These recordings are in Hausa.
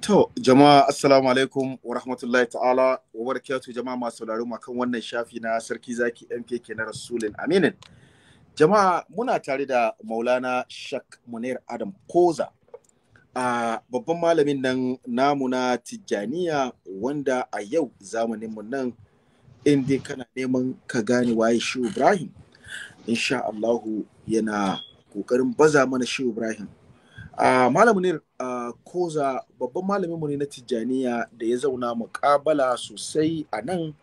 To, jama'a assalamu alaikum wa rahmatullahi ta'ala wa barakatuhu jama'a masu sauraro mu wannan shafi na Sarki Zaki MKK na Rasulin Aminin. Jama'a muna tare da Maulana Shak Munir Adam Koza. A babban malamin nan namu na Tijjaniya wanda a yau zamaninmu nan inda kana neman ka gane waye Shehu Ibrahim. Insha Allahu yana kokarin baza mana Shehu Ibrahim Malamin Koza babban malaminmu ne na Tijjaniya da ya zauna muƙabala sosai a nan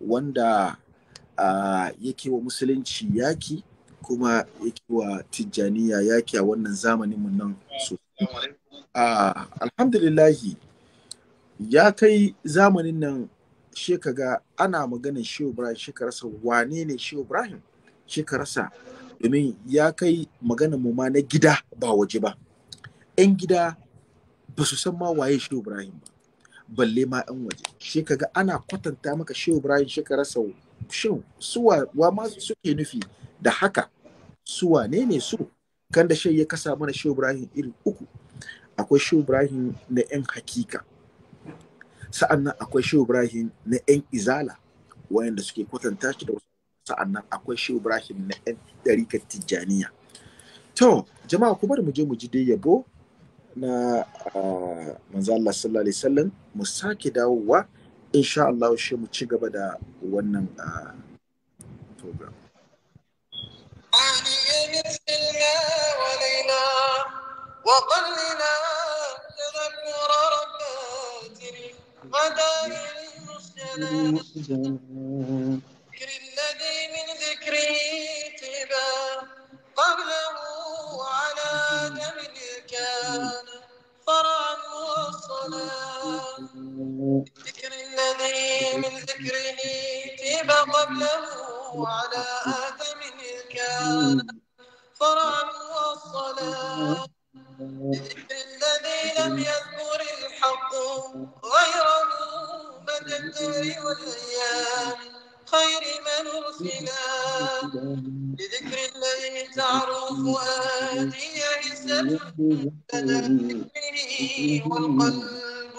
wanda yake wa musulunci yaki kuma yake wa Tijjaniya yaki a wannan zamaninmu nan sosai. Alhamdulillahi ya kai zamanin nan shekaga ana maganin Shehu Ibrahim shekararsa wane ne Shehu Ibrahim shekarasa domin ya kai maganin mu ma na gida ba waje ba. 'yan gida ba su san ma waye shi ibrahim ba balle ma 'yan waje shi kaga ana kwatanta maka shi ibrahim shi ka rasa shin suwa wa ma suke nufi da haka suwa ne ne su kan da ya kasa mana shi ibrahim irin uku akwai shi ibrahim na 'yan hakika Sa'an nan akwai shi ibrahim na 'yan izala wayanda suke kwatanta shi da wasu nan akwai shi ibrahim na 'yan ɗarikar tijjaniya to jama'a kuma da mu je mu ji dai yabo na ah, manzo Allah sallallahu alaihi wasallam mu sake dawowa insha Allah shi mu ci gaba da wannan ah, program وقلنا ذكر الذي من ذكره تبا قبله على دم كان فرعا وصلا ذكر الذي من ذكره تيب قبله على آدم كان فرعا وصلا ذكر الذي لم يذكر الحق غيره مدى الدهر والأيام خير من ارسلا لذكر الله تعرف فؤادي عزة بدا ذكره والقلب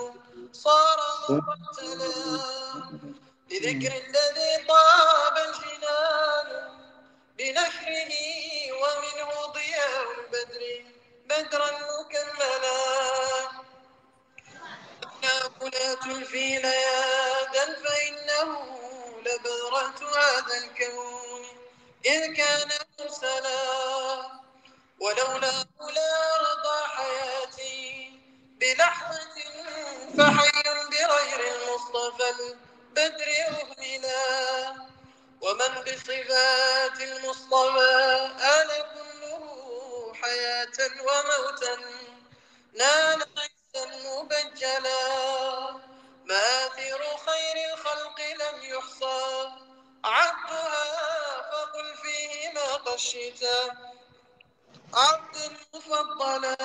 صار مرتلا لذكر الذي طاب الجنان بنحره ومنه ضياء البدر بدرا مكملا لا تلفي ليادا فإنه لبذرة هذا الكون إذ كان مرسلا ولولا لا رضى حياتي بلحظة فحي بغير المصطفى البدر أهملا ومن بصفات المصطفى آل كله حياة وموتا نال عيسى مبجلا باثر خير الخلق لم يحصى عبدها فقل فيه ما قشت عبد مفضلا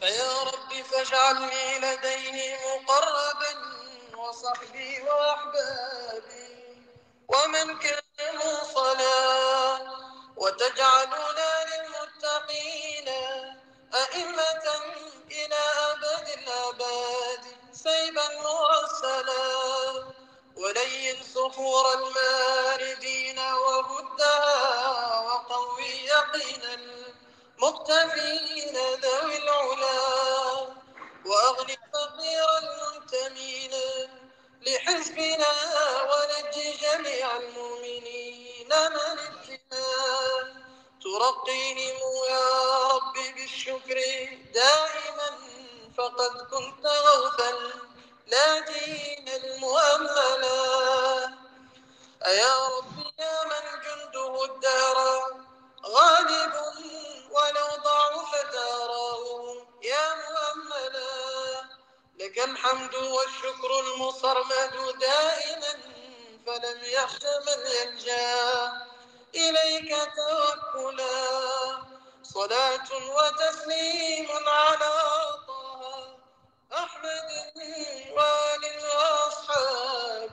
فيا رب فاجعلني لديه مقربا وصحبي وأحبابي ومن كان صلاة وتجعلنا للمتقين أئمة إلى أبد الآباد سيبا مرسلا ولين صخور الماردين وهدها وقوي يقينا مقتفين ذوي العلا وأغني فقيرا المنتمين لحزبنا ونجي جميع المؤمنين من الجنان ترقيهم يا رب بالشكر دائما فقد كنت غوثا لا دين المؤملا أيا رب يا من جنده الدار غالب ولو ضعف داره يا مؤملا لك الحمد والشكر المصرمد دائما فلم يخش من ينجاه إليك توكلا صلاة وتسليم على طه أحمد وآل وأصحاب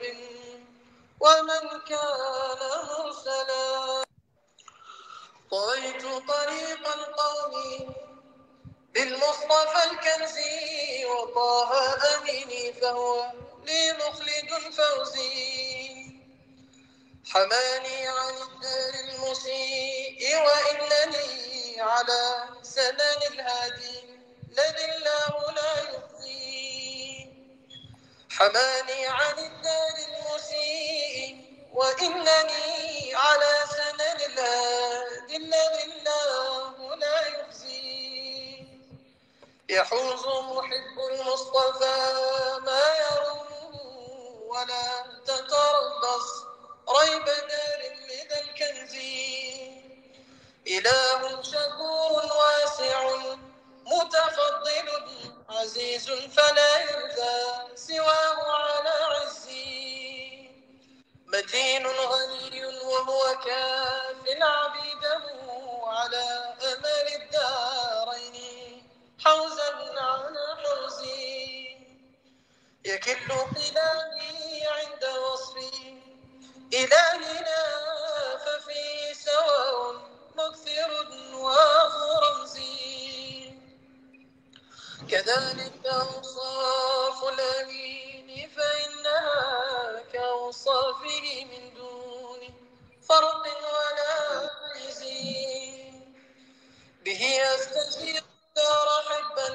ومن كان مرسلا طويت طريق القوم بالمصطفى الكنزي وطه أميني فهو لي مخلد فوزي حماني عن الدار المسيء وإنني على زمان الهادي الذي الله لا يخزي حماني عن الدار المسيء وإنني على سنن الهادي الذي الله لا يخزي يحوز محب المصطفى ما يروم ولا تتربص ريب دار لذا الكنز إله شكور واسع متفضل عزيز فلا يرثى سواه على عزي متين غني وهو كاف عبيده على أمل الدارين حوزا على حوزي يكل خلالي عند وصفي إلهنا ففي سواء مكثر وفرزي كذلك أوصاف الأمين فإنها كأوصافه من دون فرق ولا تجزي به أستجيب دار حبا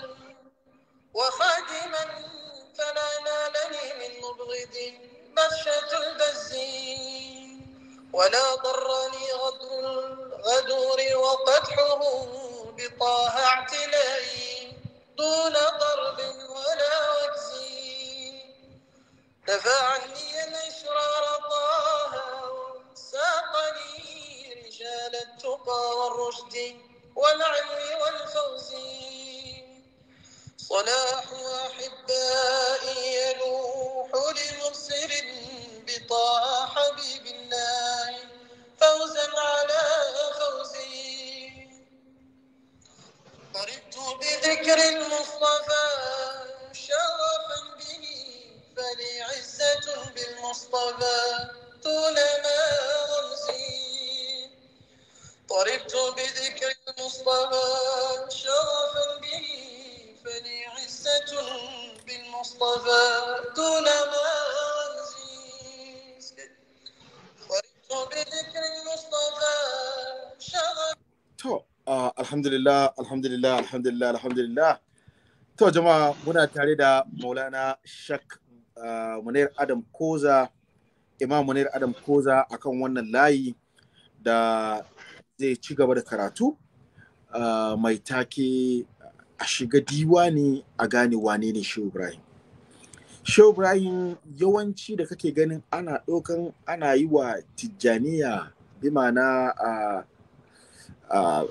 وخادما فلا نالني من مبغض بشة البزي ولا ضرني غدر الغدور وقدحه بطه اعتلائي دون ضرب ولا وكزي دفع عني الإشرار طه ساقني رجال التقى والرشد والعلم والفوز صلاح أحبائي alhamdulillah alhamdulillah alhamdulillah alhamdulillah to jama'a muna tare da maulana shak uh, munir adam koza imam munir adam koza akan wannan layi da zai ci gaba da karatu uh, mai take a shiga diwani a gane wane ne shehu ibrahim shehu ibrahim yawanci da kake ganin ana ɗaukan ana yi wa tijjaniya bi ma'ana a uh,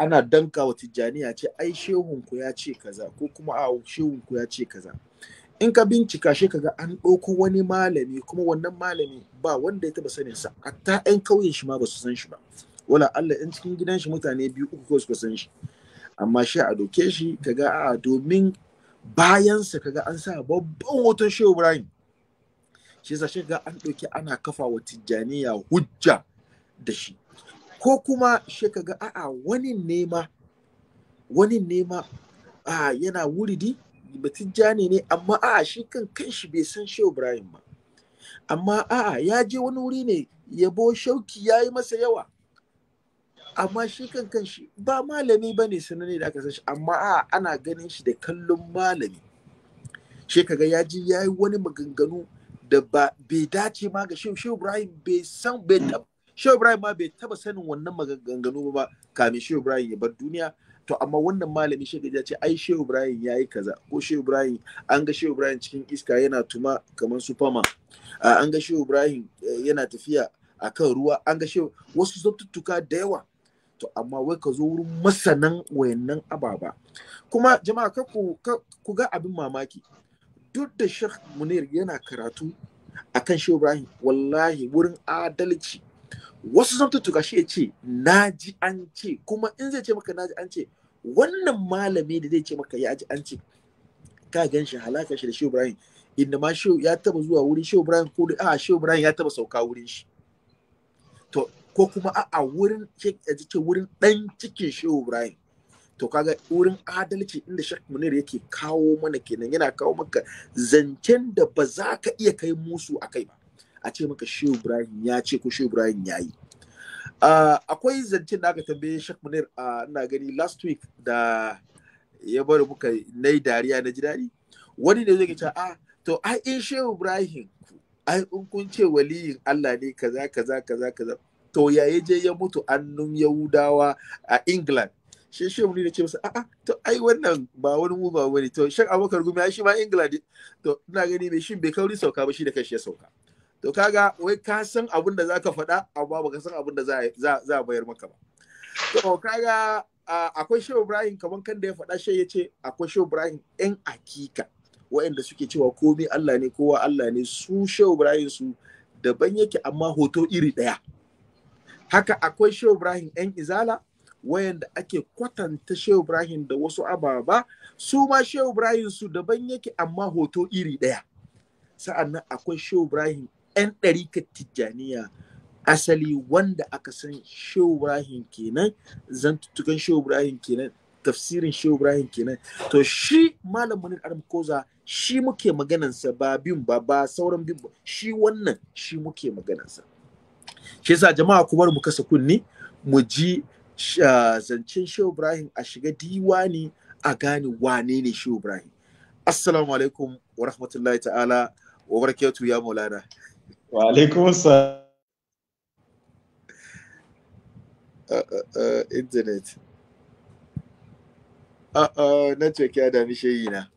ana danka wa tijjaniya ce ai shehunku ya ce kaza ko kuma a shehunku ya ce kaza in ka bincika shi kaga an ɗauko wani malami kuma wannan malami ba wanda ya taba sanin sa hatta ƴan kauyen shi ma ba su san shi ba wala Allah in cikin gidan shi mutane biyu uku ko su san shi amma shi a doke shi kaga a domin bayansa kaga an sa babban hoton shehu Ibrahim shi yasa shi kaga an ɗauki ana kafa wa tijjaniya hujja da shi ko kuma shi ka a'a wani nema wani nema a yana wuridi batijjani ne amma a'a shi kan kanshi bai san shehu ibrahim ba amma a'a ya je wani wuri ne yabo shauki ya yi masa yawa amma shi kan kanshi ba malami ba ne sananne da aka san shi amma a'a ana ganin shi da kallon malami shi kaga ya ji ya yi wani maganganu da ba bai dace ma ga shehu ibrahim bai san bai Shehu Ibrahim ma bai taba sanin wannan maganganu ba kamin Shehu Ibrahim ya bar duniya to amma wannan malami Shehu ya ce ai Shehu Ibrahim ya yi kaza ko Shehu Ibrahim an ga Shehu Ibrahim cikin iska yana tuma kamar Superman. an ga Shehu Ibrahim eh, yana tafiya akan ruwa an ga Shehu wasu zattuttuka da yawa to amma wai ka zo wurin masanan wayannan ababa kuma jama'a ka ku ga abin mamaki duk da Sheikh Munir yana karatu akan Shehu Ibrahim wallahi wurin adalci wasu zantuttuka shi ya ce na ji an ce kuma in zai ce maka na ji an ce wannan malami da zai ce maka ya ji an ce ka gan shi halaka shi da shehu ibrahim inda ma shehu ya taba zuwa wurin shehu ibrahim ko da a shehu ibrahim ya taba sauka wurin shi to ko kuma a wurin ce wurin dan cikin shehu ibrahim to kaga wurin adalci inda shek munir yake kawo mana kenan yana kawo maka zancen da ba za ka iya kai musu a kai ba a ce maka shehu ibrahim ya ce ko shehu ibrahim ya yi akwai zancen da aka tambaye shek munir a ina gani last week da ya bari muka na dariya na ji daɗi wani ne zai ce a to ai in shehu ibrahim ai in kun ce waliyin allah ne kaza kaza kaza kaza to ya je ya mutu annun yahudawa a england shi shi mun ne ce masa a'a to ai wannan ba wani mu ba wani to shek abokar gumi shi ma england to ina gani mai shin bai kauri sauka ba shi da kashi ya sauka to kaga wai ka san abin da zaka faɗa amma baka san abin da za a bayar maka ba to kaga akwai shehu ibrahim kaman kan da ya faɗa shi ya ce akwai shehu ibrahim yan akika waɗanda suke cewa komai Allah ne kowa Allah ne su shehu ibrahim su daban yake amma hoto iri ɗaya haka akwai shehu ibrahim yan izala wayanda ake kwatanta shehu ibrahim da wasu ababa su ma shehu ibrahim su daban yake amma hoto iri ɗaya sa'annan akwai shehu ibrahim 'yan ɗarikar tijjaniya asali wanda aka san shehu ibrahim kenan zantuttukan shehu ibrahim kenan tafsirin shehu ibrahim kenan to shi malamin munir armkoza shi muke maganansa ba bin ba ba sauran bin shi wannan shi muke maganansa shi yasa jama'a kuma mu kasa kunni mu ji zancen shehu ibrahim a shiga diwani a gane wane ne shehu ibrahim assalamu alaikum wa rahmatullahi ta'ala wa barakatu ya maulana وعليكم السلام uh, uh, uh, internet network ya dami shayi na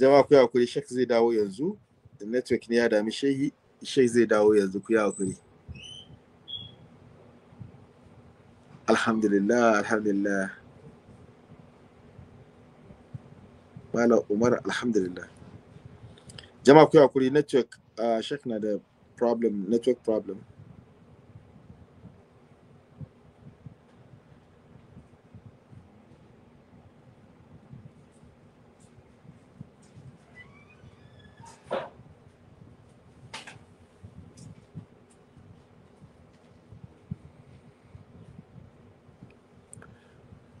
jama ku hakuri shek zai dawo yanzu da network ne ya dami shayi shek zai dawo yanzu ku hakuri alhamdulillah alhamdulillah Malam Umar alhamdulillah. Jama'a ku hakuri network uh, Sheikh na da problem network problem.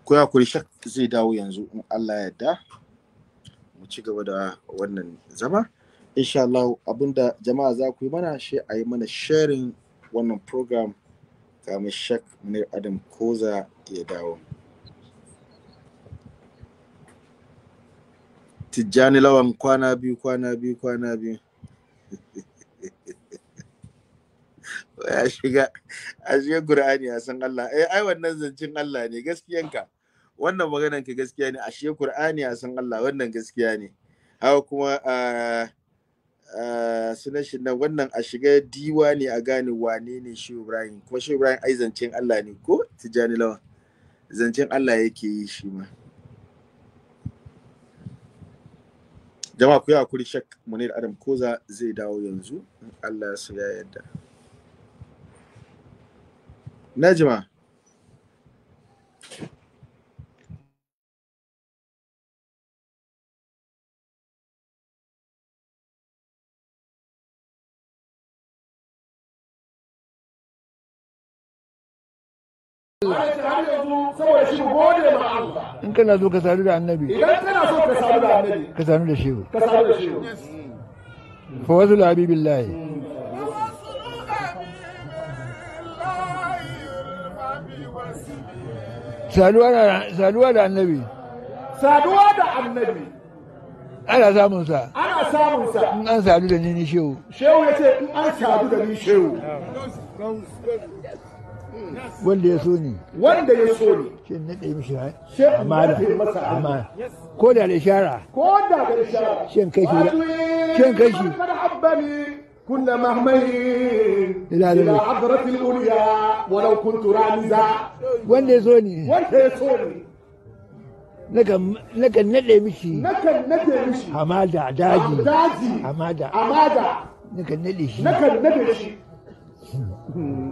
ku kuri shek zai dawo yanzu in Allah ya yarda ci gaba da wannan zama insha Allah abinda jama'a za ku yi mana shi a yi mana sharing wannan program kamar shak ne adam koza ya dawo tijjani lawan kwana biyu kwana biyu kwana biyu ya shiga a shiga qur'ani a san Allah eh, ai wannan zancin Allah ne gaskiyanka wannan maganan ka gaskiya ne ashe Qur'ani a san Allah wannan gaskiya ne haka kuma a sunashin nan wannan a shiga diwa ne a gane wane ne shi Ibrahim kuma shi Ibrahim ai zancen Allah ne ko Tijani Lawan zancen Allah yake yi shi ma Jam'a ku yi hakuri shak munir adam za zai dawo yanzu Allah ya su ya yadda. na jama'a In kana so ka sadu da annabi. Idan kana so ka sadu da annabi. Ka sadu da shehu. Ka sadu da shehu. Fa wasu labibillahi. saduwa da annabi saduwa da annabi ana samun sa ana samun sa in an sadu da ni ni shehu shehu yace in an sadu da ni shehu wanda ya so wanda ya so ni shi na ɗaya mishi amana amana ko da da shara ko da da shara shin kai shi shin kai shi كنا مهملين إلى إلى عبرة الأولياء ولو كنت رامزا وين يزوني وين يزوني nakan naɗe mishi nakan naɗe mishi hamada daji hamada hamada naɗe shi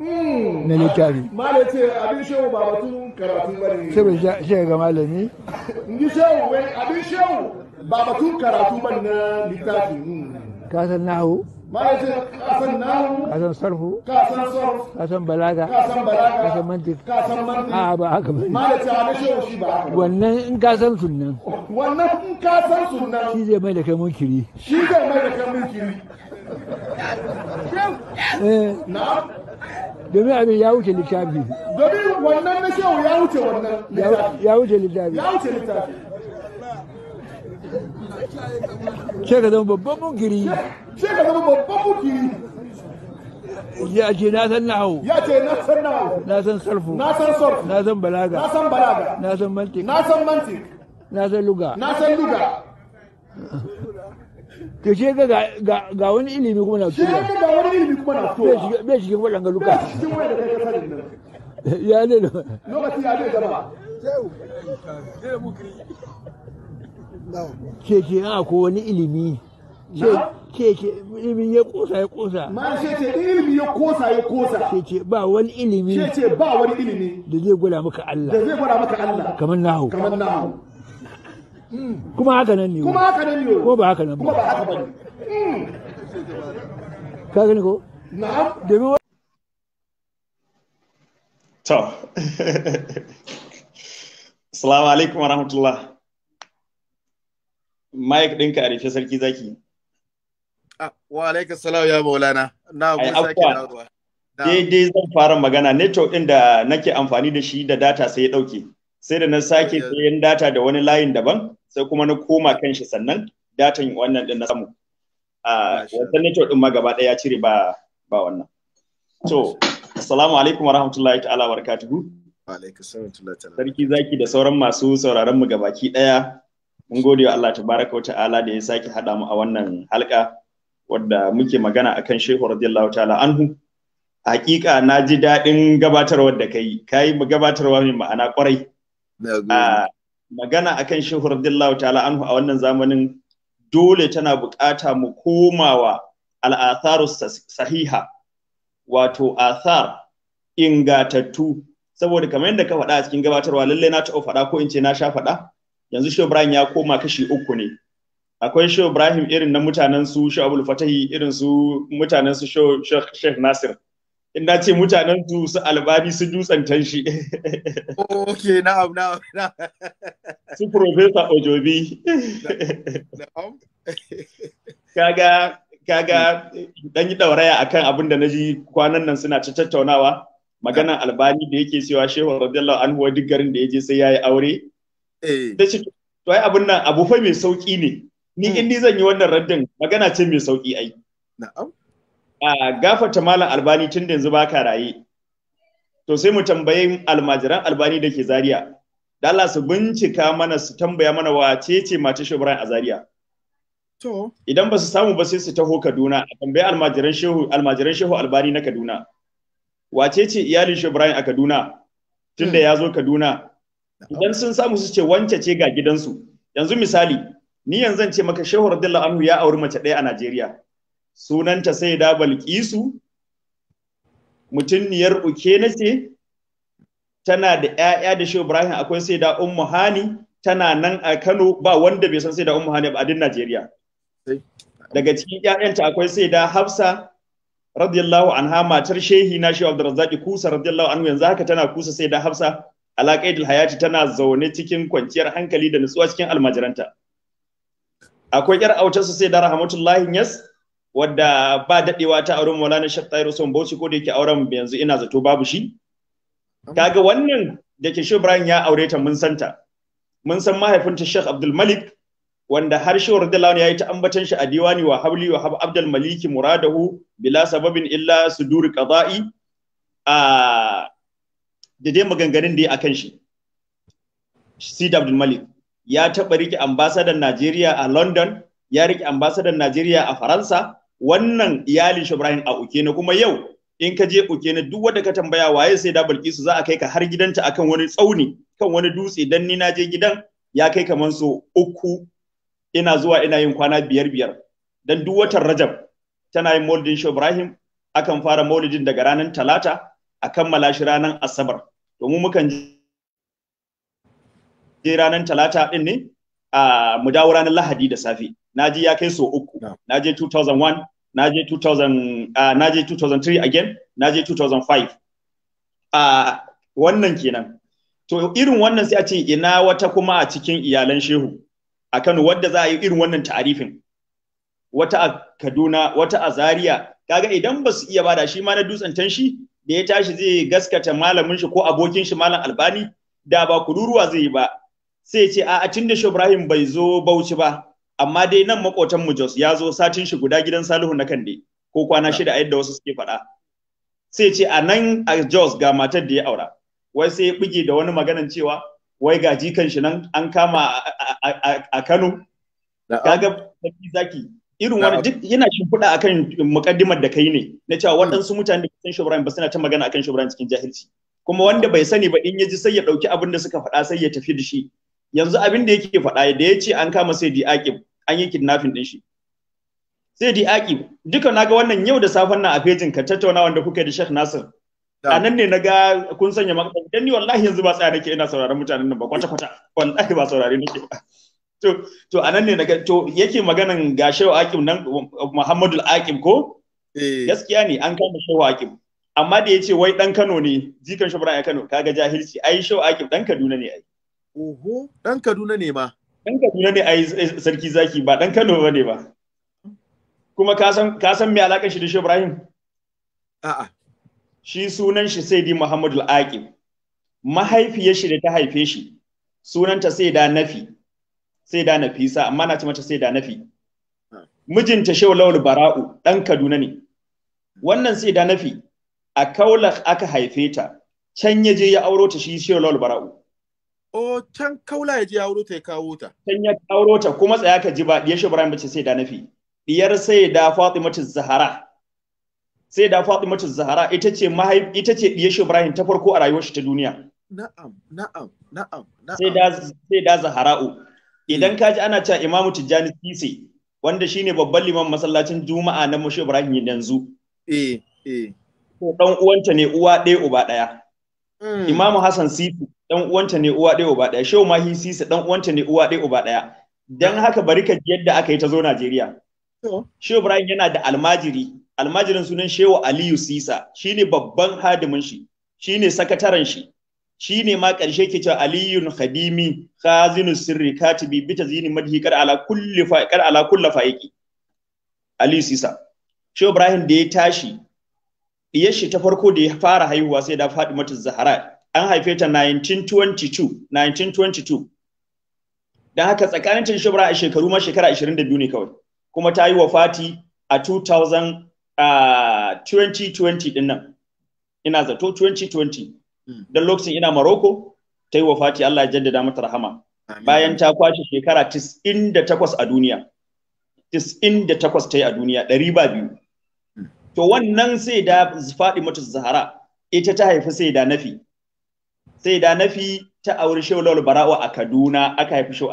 Mm. na littafi malam ce abin shehu ba batun karatu ba ne sai bai shi ga malami In ji shehu wai abin shehu ba batun karatu ba na littafi mm. ka san nahu malam ce ka san nahu ka san sarfu ka san sarfu? ka san balaga ka san balaga ka san mantik ka san mantik A'a ba haka ba malam ce abin shehu shi ba haka wannan in ka san sunan. wannan in ka san sunan. shi zai mai da kai munkiri shi zai mai da kai munkiri eh. na domin abin ya wuce littafi domin wannan na shehu ya wuce wannan ya wuce littafi ya wuce littafi ce ka zama babban munkiri ce ka zama babban munkiri ya ce na san nahu ya ce na san nahu na san sarfu na san sarfu na san balaga na san balaga na san mantik na san mantik na san luga na san luga to shi ga wani ilimi kuma na tuwa ga wani ilimi kuma na ya ne lokaci ya ne gaba ke ke a ko wani ilimi ke ilimi ya kosa ya kosa ma ce ba wani ilimi da zai gwada maka Allah da zai kamar nahu kamar nahu kuma haka nan ne kuma haka nan ne ko ba haka nan kuma ba haka bane ka gani ko na'am domin to assalamu alaikum warahmatullah Mike dinka a rufe sarki zaki. Wa alaika salam ya maulana. Na gusa sake dawowa. Daidai zan fara magana network din da nake amfani da shi da data sai ya dauke sai da na sake sayan data da wani layin daban sai kuma na koma kan shi sannan datan wannan din na samu a wannan network din ma gaba daya cire ba ba wannan to assalamu alaikum wa rahmatullahi ta'ala wa barakatuhu wa alaikum assalam sarki zaki da sauran masu sauraron mu gabaki daya mun gode wa Allah tabaraka wa ta'ala da ya sake hada mu a wannan halka wadda muke magana akan Shehu radiyallahu ta'ala anhu hakika na ji daɗin gabatarwar da kai kai gabatarwa mai ma'ana kwarai magana akan shehu radiyallahu ta'ala anhu a wannan zamanin dole tana bukata mu komawa al'atharu sahiha wato athar ingatattu saboda kamar yadda ka faɗa a cikin gabatarwa lallai na taɓa faɗa ko in ce na sha faɗa yanzu shehu ibrahim ya koma kashi uku ne akwai shehu ibrahim irin na mutanen su shehu abul fatahi irin su mutanen su shehu nasir Ina ce mutanen su su albani su dutsantan shi. Ok, na'am, na'am, na'am. Su Profesa Ojobi. Na'am. Kaga, kaga dan yi dauraya kan abin da na ji kwanan nan suna ta tattaunawa. Maganan albani da yake cewa Shehu an huwa duk garin da ya je sai ya yi aure. Da eh. shi, to ai abin nan abu fa mai sauki ne. Ni hmm. in ni zan yi wannan raddin magana ce mai sauki ai. Na'am. gafata malam albani tun da yanzu baka raye to sai mu tambaye almajiran albani da ke zaria da Allah su bincika mana su tambaya mana wace ce mace Shehu Ibrahim a Zaria to idan ba su samu ba sai su taho Kaduna a tambaye almajiran Shehu almajiran Shehu Albani na Kaduna wace ce iyalin Shehu Ibrahim a Kaduna da ya zo Kaduna idan sun samu su ce wance ce ga gidansu yanzu misali ni yanzu ce maka Shehu radiyallahu anhu ya auri mace ɗaya a Najeriya sunanta sai da balkisu mutumniyar uke na ce tana da 'ya'ya da shi ibrahim akwai sai da ummu hani tana nan a kano ba wanda bai san sai da ummu hani ba a din najeriya daga cikin 'ya'yanta akwai sai da hafsa radiyallahu anha matar shehi na shi abdurrazzaqi kusa radiyallahu anhu yanzu haka tana kusa sai da hafsa alaƙaidil hayati tana zaune cikin kwanciyar hankali da nutsuwa cikin almajiranta akwai yar su sai da rahmatullahi yas wadda ba daɗewa ta auren Maulana Sheikh Tahir Usman Bauchi ko da yake auren yanzu ina zato babu shi. Kaga wannan da ke Shehu Ibrahim ya aure ta mun santa. Mun san mahaifinta Sheikh Abdul Malik wanda har Shehu Radiyallahu ya yi ta ambatan shi a diwani wa hawli wa hab Abdul Malik muradahu bila sababin illa sudur qada'i a da dai maganganun da ya akan shi. Sid Abdul Malik ya taɓa rike ambasadan Najeriya a London ya rike ambasadan Najeriya a Faransa wannan iyalin shi Ibrahim a Ukene kuma yau in ka je Ukene duk wanda ka tambaya waye sai da Bilkisu za a kai ka har gidanta akan wani tsauni kan wani dutse dan ni na je gidan ya kai kaman so uku ina zuwa ina yin kwana biyar biyar dan duk watan Rajab tana yin maulidin shabrahim Ibrahim akan fara maulidin daga ranar Talata a kammala shi ranar Asabar to mu mukan je ranar Talata din ne a mu dawo ranar Lahadi da safe na je ya kai so uku na je 2001 na je 2000 na 2003 again na je 2005 a wannan kenan to irin wannan sai a ce ina wata kuma a cikin iyalan shehu akan wadda za a yi irin wannan ta'arifin wata a Kaduna wata a Zaria kaga idan ba su iya bada shi ma na dutsen tanshi da ya tashi zai gaskata malamin shi ko abokin shi malam Albani da ba kururuwa zai yi ba sai ce a tun da Ibrahim bai zo Bauchi ba amma dai nan makotan mu Jos ya zo satin shi guda gidan Salihu na Kande ko kwana shida a yadda wasu suke faɗa sai ce a nan a Jos ga matar da ya aura wai sai ya bige da wani maganan cewa wai ga jikan shi nan an kama a Kano kaga sarki zaki irin wani duk yana shimfiɗa akan mukaddimar da kai ne na cewa hmm. waɗansu mutane da sun shubran ba suna ta magana akan shubran cikin jahilci kuma wanda bai sani ba in ya ji sai ya ɗauki abin da suka faɗa sai ya tafi da shi yanzu abin da yake faɗa da ya ce an kama sai di aqib an yi kidnapping din shi sai di aki duka naga wannan yau da safen nan a fejin ka tattauna wanda kuka da Sheikh Nasir a nan ne naga kun sanya maka dan ni wallahi yanzu ba tsaya nake ina sauraron mutanen nan ba kwata kwata wallahi ba saurare nake ba to to anan ne naga to yake maganan ga Shehu Aqim nan Muhammadu Aqim ko eh. gaskiya ne an kama Shehu Aqim. amma da yace wai dan Kano ne jikan Shehu ya Kano kaga jahilci ai Shehu Aqim dan Kaduna ne ai oho dan Kaduna ne ma Ɗan Kaduna ne a yi eh, sarki zaki ba ɗan Kano ne ba kuma ka san mai san me shi da Shehu Ibrahim a'a shi sunan shi Saidi di Muhammadu aqib mahaifiyar shi da ta haife shi sunanta sai da nafi sai da sa, amma na ce mata sai da nafi mijinta shehu lawal bara'u ɗan kaduna ne wannan sai da nafi a kaula aka haife ta can ya je ya auro ta shi shehu lawal bara'u O can kaula ya je ya auro ta ya kawo ta. Can ya auro ta kuma tsaya ka ji ba diyar shi Ibrahim bace sai da nafi. Diyar sai da Fatimatu Zahara. Sai da Fatimatu Zahara ita ce mahai ita ce diyar shi Ibrahim ta farko a rayuwar shi ta duniya. Na'am, na'am, na'am, na'am. Sai da sai da Zahara'u. Idan ka ji ana cewa Imamu Tijjani Sisi wanda shine babban liman masallacin Juma'a na Mushi Ibrahim yanzu. Eh, eh. Ko dan uwanta ne uwa ɗaya uba ɗaya. Mm. Imamu Hassan Sisi dan uwanta ne uwa ɗaya uba ɗaya shehu mahi sisa dan uwanta ne uwa ɗaya uba ɗaya dan haka bari ka ji yadda aka yi ta zo Najeriya shehu Ibrahim yana da almajiri almajirin sunan shehu Aliyu Sisa shine babban hadimin shi shine sakataren shi shine ma ƙarshe ke cewa aliyun khadimi khazinu sirri katibi bita tazini madhi kar ala kulli fa kar ala kulli faiki aliyu sisa shehu ibrahim da ya tashi diyar ta farko da ya fara haihuwa sai da faɗi mata Zahra. an haife ta 1922 1922 don haka tsakanin ta shubra a shekaru ma shekara 22 ne kawai kuma ta yi wafati a 2000 uh, 2020 din nan ina zato 2020 hmm. don lokacin ina Morocco ta yi wafati Allah ya jaddada mata rahama bayan ta kwashe shekara 98 a duniya 98 ta yi a duniya 200 hmm. to wannan sai da faɗi mata zahara ita ta haifi sai da nafi sai da na fi ta auri shehu lawal bara'u a Kaduna aka haifi shehu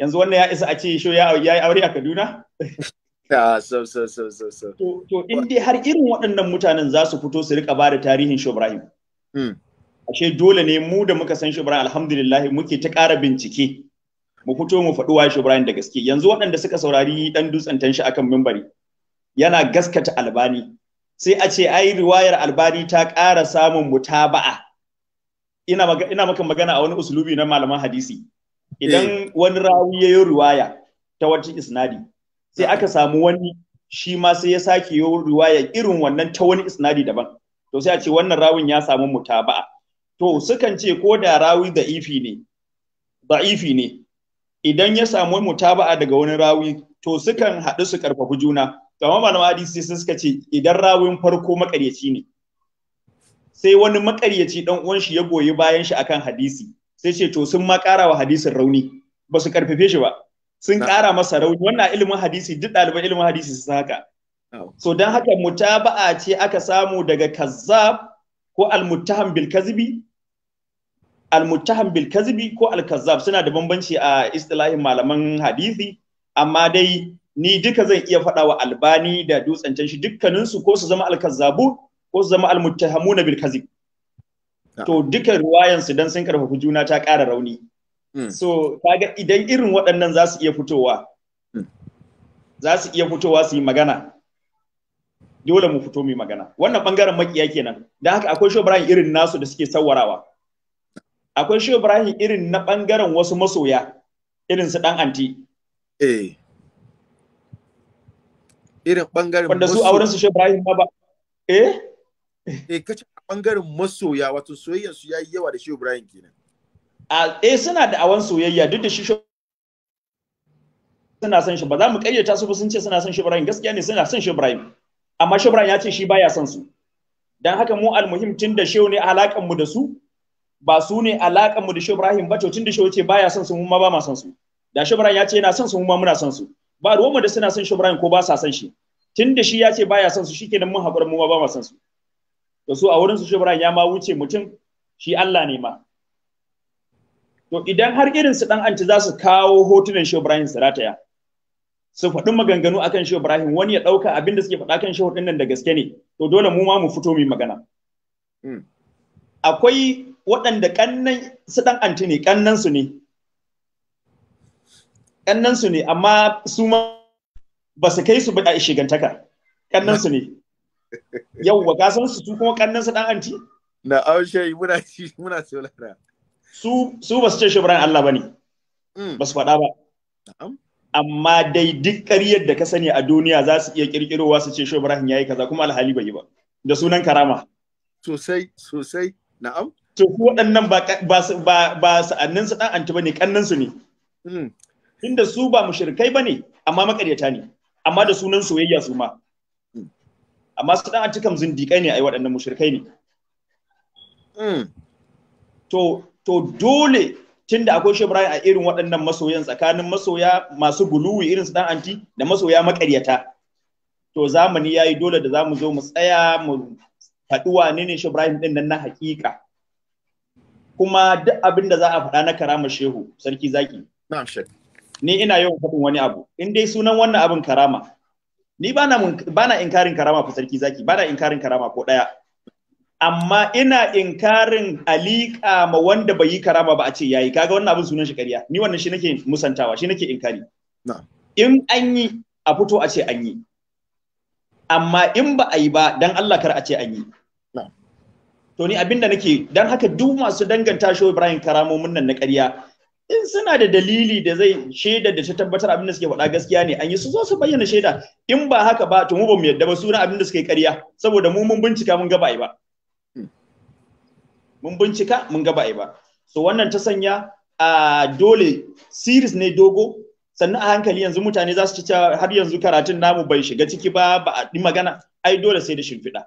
yanzu wannan ya isa a ce shehu ya yi aure a Kaduna ah, so so so so so to in har irin waɗannan mutanen za su fito su rika bada tarihin shehu Ibrahim hmm. ashe dole ne mu da muka san shehu Ibrahim alhamdulillah muke ta ƙara bincike mu fito mu faɗi wa shehu Ibrahim da gaske yanzu waɗanda suka saurari ɗan dutsen shi akan mimbari yana gaskata albani sai a ce ai riwayar albani ta ƙara samun mutaba'a ina maka magana a wani usulubi na malaman hadisi idan eh. wani rawi ya yi riwaya ta wata isnadi sai eh. aka samu wani shi ma sai ya sake yi riwaya irin wannan ta wani isnadi daban to sai a ce wannan rawin ya samu mutaba'a to sukan ce ko da rawi da ne da'ifi ne idan ya samu mutaba'a daga wani rawi to sukan haɗu su karfafi juna Kamar malaman hadisi sai suka ce idan rawin farko makaryaci ne sai wani makaryaci dan uwan shi ya goyi bayan shi akan hadisi sai ce to sun ma ƙara wa hadisin rauni ba su karfafe shi ba sun kara masa rauni wannan ilimin hadisi duk ɗaliban ilimin hadisi su haka so dan haka mutaba'a ce aka samu daga kazzab ko almuttaham bil kazibi almuttaham bil kazibi ko alkazzab suna da bambanci a istilahin malaman hadisi amma dai ni duka zan iya faɗa wa albani da dutsen can shi dukkaninsu ko su zama alkazzabu ko su zama almuttahamuna bil kazib ah. to duka ruwayan su dan sun karfafa juna ta ƙara rauni hmm. so kaga idan irin waɗannan za su iya fitowa hmm. za su iya fitowa su yi magana dole mu fito mu magana wannan bangaren makiya kenan dan haka akwai Shehu Ibrahim irin nasu da suke sawarawa akwai Shehu Ibrahim irin na bangaren wasu masoya irin su dan anti eh irin bangaren wanda su auren su Shehu Ibrahim ba eh eh kace bangaren masoya wato soyayyar su yayi yawa da shi Ibrahim kenan eh suna da awan soyayya duk da shi suna son shi ba za mu kayyata su ba sun ce suna son shi Ibrahim gaskiya ne suna son shi Ibrahim amma shi Ibrahim ya ce shi baya son su dan haka mu almuhim tun da shehu ne alakan mu da su ba su ne alakan mu da shi Ibrahim ba to tun da shehu ce baya son su mu ma ba ma son su da shi Ibrahim ya ce yana son su mu ma muna son su ba ruwan mu da suna son shi Ibrahim ko ba sa son shi tun da shi ya ce baya son su shikenan mun hakura mu ma ba ma son su da su a wurin su shebran ya ma wuce mutum shi Allah ne ma to idan har irin su dan anti za su kawo hotunan shi Ibrahim su rataya su faɗi maganganu akan shi Ibrahim wani ya ɗauka abin da suke faɗa kan shi ɗin da gaske ne to dole mu ma mu fito mu magana hmm. akwai waɗanda ƙannan su dan anti ne kannan su ne kannan su ne amma su ma ba su kai su ba shigantaka kannan su ne Yau ka san su kuma kannan su dan anti? Na aushe muna ci muna saurara. Su su ba su ce bran Allah bane. Mm. Ba su faɗa ba. Amma dai duk ƙaryar da ka sani a duniya za su iya ƙirƙirowa su ce Shehu Ibrahim yayi kaza kuma alhali bai yi ba. Da sunan karama. Sosai sosai na'am. To ku waɗannan ba ba ba sa'annin su dan anti bane kannan su ne. Mm. Tunda su ba mushrikai bane amma makaryata ne. Amma da sunan soyayya su ma. amma su dan antikam zindikai ne ai waɗannan mushrikai ne hmm. to to dole tunda akwai shi a irin waɗannan masoyan tsakanin masoya masu guluwi irin su dan anti da masoya makaryata to zamani yayi dole da zamu zo mu tsaya mu faɗi wane ne shi Ibrahim din nan na hakika kuma duk abin da za a faɗa na karama shehu sarki zaki ni ina yawan faɗin wani abu in dai sunan wannan abin karama ni bana bana inkarin karama fa sarki zaki bana inkarin karama ko daya amma ina inkarin alika ma wanda bai yi karama ba a ce yayi kaga wannan abin sunan shi ƙarya ni wannan shi nake musantawa shi nake inkari in an yi a fito a ce an yi amma in ba a yi ba dan Allah kar a ce an yi to ni abinda nake dan haka duk masu danganta shi Ibrahim Karamo mun nan na ƙarya in suna da dalili da zai shaida da ta tabbatar abin da suke faɗa gaskiya ne an yi su zo su bayyana shaida in ba haka ba to mu ba mu yadda ba suna abin da suke ƙarya saboda mu mun bincika mun ga ba mun bincika mun ga ba so wannan ta sanya a dole series ne dogo sannan a hankali yanzu mutane za su ci har yanzu karatun namu bai shiga ciki ba ba a magana ai dole sai da shimfiɗa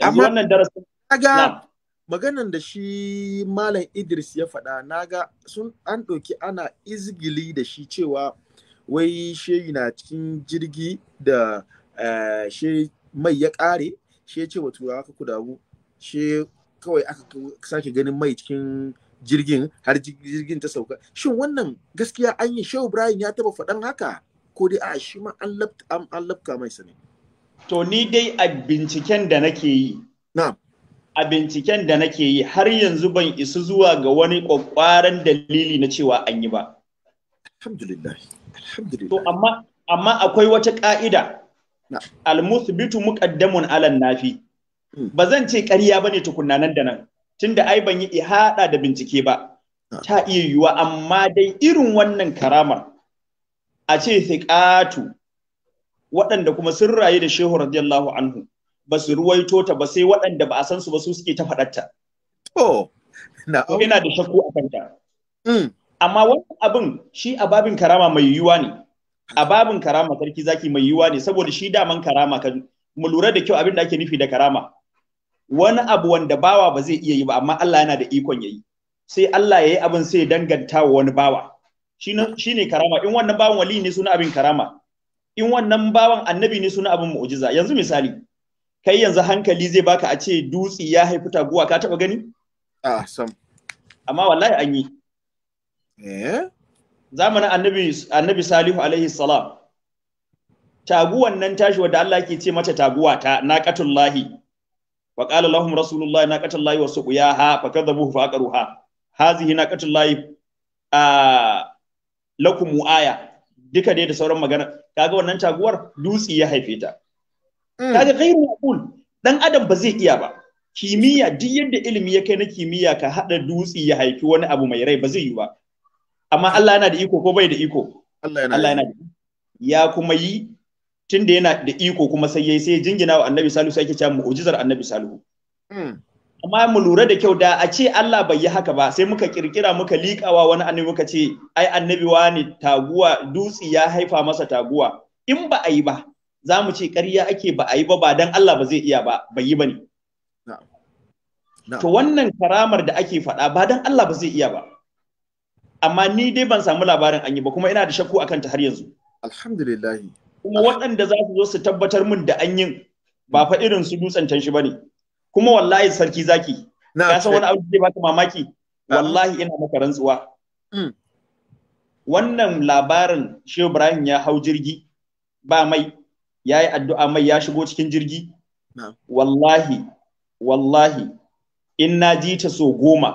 yanzu wannan darasin maganan da shi malam idris ya faɗa naga sun an ɗauki ana izgili da shi cewa wai shehi na cikin jirgi da eh, she mai ya ƙare she ce wa turawa ka kudawu she kawai aka sake ganin mai cikin jirgin har jirgin ta sauka shin wannan gaskiya an yi shehu ibrahim ya taba faɗan haka ko dai a shi ma an lafka mai sani to ni dai a binciken da nake yi na'am a binciken da nake yi har yanzu ban isu zuwa ga wani kwakwaran dalili na cewa an yi ba. To amma amma akwai wata ka'ida. Almuthbitu muqaddamun alan nafi. Hmm. Ba zan ce ƙarya bane tukunna nan da nan. Tunda ai ban yi ihada da bincike ba. Ta iya yiwuwa amma dai irin wannan karamar a ce thiqatu waɗanda kuma sun rayu da Shehu radiyallahu anhu. ba su ruwaito ta ba sai waɗanda ba a san su ba su suke ta faɗarta. To, na'am. Ina da shakku a kanta. Mm. Amma wannan abin shi a babin karama mai yiwuwa ne. A babin karama sarki zaki mai yiwuwa ne saboda shi daman karama kan mu lura da kyau abin da ake nufi da karama. Wani abu wanda bawa ba zai iya yi ba amma Allah yana da ikon yayi. Sai Allah ya yi abin sai ya danganta wa wani bawa. Shi ne karama in wannan bawan wali ne suna abin karama. In wannan bawan annabi ne suna abin mu'ujiza. Yanzu misali, kai yanzu hankali zai baka a ce dutsi ya haifi taguwa ka taba gani a sam amma wallahi an yi eh zamanin annabi annabi salihu alaihi salam taguwan nan tashi wadda Allah ke ce mata taguwa ta naqatullahi wa qala lahum rasulullahi naqatullahi wa ha fa kadabu fa aqruha hazihi naqatullahi a lakum aya duka dai da sauran magana kaga wannan taguwar dutsi ya haife ta Mm. kaga ghairu maqul dan adam ba zai iya ba kimiyya duk yadda ilimi ya kai na kimiyya ka hada dutsi ya haifi wani abu mai rai ba zai yi ba amma Allah yana da iko ko bai da iko Allah yana da ya kuma yi da yana da iko kuma sai yayi sai jingina wa Annabi Salihu sai ake cewa mu'jizar Annabi Salihu mm. amma mu lura da kyau da a ce Allah bai yi haka ba sai muka kirkira muka liƙawa wani annabi muka ce ai annabi wani taguwa dutsi ya haifa masa taguwa in ba a yi ba za mu ce ƙarya ake ba a yi ba ba dan Allah ba zai iya ba bai yi ba ne. To wannan karamar da ake faɗa ba dan Allah ba zai iya ba. Amma ni dai ban samu labarin an yi ba kuma ina da shakku akan ta har yanzu. Alhamdulillah. Kuma waɗanda za su zo su tabbatar min da an yin ba fa irin su dutsen can shi ba ne. Kuma wallahi sarki zaki. Ka san wani abu da zai baka mamaki. Wallahi ina maka rantsuwa. Mm. Wannan labarin Shehu Ibrahim ya hau jirgi ba mai ya yi addu'a mai ya shigo cikin jirgi wallahi wallahi in na ji ta so goma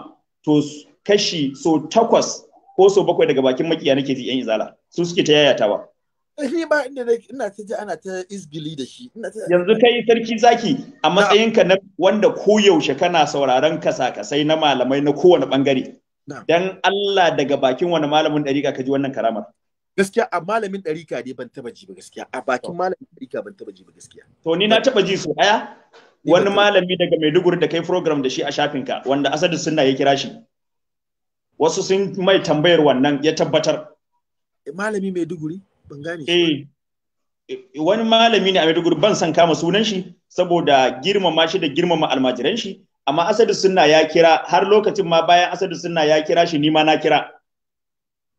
to kashi so takwas ko so bakwai daga bakin makiya nake ji yan izala su suke ta yayatawa eh, ni ba ina ta sarki zaki a matsayinka na wanda koyaushe kana sauraron kasa-kasai na malamai na kowane ɓangare dan Allah daga bakin wani malamin dariƙa ka ji wannan karamar gaskiya a malamin ɗarika ne ban taba ji ba gaskiya a bakin malamin ɗarika ban taba ji ba gaskiya to ni na taba ji su ɗaya wani malami daga Maiduguri da kai program da shi a shafinka wanda Asadu Sunna ya kira shi wasu sun mai tambayar wannan ya tabbatar eh, malami Maiduguri ban gane shi eh, eh, wani malami ne a Maiduguri ban san kama sunan shi saboda girmama shi da girmama almajiran shi amma Asadu Sunna ya kira har lokacin ma bayan Asadu Sunna ya kira shi ni ma na kira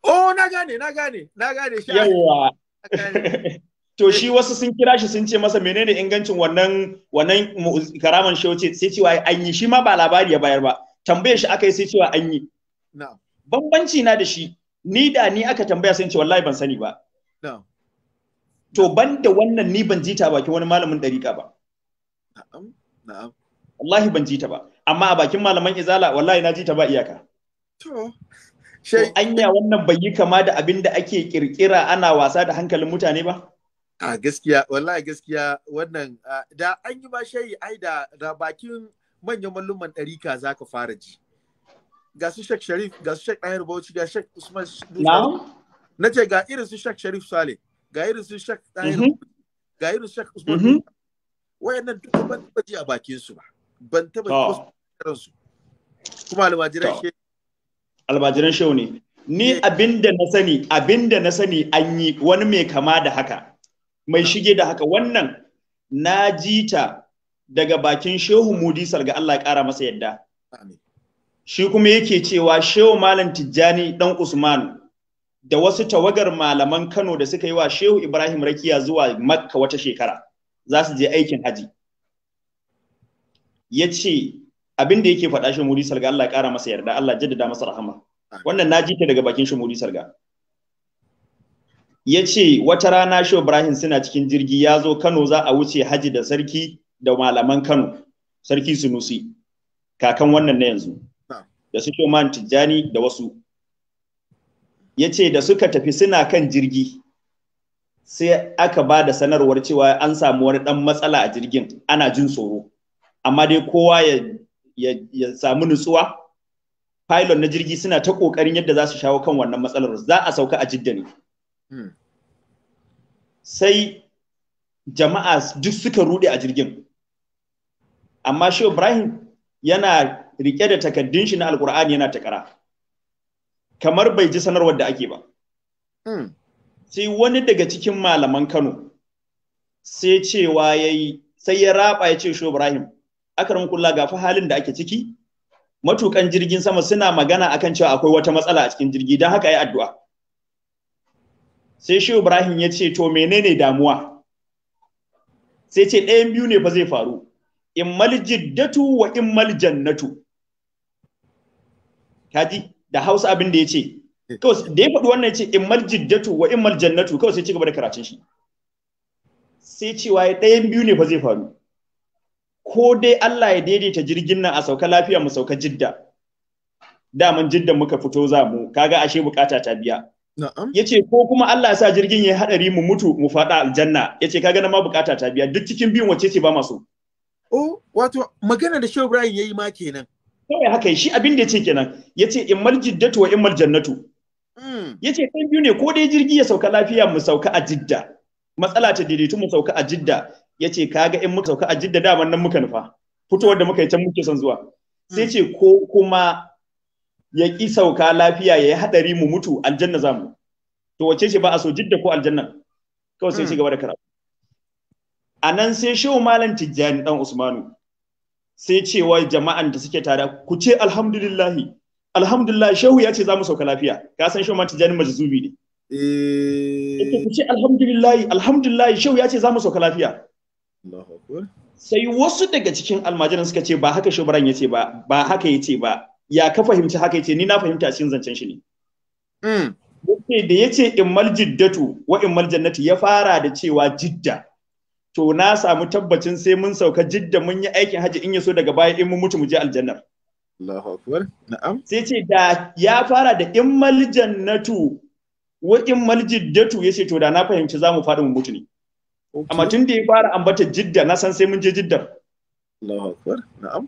Oh, na gane, na gane, na gane shi. Yawwa. To shi wasu sun kira shi sun ce masa menene ingancin wannan wannan karaman shi wace sai cewa an yi shi ma ba labari ya bayar ba. Tambayar shi aka yi sai cewa an yi. Bambanci na da shi ni da ni aka tambaya sai ce wallahi ban sani ba. To ban da wannan ni ban jita bakin wani malamin dariƙa ba. Wallahi ban jita ba. Amma a bakin malaman izala wallahi na jita ba iyaka. To. Shai anya wannan bai yi kama da abin da ake kirkira ana wasa da hankalin mutane ba? A gaskiya, wallahi gaskiya wannan da an yi ba shayi ai da da bakin manyan malluman ɗarika za ka fara ji. Ga su Sheikh Sharif, ga su Sheikh Ɗahir Bauchi, ga Sheikh Usman Na ce ga irin su Sheikh Sharif Saleh, ga irin su Sheikh Ɗahir mhm. Bauchi, ga irin su Sheikh Usman mhm. Wayannan duk ban taɓa ji a bakin su ba. Ban taɓa ji wasu su. Kuma almajiran shi almajiran shehu ne ni abinda na sani abinda na sani an yi wani mai kama da haka mai shige da haka wannan na jita daga bakin shehu mudi salga Allah ya kara masa yadda shi kuma yake cewa shehu malam tijjani ɗan usman da wasu tawagar malaman kano da suka yi wa shehu ibrahim rakiya zuwa makka wata shekara za su je aikin haji ya ce abin da yake faɗa shi muri salga Allah ya ƙara masa yarda Allah jaddada masa rahama wannan na ji ta daga bakin shi muri salga ya ce wata rana shi Ibrahim suna cikin jirgi ya zo Kano za a wuce haji da sarki da malaman Kano sarki Sunusi kakan wannan na yanzu da su man Tijjani da wasu ya ce da suka tafi suna kan jirgi sai aka ba da sanarwar cewa an samu wani ɗan matsala a jirgin ana jin tsoro amma dai kowa ya ya samu nutsuwa pilot na jirgi suna ta kokarin yadda za su shawo kan wannan matsalar za a sauka a jidda hmm. sai jama'a duk suka rude a jirgin amma shi Ibrahim yana rike da takaddun shi na alkur'ani yana takara kamar bai ji sanarwar da ake ba hmm. sai wani daga cikin malaman Kano sai cewa yayi sai ya raba ya ce shi Ibrahim akaram kulla ga halin da ake ciki matukan jirgin sama suna magana akan cewa akwai wata matsala a cikin jirgi don haka yi addu'a sai shi Ibrahim ya ce to menene damuwa sai ce ɗayan biyu ne fa zai faru mal jiddatu wa mal jannatu kaji da Hausa abin da ya ce kawai da ya faɗi wannan ya ce mal jiddatu wa mal jannatu kawai sai ci gaba da karatun shi sai cewa ɗayan biyu ne fa zai faru ko dai Allah ya daidaita jirgin nan a sauka lafiya mu sauka jidda daman jidda muka fito za mu kaga ashe bukata ta biya yace ko kuma Allah ya sa jirgin ya hadari mu mutu mu fada aljanna yace kaga na ma bukata ta biya duk cikin biyun wace ce ba masu. oh wato magana da Shehu Ibrahim yayi ma kenan kawai haka shi abin da yace kenan yace mal jiddatu wa in mal jannatu hmm. yace kan biyu ne ko dai jirgi ya sauka lafiya mu sauka a jidda matsala ta daidaitu mu sauka a jidda yace kaga in muka sauka a jidda daman nan muka nufa fitowar da muka yi can muke son zuwa sai ce ko kuma ya ki sauka lafiya ya yi haɗari mu mutu aljanna za mu to wace ce ba a so jidda ko aljanna kawai sai ci gaba da karatu a nan sai shehu malam tijjani dan usmanu sai cewa jama'an da suke tare ku ce alhamdulillahi alhamdulillah shehu ya ce za mu sauka lafiya ka san shehu malam tijjani majzubi ne eh. ku ce alhamdulillahi alhamdulillahi shehu ya ce za mu sauka lafiya Sai wasu daga cikin almajiran suka ce ba haka ya ce ba ba haka ya ce ba ya ka fahimci haka ya ce ni na fahimta cikin zancen shi ne. Hmm. da ya da in immal jiddatu wa immal jannati ya fara da cewa jidda to na samu tabbacin sai mun sauka jidda mun yi aikin haji in yaso daga baya in mun mutu mu je aljannar. Allahu akbar. Na'am. Sai ce da ya fara da immal jannatu wa immal jiddatu yace to da na fahimci zamu mu mu mutu ne. amma tun da ya fara ambata jidda na san sai mun je jiddar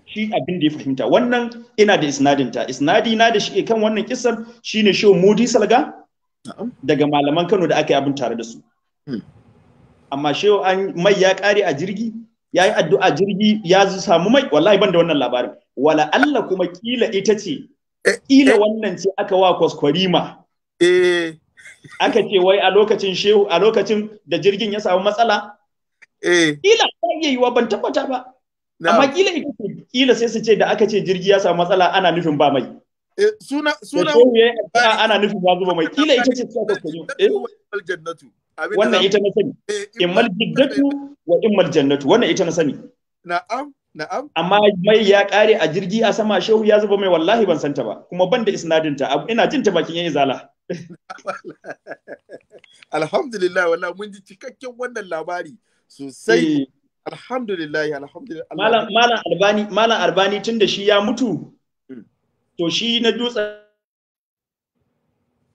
shi abin da ya fahimta wannan ina da ta isnadi na da shi kan wannan kissar shine shehu modi salga daga malaman kano da aka yi abin tare da su hmm. amma shehu an mai ya kare a jirgi ya yi addu'a jirgi ya samu mai wallahi ban wannan labarin wala Allah kuma kila ita ce eh, kila eh. wannan ce aka wa kwaskwarima eh aka ce wai a lokacin shehu a lokacin da jirgin ya samu matsala eh kila ta iya yiwa ban tabbata ba amma kila kila sai su ce da aka ce jirgi ya samu matsala ana nufin ba mai eh, suna suna ana nufin ba zuba mai kila ita ce suka kasu eh. wannan ita na sani eh, Imal jiddatu wa imal jannatu wannan ita na sani na'am Na'am. Amma mai ya kare a jirgi a sama shehu ya zuba mai wallahi ban santa ba, kuma ban da isnadinta, ina jin ta bakin yan izala. alhamdulillah wala mun ji cikakken wannan labari sosai eh. alhamdulillah alhamdulillah malam malam albani malam albani tun da shi ya mutu hmm. to shi na dutsen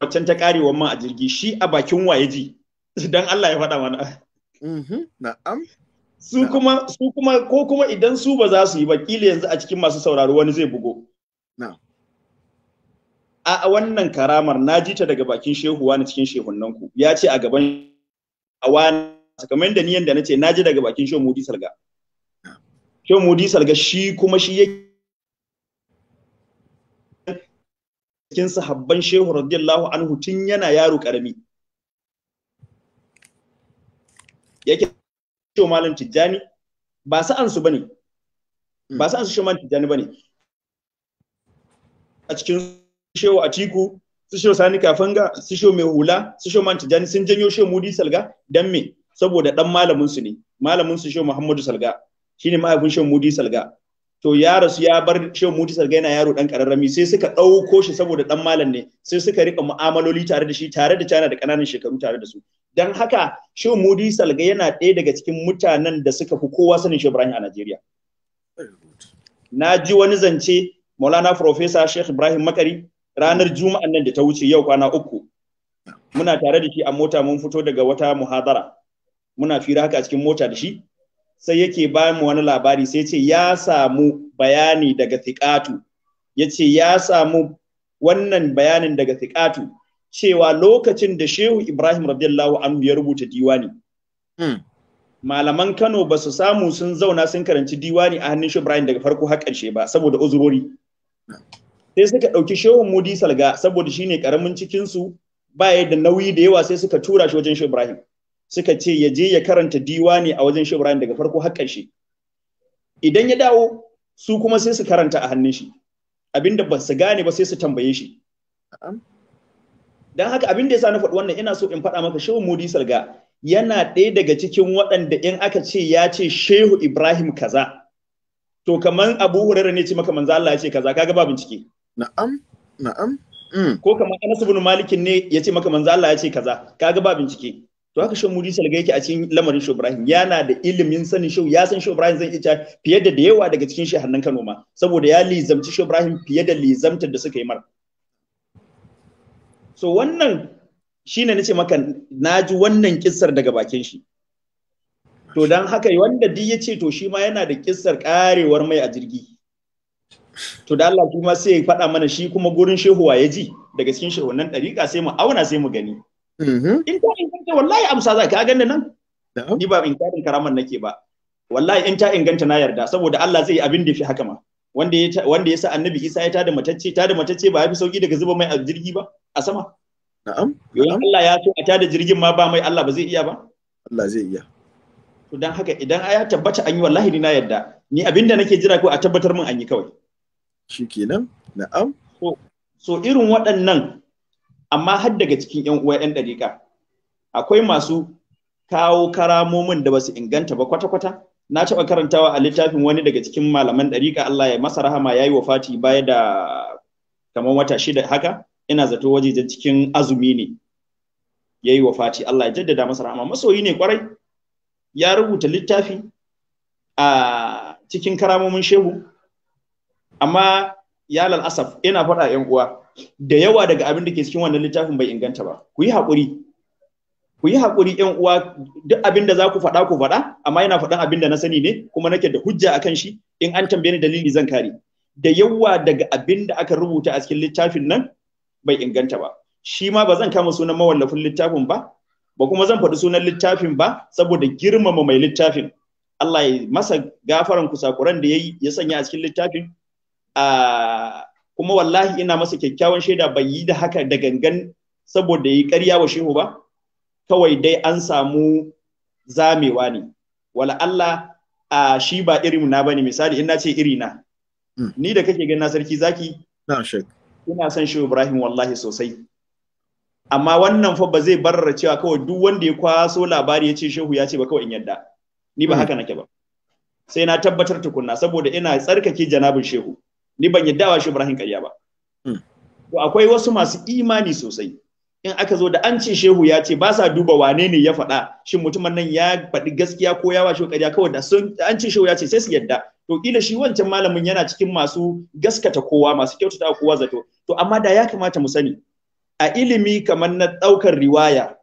waccan ta kare ma a jirgi shi a bakin waye ji dan Allah ya faɗa mana mhm, na'am su kuma su kuma ko kuma idan su ba za su yi ba kila yanzu a cikin masu sauraro wani zai bugo a wannan karamar na ji ta daga bakin shehu wani cikin shehunnan ku ya ce a gaban a wani kamar da ni na ce na ji daga bakin shehu mudi salga shehu mudi salga shi kuma shi yake cikin sahabban shehu radiyallahu anhu tun yana yaro karami yake shehu malam tijjani ba su bane ba su shehu malam tijjani bane a cikin shehu atiku su sani kafanga su shehu mai hula su shehu sun janyo shehu mudi salga dan me saboda dan malamin su ne malamin su muhammadu salga shine mahaifin shehu mudi salga to ya rasu ya bar shehu mudi salga yana yaro dan kararrami sai suka dauko shi saboda dan malam ne sai suka rika mu'amaloli tare da shi tare da tana da kananan shekaru tare da su dan haka shehu mudi salga yana ɗaya daga cikin mutanen da suka fi kowa sanin shehu ibrahim a najeriya na ji wani zance maulana Furofesa sheikh ibrahim makari ranar juma'an nan da ta wuce yau kwana uku muna tare da shi a mota mun fito daga wata muhadara muna fira haka a cikin mota da shi sai yake ba mu wani labari sai ce ya samu bayani daga thiqatu yace ya samu wannan bayanin daga thiqatu cewa lokacin da Shehu Ibrahim radiyallahu anhu ya rubuta diwani hmm. malaman Kano ba su samu sun zauna sun karanci diwani a hannun Shehu Ibrahim daga farko har ƙarshe ba saboda uzurori sai suka ɗauki shehun mudi salga saboda shine karamin cikin su ba ya da nauyi da yawa sai suka tura shi wajen shi ibrahim suka ce ya je ya karanta diwani a wajen shi ibrahim daga farko har shi. idan ya dawo su kuma sai su karanta a hannun shi abinda ba su gane ba sai su tambaye shi dan haka abin da yasa na faɗi wannan ina so in faɗa maka shehu mudi salga yana ɗaya daga cikin waɗanda in aka ce ya ce shehu ibrahim kaza to kaman abu Hurairah ne ce maka manzo Allah ya ce kaza kaga ba bincike Na'am, na'am. Mm. Ko kamar Anas ibn Malik ne ya ce maka manzo Allah ya ce kaza, kaga ba bincike. To haka Shehu Mudi Salga yake a cikin lamarin Shehu Ibrahim yana da ilimin sanin Shehu ya san Shehu Ibrahim zan iya fiye da da yawa daga cikin shehannan Kano ma saboda ya lizamci Shehu Ibrahim fiye da lizamtar da suka yi mara. So wannan shine nace maka naji wannan kissar daga bakin shi. To don haka wanda duk ya ce to shi ma yana da kissar karewar mai a jirgi. to da Allah kuma sai ya faɗa mana shi kuma gurin shehuwa ya ji daga cikin shehunan ɗariƙa sai mu auna sai mu gani. Mhm. In ta inganta wallahi amsa za ka ganda nan. Ni ba in karin karaman nake ba. Wallahi in ta inganta na yarda saboda Allah zai yi abin da ya fi haka ma. Wanda ya wanda sa Annabi Isa ya tada matacce tada matacce ba ya fi sauki daga zuba mai a jirgi ba a sama. Na'am. Yoyin Allah ya so a tada jirgin ma ba mai Allah ba zai iya ba. Allah zai iya. To dan haka idan ya tabbata an yi wallahi ni na yarda. Ni abinda nake jira ko a tabbatar min an yi kawai. shi kenan na'am so irin waɗannan amma har daga cikin yan uwa yan dariƙa akwai masu kawo karamomin da ba su inganta ba kwata-kwata na taɓa karantawa a littafin wani daga cikin malaman ɗariƙa Allah ya masa rahama ya yi wa fati baya da kamar wata shida haka ina zato waje wajejen cikin azumi ne ya yi wa fati Allah ya jaddada masa rahama masoyi ne kwarai ya rubuta littafi a cikin karamomin shehu amma ya asaf ina faɗa yan uwa da yawa daga abin da ke cikin wannan littafin bai inganta ba ku yi haƙuri ku yi haƙuri yan uwa duk abin da za ku faɗa ku faɗa amma yana faɗan abin da na sani ne kuma nake da hujja akan shi in an tambaye ni dalili zan kare da yawa daga abin da aka rubuta a cikin littafin nan bai inganta ba shi ma ba zan kama sunan mawallafin littafin ba ba kuma zan faɗi sunan littafin ba saboda girmama mai littafin Allah ya masa gafaran kusakuran da ya ya sanya a cikin littafin kuma wallahi ina masa kyakkyawan shaida bai yi da haka da gangan saboda yi ƙarya wa shehu ba kawai dai an samu zamewa ne wala Allah a shi ba irin na bane misali ina ce iri na hmm. ni da kake ganin sarki zaki na shek ina son shehu Ibrahim wallahi sosai amma wannan fa ba zai barra cewa kawai duk wanda ya kwaso labari ya ce shehu ya ce ba kawai in yadda ni ba hmm. haka nake ba sai na tabbatar tukunna saboda ina tsarkake janabin shehu ni ban yadda shi Ibrahim Kariya ba hmm. to akwai wasu masu imani sosai in aka zo da an ce shehu ya ce ba sa duba wane ne ya faɗa shin mutumin nan ya faɗi gaskiya ko ya washe ƙarya kawai da sun an ce shehu ya ce sai su yadda to kila shi wancan malamin yana cikin masu gaskata kowa masu kyautata kowa zato to amma da ya kamata mu sani a ilimi kamar na ɗaukar riwaya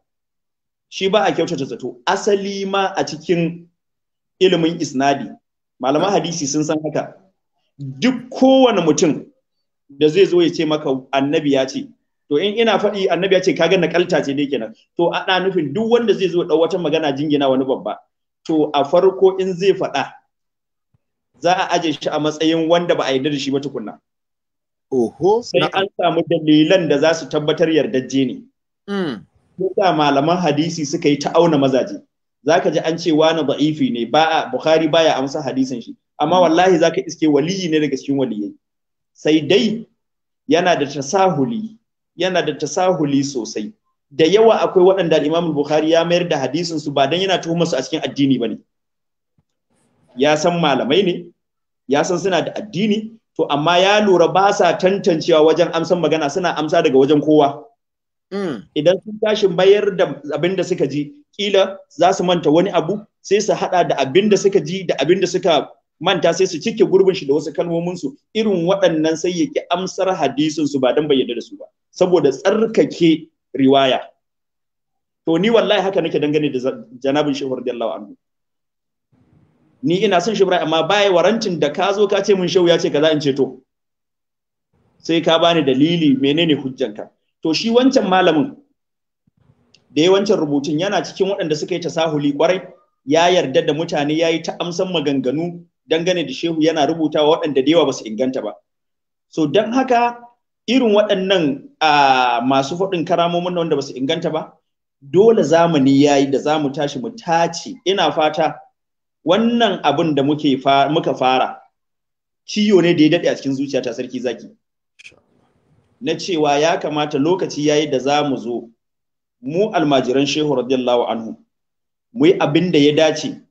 shi ba a kyautata zato asali ma a cikin ilimin isnadi malaman hmm. hadisi sun san haka duk kowane mutum da zai zo ya ce maka annabi ya ce to in ina faɗi annabi ya ce kaga nakalta ce dai kenan to ana nufin duk wanda zai zo ɗau wata magana jingina wani babba to a farko in zai faɗa za a aje shi a matsayin wanda ba a yarda da shi ba tukunna oho sai an samu dalilan da za su tabbatar je ne ta hmm. malaman hadisi suka yi ta auna mazaje zaka ji an ce wani da'ifi ne ba Bukhari baya amsa hadisin shi amma hmm. wallahi zaka iske waliyi ne daga cikin waliyai sai dai yana da tasahuli yana da tasahuli sosai da yawa akwai waɗanda Imam Bukhari ya mayar da hadisin su ba dan yana tuhuma su a cikin addini bane ya san malamai ne ya san suna da addini to amma ya lura ba sa tantancewa wajen amsan magana suna amsa daga wajen kowa hmm. idan sun tashi bayar da abin da suka ji kila za su manta wani abu sai su hada da abin da suka ji da abin da suka manta sai su cike gurbin shi da wasu kalmomin su irin waɗannan sai ya ki amsar hadisin su ba dan bayyana da su ba saboda tsarkake riwaya to ni wallahi haka nake dangane da janabin shehu radiyallahu anhu ni ina son shibra amma baya warantin da ka zo ka ce mun shehu ya ce kaza in ce to sai ka bani dalili menene hujjanka to shi wancan malamin da ya wancan rubutun yana cikin waɗanda suka yi tasahuli kwarai ya yarda da mutane ya yi ta amsan maganganu dangane da shehu yana rubutawa waɗanda da yawa ba su inganta ba so don haka irin waɗannan uh, masu faɗin karamomin wanda ba su inganta ba dole zamani ya yi da za mu tashi mu tace ina fata wannan abin da muka fara ciyo ne da ya daɗe a cikin zuciya ta sarki zaki na cewa ya kamata lokaci ya yi da za mu zo mu almajiran shehu radiyallahu anhu mu yi abin da ya dace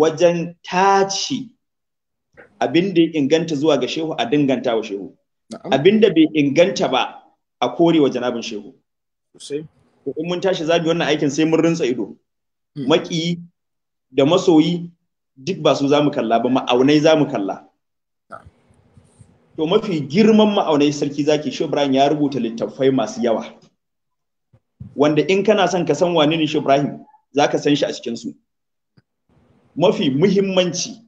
wajen tace abin da ya inganta zuwa ga shehu a dinganta wa shehu abin da bai inganta ba a kore wa janabin shehu in mun tashi zabi wannan aikin sai mun rinsa ido hmm. maki da masoyi duk ba su zamu kalla ba ma'aunai zamu kalla to mafi girman ma'aunai sarki zaki shehu ibrahim ya rubuta littattafai masu yawa wanda in kana son ka san wane ne shehu ibrahim zaka san shi a cikin su mafi muhimmanci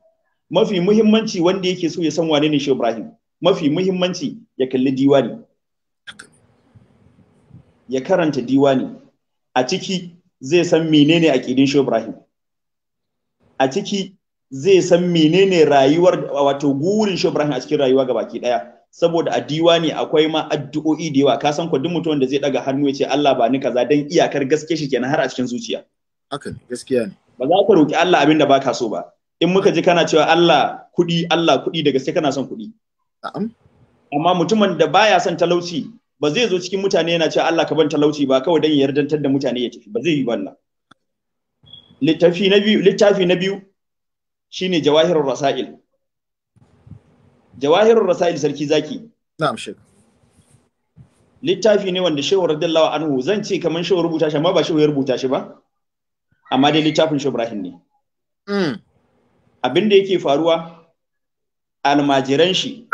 mafi muhimmanci wanda yake so ya san wane ne Shehu Ibrahim mafi muhimmanci ya kalli diwani ya karanta diwani a ciki zai san menene aqidin Shehu Ibrahim a ciki zai san menene rayuwar wato gurin Shehu Ibrahim a cikin rayuwa baki daya saboda a diwani akwai ma addu'o'i da yawa ka san ko duk mutumin da zai daga hannu ya ce Allah ba ni kaza dan iyakar gaske shi kenan har a cikin zuciya haka gaskiya ne ba za ka roki Allah abin da baka so ba in muka ji kana cewa Allah kuɗi Allah kuɗi da gaske kana son kuɗi amma mutumin da baya son talauci ba zai zo cikin mutane yana cewa Allah ka ban talauci ba kawai dan ya yardantar da mutane ya tafi ba zai yi wannan littafi na biyu littafi na biyu shine jawahirur rasail jawahirur rasail sarki zaki na'am shek littafi ne wanda shehu radiyallahu anhu zan ce kaman shehu rubuta shi amma ba shehu ya rubuta shi ba amma dai littafin shi Ibrahim ne mm. abin da yake faruwa almajiran shi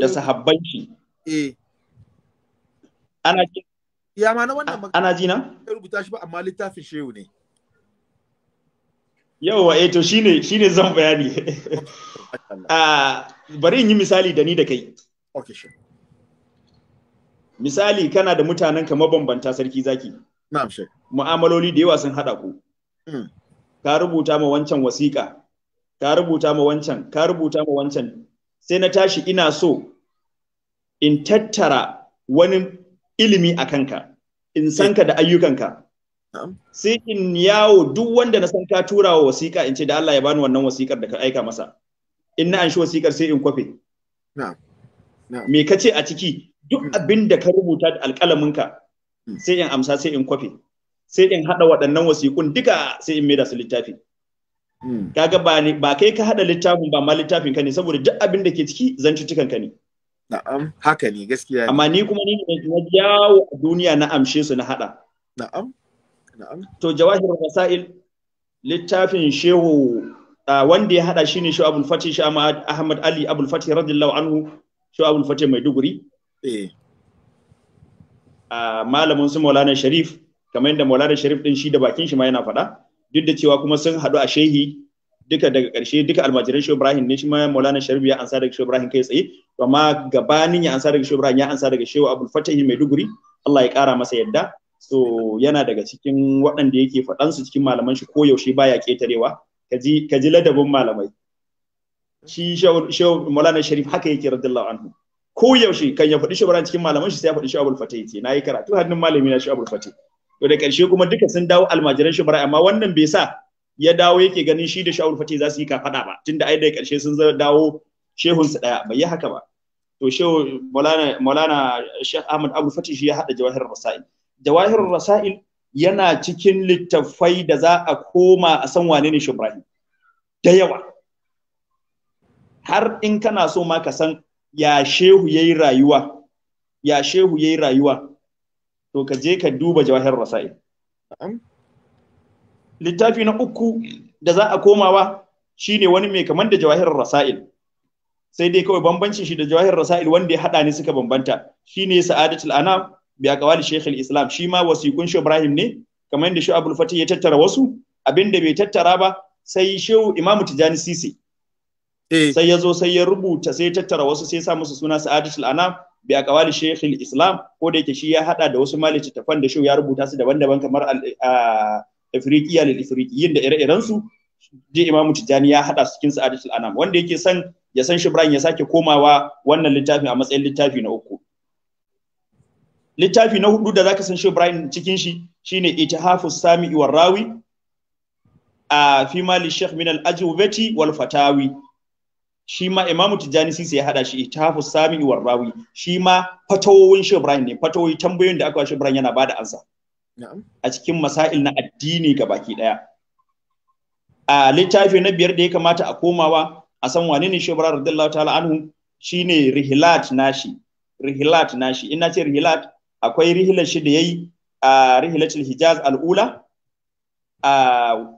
da sahabban shi eh. ana ya na jina rubuta shi ba amma littafin shehu ne eh to shine shine zan bayani ah, bari in yi misali da ni da kai misali kana da mutanen ka mabambanta sarki zaki mu'amaloli da yawa sun haɗa ku hmm. ka rubuta ma wancan wasiƙa ka rubuta ma wancan ka rubuta ma wancan sai na tashi ina so in tattara wani ilimi a kanka in san ka da ayyukanka sai in yawo duk wanda na san ka tura wa wasiƙa in ce da Allah ya bani wannan wasiƙar da ka aika masa in na anshi wasiƙar sai in kwafe me ka ce a ciki duk hmm. abin da ka rubuta da alƙalaminka sai in amsa sai in kwafi sai in hada waɗannan wasiƙun duka sai in maida su littafi hmm. kaga ba ba kai ka hada littafin ba ma littafin ka ne saboda duk abin da ke ciki zantuttukan ka ne na'am haka ne gaskiya amma ni kuma ni ne na yawo a duniya na amshe su na hada na'am na'am to jawahir rasail littafin shehu wanda ya hada shine shehu abul fati shehu ahmad ali abul Fati, radiyallahu anhu shehu abul mai maiduguri eh malamin su Maulana Sharif kamar yadda Maulana Sharif din shi da bakin shi ma yana faɗa duk da cewa kuma sun haɗu a shehi duka daga ƙarshe duka almajiran Shehu Ibrahim ne shi ma Maulana Sharif ya ansa daga Shehu Ibrahim kai tsaye to amma gabanin ya ansa daga Shehu Ibrahim ya ansa daga Shehu Abdul Fatah Maiduguri Allah ya ƙara masa yadda so yana daga cikin waɗanda yake faɗan su cikin malaman shi ko yaushe baya ƙetarewa kaji kaji ladabin malamai shi Shehu Maulana Sharif haka yake radiyallahu anhu ko yaushe kan ya faɗi shubran cikin malaman shi sai ya faɗi shabul fatai ce nayi karatu hannun malami na shabul fatai to da ƙarshe kuma duka sun dawo almajiran shubra amma wannan bai sa ya dawo yake ganin shi da shabul fatai za su yi kafaɗa ba tunda ai da ƙarshe sun dawo shehun su daya bai yi haka ba to shehu maulana maulana Sheikh Ahmad Abul Fatih shi ya hada jawahirul rasail jawahirul rasail yana cikin littafai da za a koma a san wane ne Shubrahi da yawa har in kana so ma ka san ya shehu yayi rayuwa ya shehu yayi rayuwa to ka je ka duba jawahir rasail littafi na uku da za a komawa shine wani mai kamar da jawahir rasail sai dai kawai bambancin shi da jawahir rasail wanda ya haɗa ni suka bambanta Shi shine sa'adatul anam bi aqwali shaykh islam shi ma wasiqun shi ibrahim ne kamar yadda shi abul fatih ya tattara wasu abinda bai tattara ba sai shehu imamu tijani sisi Eh. sai ya zo sai ya rubuta sai ya tattara wasu sai ya sa musu suna sa'adatul anam bi aqwali shaykh islam ko da yake shi ya hada da wasu malici tafan da shi ya rubuta su daban-daban kamar afriqiya lil afriqiyin da ire-iren su je imamu tijani ya hada su cikin sa'adatul anam wanda yake san ya san shibran ya sake komawa wannan littafin a matsayin littafi na uku littafi na hudu da zaka san shibran cikin shi shine itihafus sami'i war rawi a fi mali shaykh min al ajwabati wal fatawi shi ma imamu tijjani sisi ya hada shi itafu sami iwar rawi shi ma fatawowin shi ibrahim ne fatawoyi tambayoyin da aka wa shi ibrahim yana bada ansa a cikin masail na addini ga baki daya a littafi na biyar da ya kamata a komawa a san wane ne shi ibrahim radiyallahu ta'ala anhu shine rihilat nashi rihilat nashi ina ce rihilat akwai rihilar shi da yayi a rihilatul hijaz al'ula a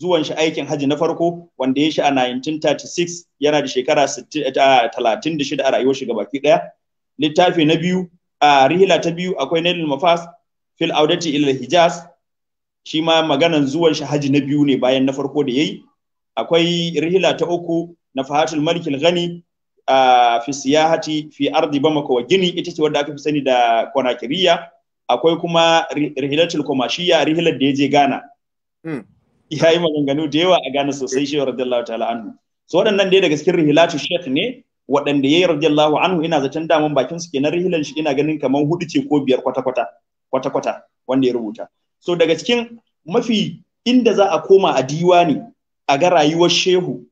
zuwan shi aikin haji na farko wanda ya shi a 1936 yana da shekara 36 eh, ah, a rayuwar shi ɗaya daya littafi na biyu a rihila ta biyu akwai nailul mafas fil audati ila hijaz shi ma maganan zuwan shi haji na biyu ne bayan na farko da yayi akwai rihila ta uku na fahatul malikil ghani a fi siyahati fi ardi bamako wa gini ita ce wadda aka fi sani da konakiriya akwai kuma rihilatul komashiya rihilar da ya je gana. Hmm. ya yi maganganu da yawa a gane sosai shi radiyallahu ta'ala anhu so waɗannan da daga cikin rihilatu shek ne waɗanda yayi radiyallahu anhu ina zaton damun bakin su kenan rihilan shi ina ganin kamar hudu ce ko biyar kwata kwata kwata kwata wanda ya rubuta so daga cikin mafi inda za a koma a diwani a ga rayuwar shehu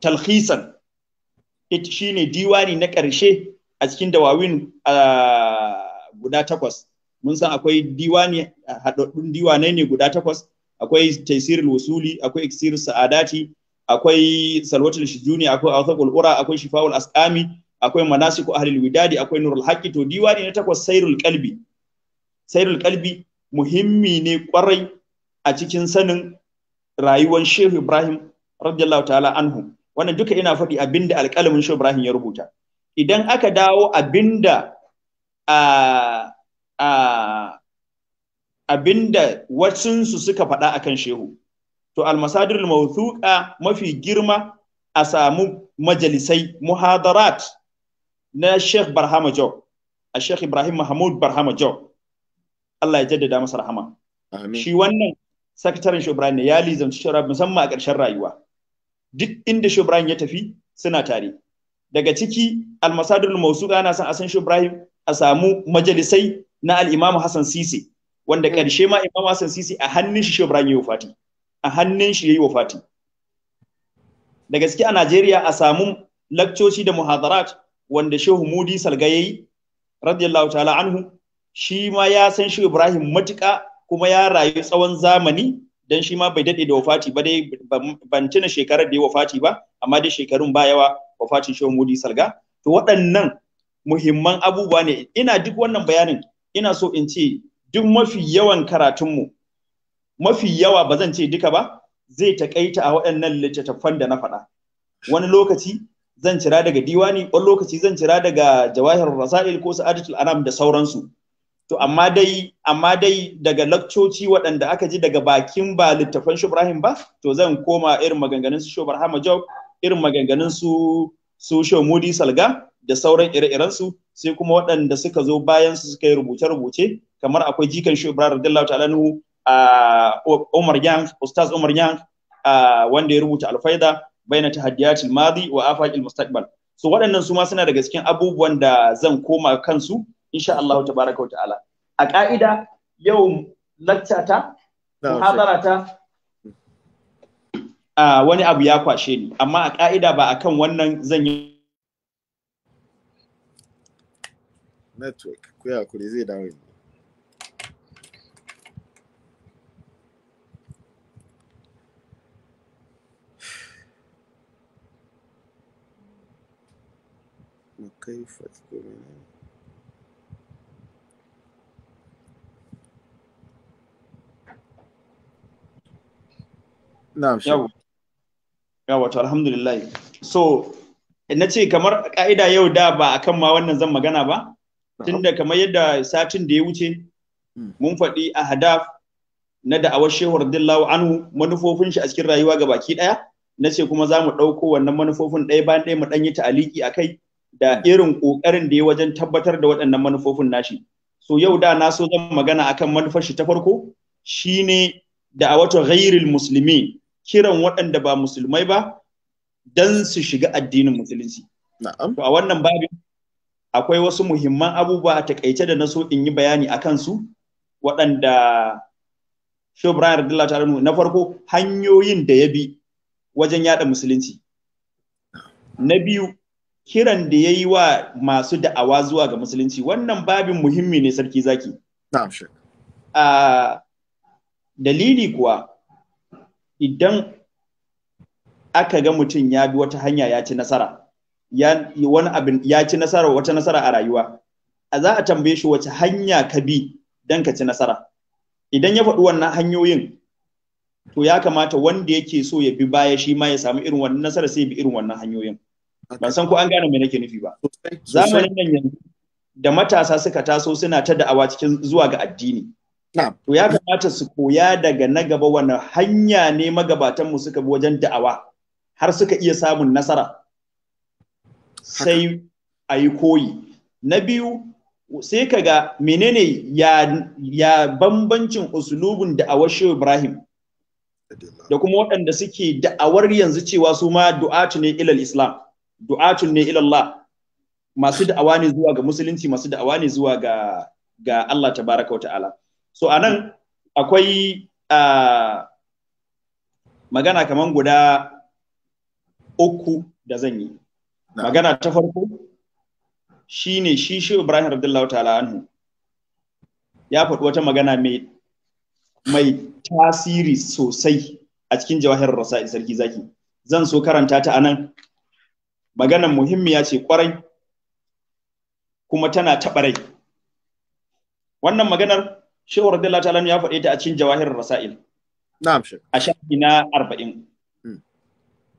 talhisan ita ne diwani na ƙarshe a cikin dawawin guda takwas mun san akwai diwani haɗaɗɗun diwanai ne guda takwas akwai taisir wusuli akwai iksir sa'adati akwai salwatul shujuni akwai awthaqul ura akwai shifaul asqami akwai manasiku ahlil widadi akwai nurul haqqi to diwani na takwas sairul qalbi sairul qalbi muhimmi ne kwarai a cikin sanin rayuwar Shehu Ibrahim radiyallahu ta'ala anhu wannan duka ina faɗi abinda alƙalamin Shehu Ibrahim ya rubuta idan aka dawo abinda a ah, a ah, abinda wasunsu suka faɗa a kan shehu to almasadir mawthuqa mafi girma a samu majalisai muhadarat na Sheikh Barhama Jaw a Sheikh Ibrahim Mahmud Barhama jo Allah ya jaddada masa rahama shi wannan sakataren Shobran ya lizanci shara musamman a ƙarshen rayuwa duk inda Shobran ya tafi suna tare daga ciki almasadir mawthuqa ana son a san Shobran a samu majalisai na al-Imam Hassan Sisi wanda karshe mm. ma Imam Hassan Sisi a hannun shi Shehu yi yayi wafati a hannun shi yayi wafati da gaske a Najeriya a samu lakcoci da muhadarat wanda Shehu Mudi Salga yayi radiyallahu ta'ala anhu shi ma ya san shi Ibrahim Matuka kuma ya rayu tsawon zamani dan shi ma bai dade da wafati ba dai ban tuna shekarar da ya wafati ba amma dai shekarun ba yawa wafatin Shehu Mudi Salga to waɗannan muhimman abubuwa ne ina duk wannan bayanin ina so in ce duk mafi yawan karatunmu mafi yawa ba zan ce duka ba zai takaita a waɗannan littattafan da na faɗa wani lokaci zan cira daga diwani wani lokaci zan cira daga jawahir rasail ko sa'adatul anam da sauransu to amma dai amma dai daga lakcoci waɗanda aka ji daga bakin ba littafan shubrahim ba to zan koma irin maganganun su Shubar Hamajau, irin maganganun su su shomudi salga da sauran ire-irensu sai kuma waɗanda suka zo bayan su suka yi rubuce-rubuce kamar akwai jikan shi Ibrahim radiyallahu ta'ala nu Umar Yang Ustaz Umar Yang wanda ya rubuta alfaida baina tahaddiyatil madi wa afaqil mustaqbal so waɗannan su ma suna daga cikin abubuwan da zan koma kansu insha Allah tabaraka wa ta'ala a ka'ida yau laccata hadarata uh, wani abu ya kwashe ni amma a ka'ida ba akan wannan zan yi network ku ya kuri zai dawo kai na'am alhamdulillah so na ce kamar ka'ida yau da ba akan ma wannan zan magana ba tunda kamar yadda satin da ya wuce hmm. mun faɗi a hadaf na da'awar shehu radiyallahu anhu manufofin shi a cikin rayuwa ga baki ɗaya na ce kuma za mu ɗauko wannan manufofin ɗaya bayan ɗaya mu ɗan yi ta'aliki a kai da hmm. irin ƙoƙarin da ya wajen tabbatar da waɗannan manufofin nashi. So yau da na so zan magana akan manufar shi ta farko shine da a wato ghairil musulmi kiran waɗanda ba musulmai ba dan su shiga addinin musulunci. To a wannan babin akwai wasu muhimman abubuwa a takaice da na so in yi bayani a kansu waɗanda Shehu Brian Radullah na farko hanyoyin da ya bi wajen yada musulunci. Na biyu kiran da ya yi wa masu da'awa zuwa ga musulunci wannan babin muhimmi ne sarki zaki. A dalili kuwa idan aka ga mutum ya bi wata hanya ya ci nasara, ya, ci nasara wata nasara a rayuwa, a za a tambaye shi wace hanya ka bi don ka ci nasara. Idan ya faɗi wannan hanyoyin, to ya kamata wanda yake so ya bi baya shi ma ya samu irin wannan nasara sai bi irin wannan hanyoyin. ban san ko an gane me nake nufi ba zamanin nan yanzu da matasa suka taso suna ta da'awa cikin zuwa ga addini to ya kamata su koya daga na gaba wani hanya ne magabatan mu suka bi wajen da'awa har suka iya samun nasara sai a yi koyi na biyu sai ka ga menene ya, ya bambancin usulubin da'awar Shehu Ibrahim da kuma waɗanda suke da'awar yanzu cewa su ma du'atu ne ilal Islam du'atun ne ila masu da'awa ne zuwa ga musulunci masu da'awa ne zuwa ga ga Allah tabaraka wa ta'ala so anan akwai magana kaman guda uku da zan yi magana ta farko shine shi shi Ibrahim radiyallahu ta'ala anhu ya faɗi wata magana mai mai tasiri sosai a cikin jawahirar rasa'i sarki zaki zan so karanta ta anan maganan muhimmiya ce kwarai kuma tana taɓa rai wannan maganar shehu radiyallahu ta'ala ya faɗe ta a cikin jawahirar rasail na'am a shafi na arba'in. Hmm.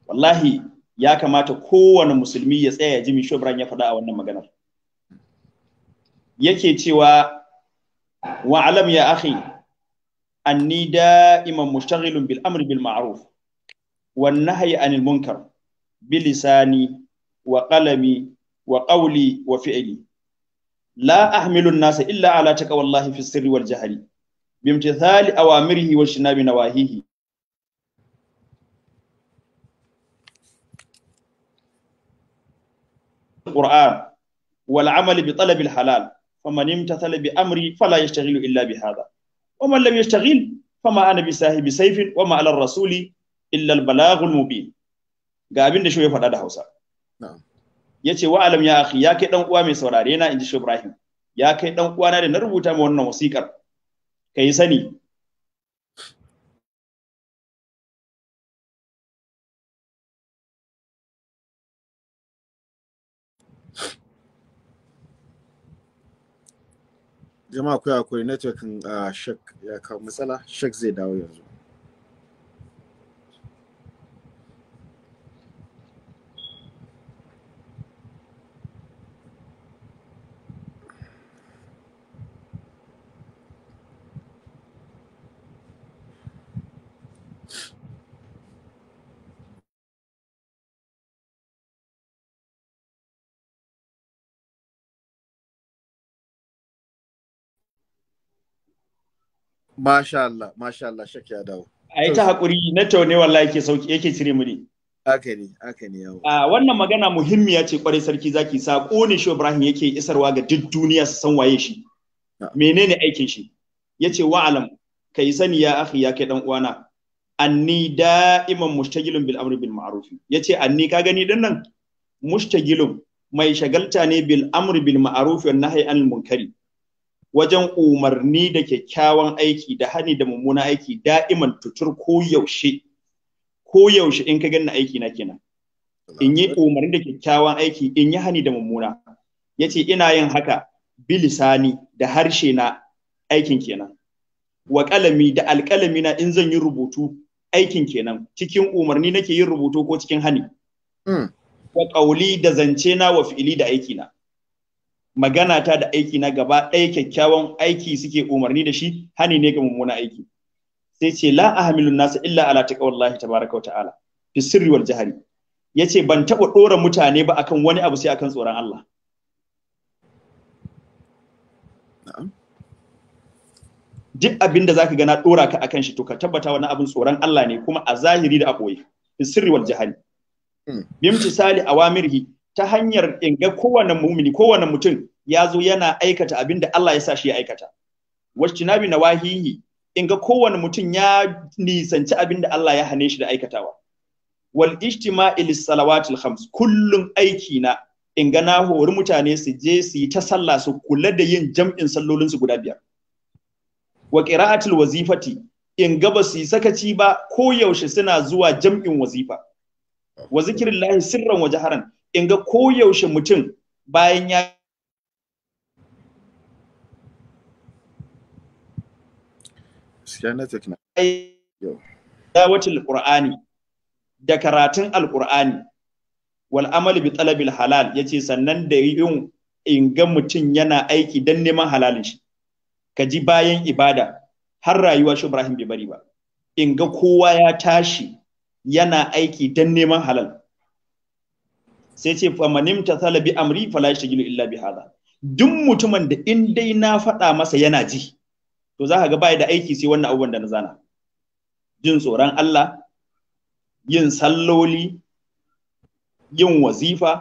wallahi ya kamata kowane musulmi ya tsaya ya ji mishu ya faɗa a wannan maganar yake cewa wa alam ya akhi anni da'iman mushtaghilun bil amri bil ma'ruf wan nahyi anil munkar bilisani wa qalami wa qawli wa fi'li la ahmilu an-nasa illa ala taqwallahi fi sirri wal jahri bimtithali awamirihi wa shinabi nawahihi القرآن والعمل بطلب الحلال فمن امتثل بأمري فلا يشتغل إلا بهذا ومن لم يشتغل فما أنا بساهب سيف وما على الرسول إلا البلاغ المبين قابل شوية فدا هوسا ya ce wa alam ya akhi ya kai dan uwa mai saurare na inji shi Ibrahim ya kai dan uwa na da na rubuta ma wannan wasikar kai sani jama'a ku akwai network uh, ah, shek ya kawo matsala shek zai dawo yanzu Masha Allah, Masha Allah, ya dawo. A yi ta haƙuri na taune wallahi yake sauki yake cire mu ne. Aka ne, aka ne yawo. A wannan magana muhimmiya ce kwarai sarki zaki sa ne shi Ibrahim yake isarwa ga duk duniya su san waye shi. Menene aikin shi? Yace wa'alam kai sani ya akhi ya kai dan uwana anni da'iman mushtagilun bil amri bil ma'ruf yace anni ka gani din nan mushtagilun mai shagalta ne bil amri bil ma'ruf wa nahyi anil munkari wajen umarni da kyakkyawan aiki da hani da mummunan aiki da'iman tutur ko yaushe ko yaushe in ka ganna aiki na kenan in yi umarni da kyakkyawan aiki in yi hani da mummuna yace ina yin haka bilisani da harshe na aikin kenan wa kalami da alkalami na in zan yi rubutu aikin kenan cikin umarni nake yin rubutu ko cikin hani hmm. wa kauli da zance na wa fi'ili da aiki na magana ta da aiki na gaba ɗaya kyakkyawan aiki suke umarni da shi hani ne ga mummuna aiki sai ce la ahamilun nasa illa ala taqwallahi tabaraka wa ta'ala fi sirri wal jahari yace ban taɓa ɗora mutane ba akan wani abu sai akan tsoron Allah duk abin da zaka gana na ɗora ka akan shi to ka tabbata wani abin tsoron Allah ne kuma a zahiri da a ɓoye fi sirri wal jahari hmm. bimtisali awamirhi ta hanyar in ga kowane mumini kowane mutum ya zo yana aikata abin da Allah ya sa shi ya aikata na nawahihi in ga kowane mutum ya nisanci abin da Allah ya hane shi da aikatawa wal ijtima'i lis salawatil khams kullun aiki na in ga na hori mutane su je su yi ta sallah su kula da yin jam'in sallolin su guda biyar wa qira'atil wazifati in ga ba su yi sakaci ba ko yaushe suna zuwa jam'in wazifa wa zikrillahi sirran wa jaharan in ga koyaushe mutum bayan ya dawatul qur'ani da karatun Alƙur'ani, wal bi talabil halal ya ce sannan da yin in ga mutum yana aiki don neman halalin shi ka ji bayan ibada har rayuwa shi Ibrahim bai bari ba in ga kowa ya tashi yana aiki don neman halal sai ce famanim ta talabi amri fala yashghalu illa bi hada duk mutumin da in dai na faɗa masa yana ji to za ka ga bai da aiki sai wannan abubuwan da na zana jin tsoron Allah yin salloli yin wazifa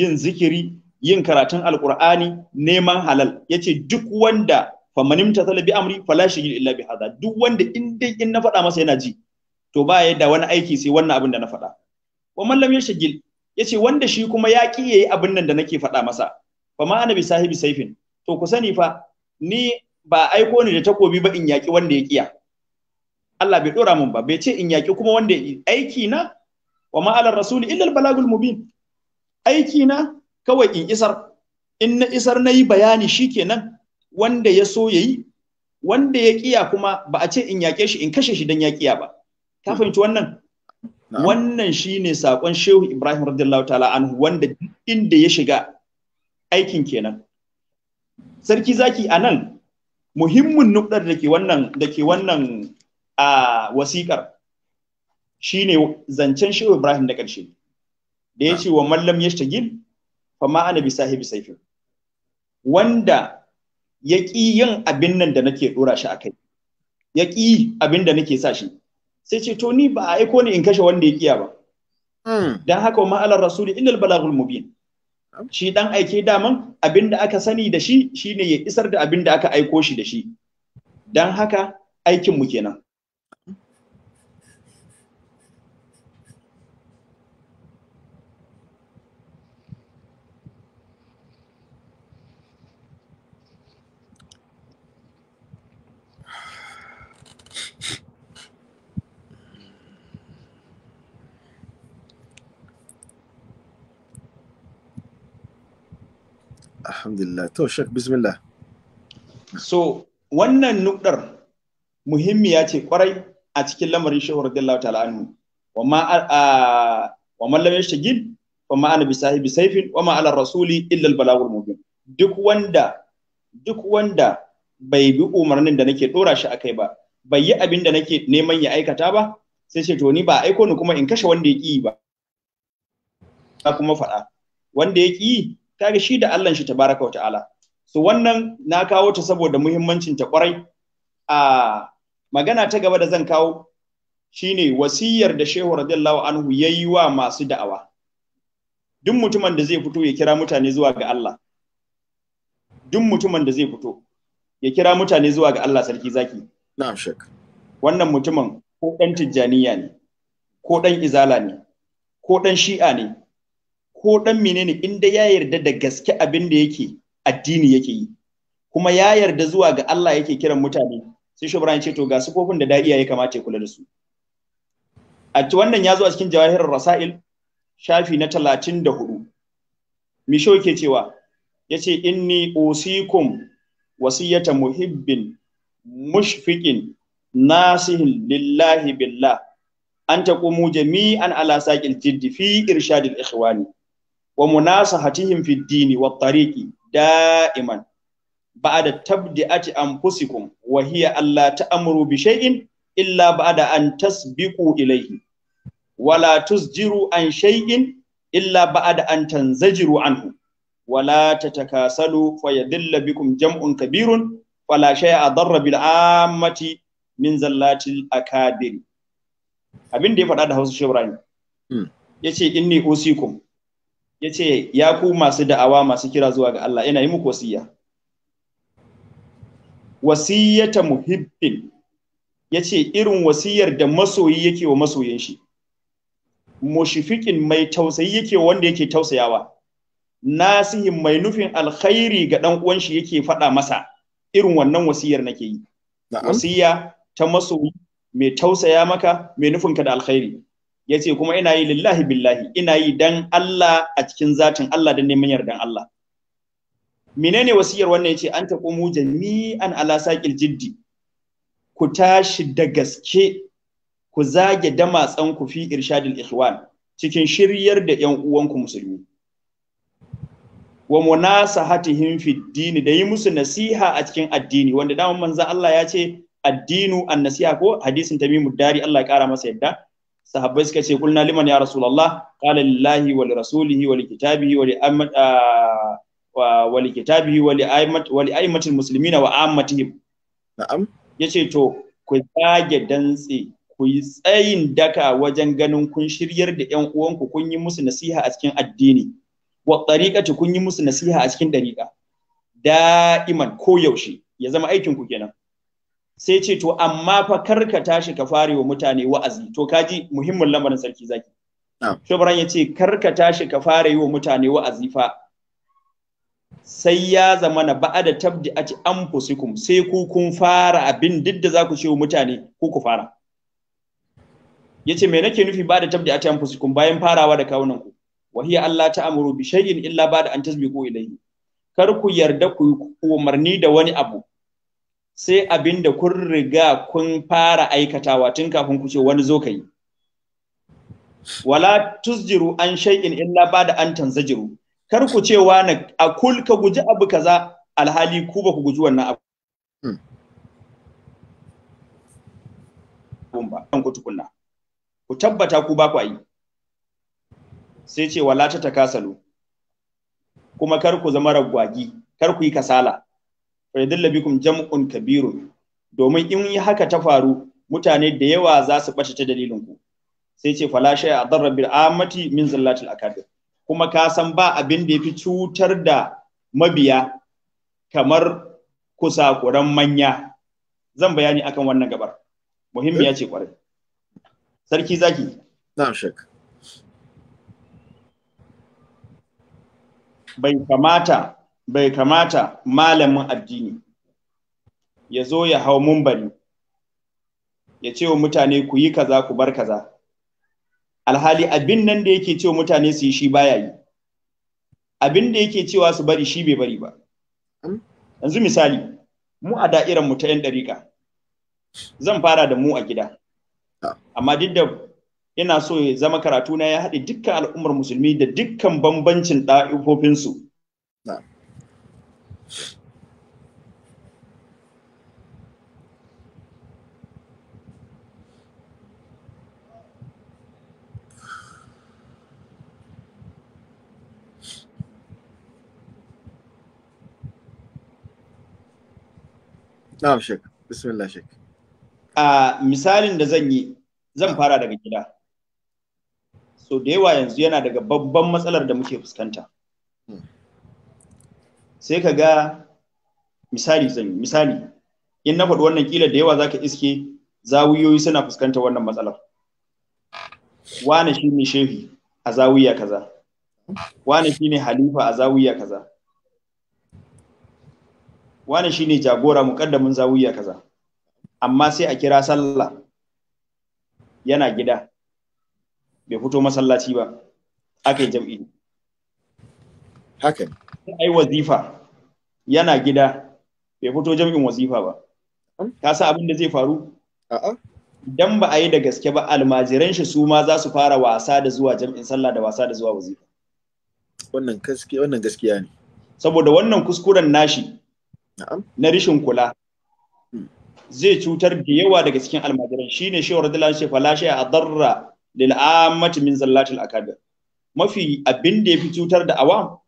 yin zikiri yin karatun alqur'ani neman halal yace duk wanda famanim ta talabi amri fala shigil illa bi hada duk wanda in dai in na faɗa masa yana ji to ba yadda da wani aiki sai wannan abin da na faɗa wa man lam yashgil Ya ce wanda shi kuma ya ki yayi abin nan da nake faɗa masa fa ma ana sahibi saifin to ku sani fa ni ba aiko ni da takobi ba in yaki wanda ya kiya Allah bai dora mun ba bai ce in yaki kuma wanda aiki na wa ma alar rasul illa al balagul mubin aiki na kawai in isar in na isar nayi bayani shikenan wanda ya so yayi wanda ya ƙiya kuma ba a ce in yaƙe shi in kashe shi dan ya kiya ba ka fahimci wannan wannan shine saƙon shehu ibrahim radiyallahu ta'ala anhu wanda inda ya shiga aikin kenan sarki zaki a nan muhimmin nukdar da ke wannan da ke wannan a wasikar shine zancen shehu ibrahim da ƙarshe da ya ce wa mallam ya shtagil fa ma ana sahibi saifi wanda ya ƙi yin abin nan da nake ɗora shi a kai ya ƙi abin da nake sa shi sai ce to ni ba a aiko ni in kashe wanda ya kiya ba hmm. dan haka wa ma'alar rasuli illal balagul mubin hmm. shi dan aike daman abinda aka sani da shi shine ya isar da abinda aka aiko shi da shi dan haka aikin mu kenan alhamdulillah to Sheikh, bismillah so wannan nukdar muhimmiya ce kwarai a cikin lamarin shehu radiyallahu ta'ala anhu wa ma wa man lam ma ana bisahibi sayfin wa ma ala rasuli illa al-balagul mubin duk wanda duk wanda bai bi umarnin da nake dora shi akai ba bai yi abin da nake neman ya aikata ba sai ce to ni ba aiko ni kuma in kashe wanda ya ki ba kuma faɗa wanda ya ki kaga shi da Allah shi tabaraka wa ta'ala so wannan na kawo ta saboda muhimmancin ta kwarai a magana ta gaba da zan kawo shine wasiyar da Shehu radiyallahu anhu yayi wa masu da'awa duk mutumin da zai fito ya kira mutane zuwa ga Allah duk mutumin da zai fito ya kira mutane zuwa ga Allah sarki zaki na'am shek wannan mutumin ko dan tijjaniya ne ko dan izala ne ko dan shi'a ne ko dan menene in dai ya yarda da gaske abin da yake addini yake yi kuma ya yarda zuwa ga Allah yake kiran mutane sai shubran ce to ga sufofin da da'iya ya kamata ya kula da su a wannan ya zo a cikin jawahirar rasail shafi na talatin da hudu misho ke cewa ya ce inni usikum wasiyata muhibbin mushfiqin nasihin lillahi billah an taqumu jami'an ala saqil jiddi fi irshadil ikhwani wa munasahatihim fi dini wa tariqi da'iman ba'da tabdi'ati anfusikum wa hiya alla ta'muru bi shay'in illa ba'da an tasbiqu ilayhi wala tusjiru an shay'in illa ba'da an tanzajiru anhu wala tatakasalu fayadilla bikum jam'un kabirun wala shay'a darra bil ammati min zallatil akabiri abin da ya faɗa da Hausa Shehu Ibrahim hmm. yace inni usikum ya ce ya ku masu da'awa masu kira zuwa ga Allah yana yi muku wasiya Wasiyyata muhibbin ya ce irin wasiyar da masoyi yake wa masoyin shi mushifikin mai tausayi yake wanda yake tausayawa nasihin mai nufin alkhairi ga dan uwan shi yake faɗa masa irin wannan wasiyar nake yi wasiya ta masoyi mai tausaya maka mai nufin ka da alkhairi Ya ce kuma ina yi lillahi billahi ina yi dan Allah a cikin zatin Allah dan neman yardan Allah menene wasiyar wannan yace an taqumu jami'an ala saqil jiddi ku tashi da gaske ku zage damatsan ku fi irshadil ikhwan cikin shiryar da yan uwanku musulmi wa munasahatihim fi dini da yi musu nasiha a cikin addini wanda dama manzo Allah ya ce addinu an nasiha ko hadisin tamimu dari Allah ya kara masa yadda sahabbai suka ce kulna liman ya rasulullah qala lillahi wa rasulihi wa kitabihi wa li ah, wa kitabihi wa li aimat wa aimatil muslimina wa ammatihim na'am yace to ku tsage dantse ku yi tsayin daka wajen ganin kun shiryar da ƴan uwanku kun yi musu nasiha a cikin addini wa tariqati kun yi musu nasiha a cikin dariqa da'iman ko yaushe ya zama aikin ku kenan sai ce to amma fa kar ka tashi ka fare wa mutane wa'azi to kaji muhimmin lamarin sarki zaki shubran ya ce kar ka tashi ka fara wa mutane wa'azi fa sai ya zama na ba'a da tabdi a ci an sai ku kun fara abin duk da za ku ce wa mutane ku ku fara ya ce me nake nufi ba da tabdi a ci an bayan farawa da kawunan ku wahiya Allah ta amuru bi shay'in illa ba da an tasbiqu ilayhi kar ku yarda ku umarni da wani abu sai abin da kun riga kun fara aikatawa tun kafin ku ce wani zo ka yi. Wala tusjiru an shay'in illa ba da an tanzajiru. Kar ku ce wani a kul ka guji abu kaza alhali ku ba ku guji wannan abu. ku Ku tabbata ku ba ku yi. Sai ce wala ta takasalu. Kuma kar ku zama ragwagi, kar ku yi kasala. fa bikum jam'un kabirun domin in yi haka ta faru mutane da yawa za su bace ta dalilin ku sai ce fala shay adarra bil amati min zillatil akabir kuma ka san ba abin da yafi cutar da mabiya kamar kusa kuran manya zan bayani akan wannan gabar muhimmiya ce kwarai sarki zaki na'am shek bai kamata bai kamata malamin addini ya zo ya hau mumbari ya ce wa mutane ku yi kaza ku bar kaza alhali abin nan da yake cewa mutane su yi shi baya yi abin da yake cewa su bari shi bai bari ba yanzu misali mu a da'irar mu ta yan dariƙa zan fara da mu a gida amma duk da ina so ya zama karatu na ya haɗe dukkan al'ummar musulmi da dukkan bambancin ɗa'ifofinsu Na'am Sheikh. Bismillah Sheikh. A misalin da zan yi zan fara daga gida. So da yawa yanzu yana daga babban matsalar da muke fuskanta. Hmm. Sai ka ga misali zan yi misali in na faɗi wannan kila da yawa zaka iske zawiyoyi suna fuskantar wannan matsalar. Wane shine shehi a zawiya kaza. Wane shine halifa a zawiya kaza. wani shine jagora muƙaddamin zawiya kaza amma sai a kira sallah yana gida bai fito masallaci ba aka yi jam'i haka ai wazifa yana gida bai fito jam'in wazifa ba ka sa abin da zai faru a'a idan ba a yi da gaske ba almajiran shi su ma za su fara wasa da zuwa jam'in sallah da wasa da zuwa wazifa wannan gaskiya ne saboda wannan kuskuren nashi na rishin kula hmm. zai cutar da yawa daga cikin almajiran shine shehu radiyallahu anhu ce fala shay'a adarra lil ammati min zallatil akabir mafi abin da yafi cutar da awam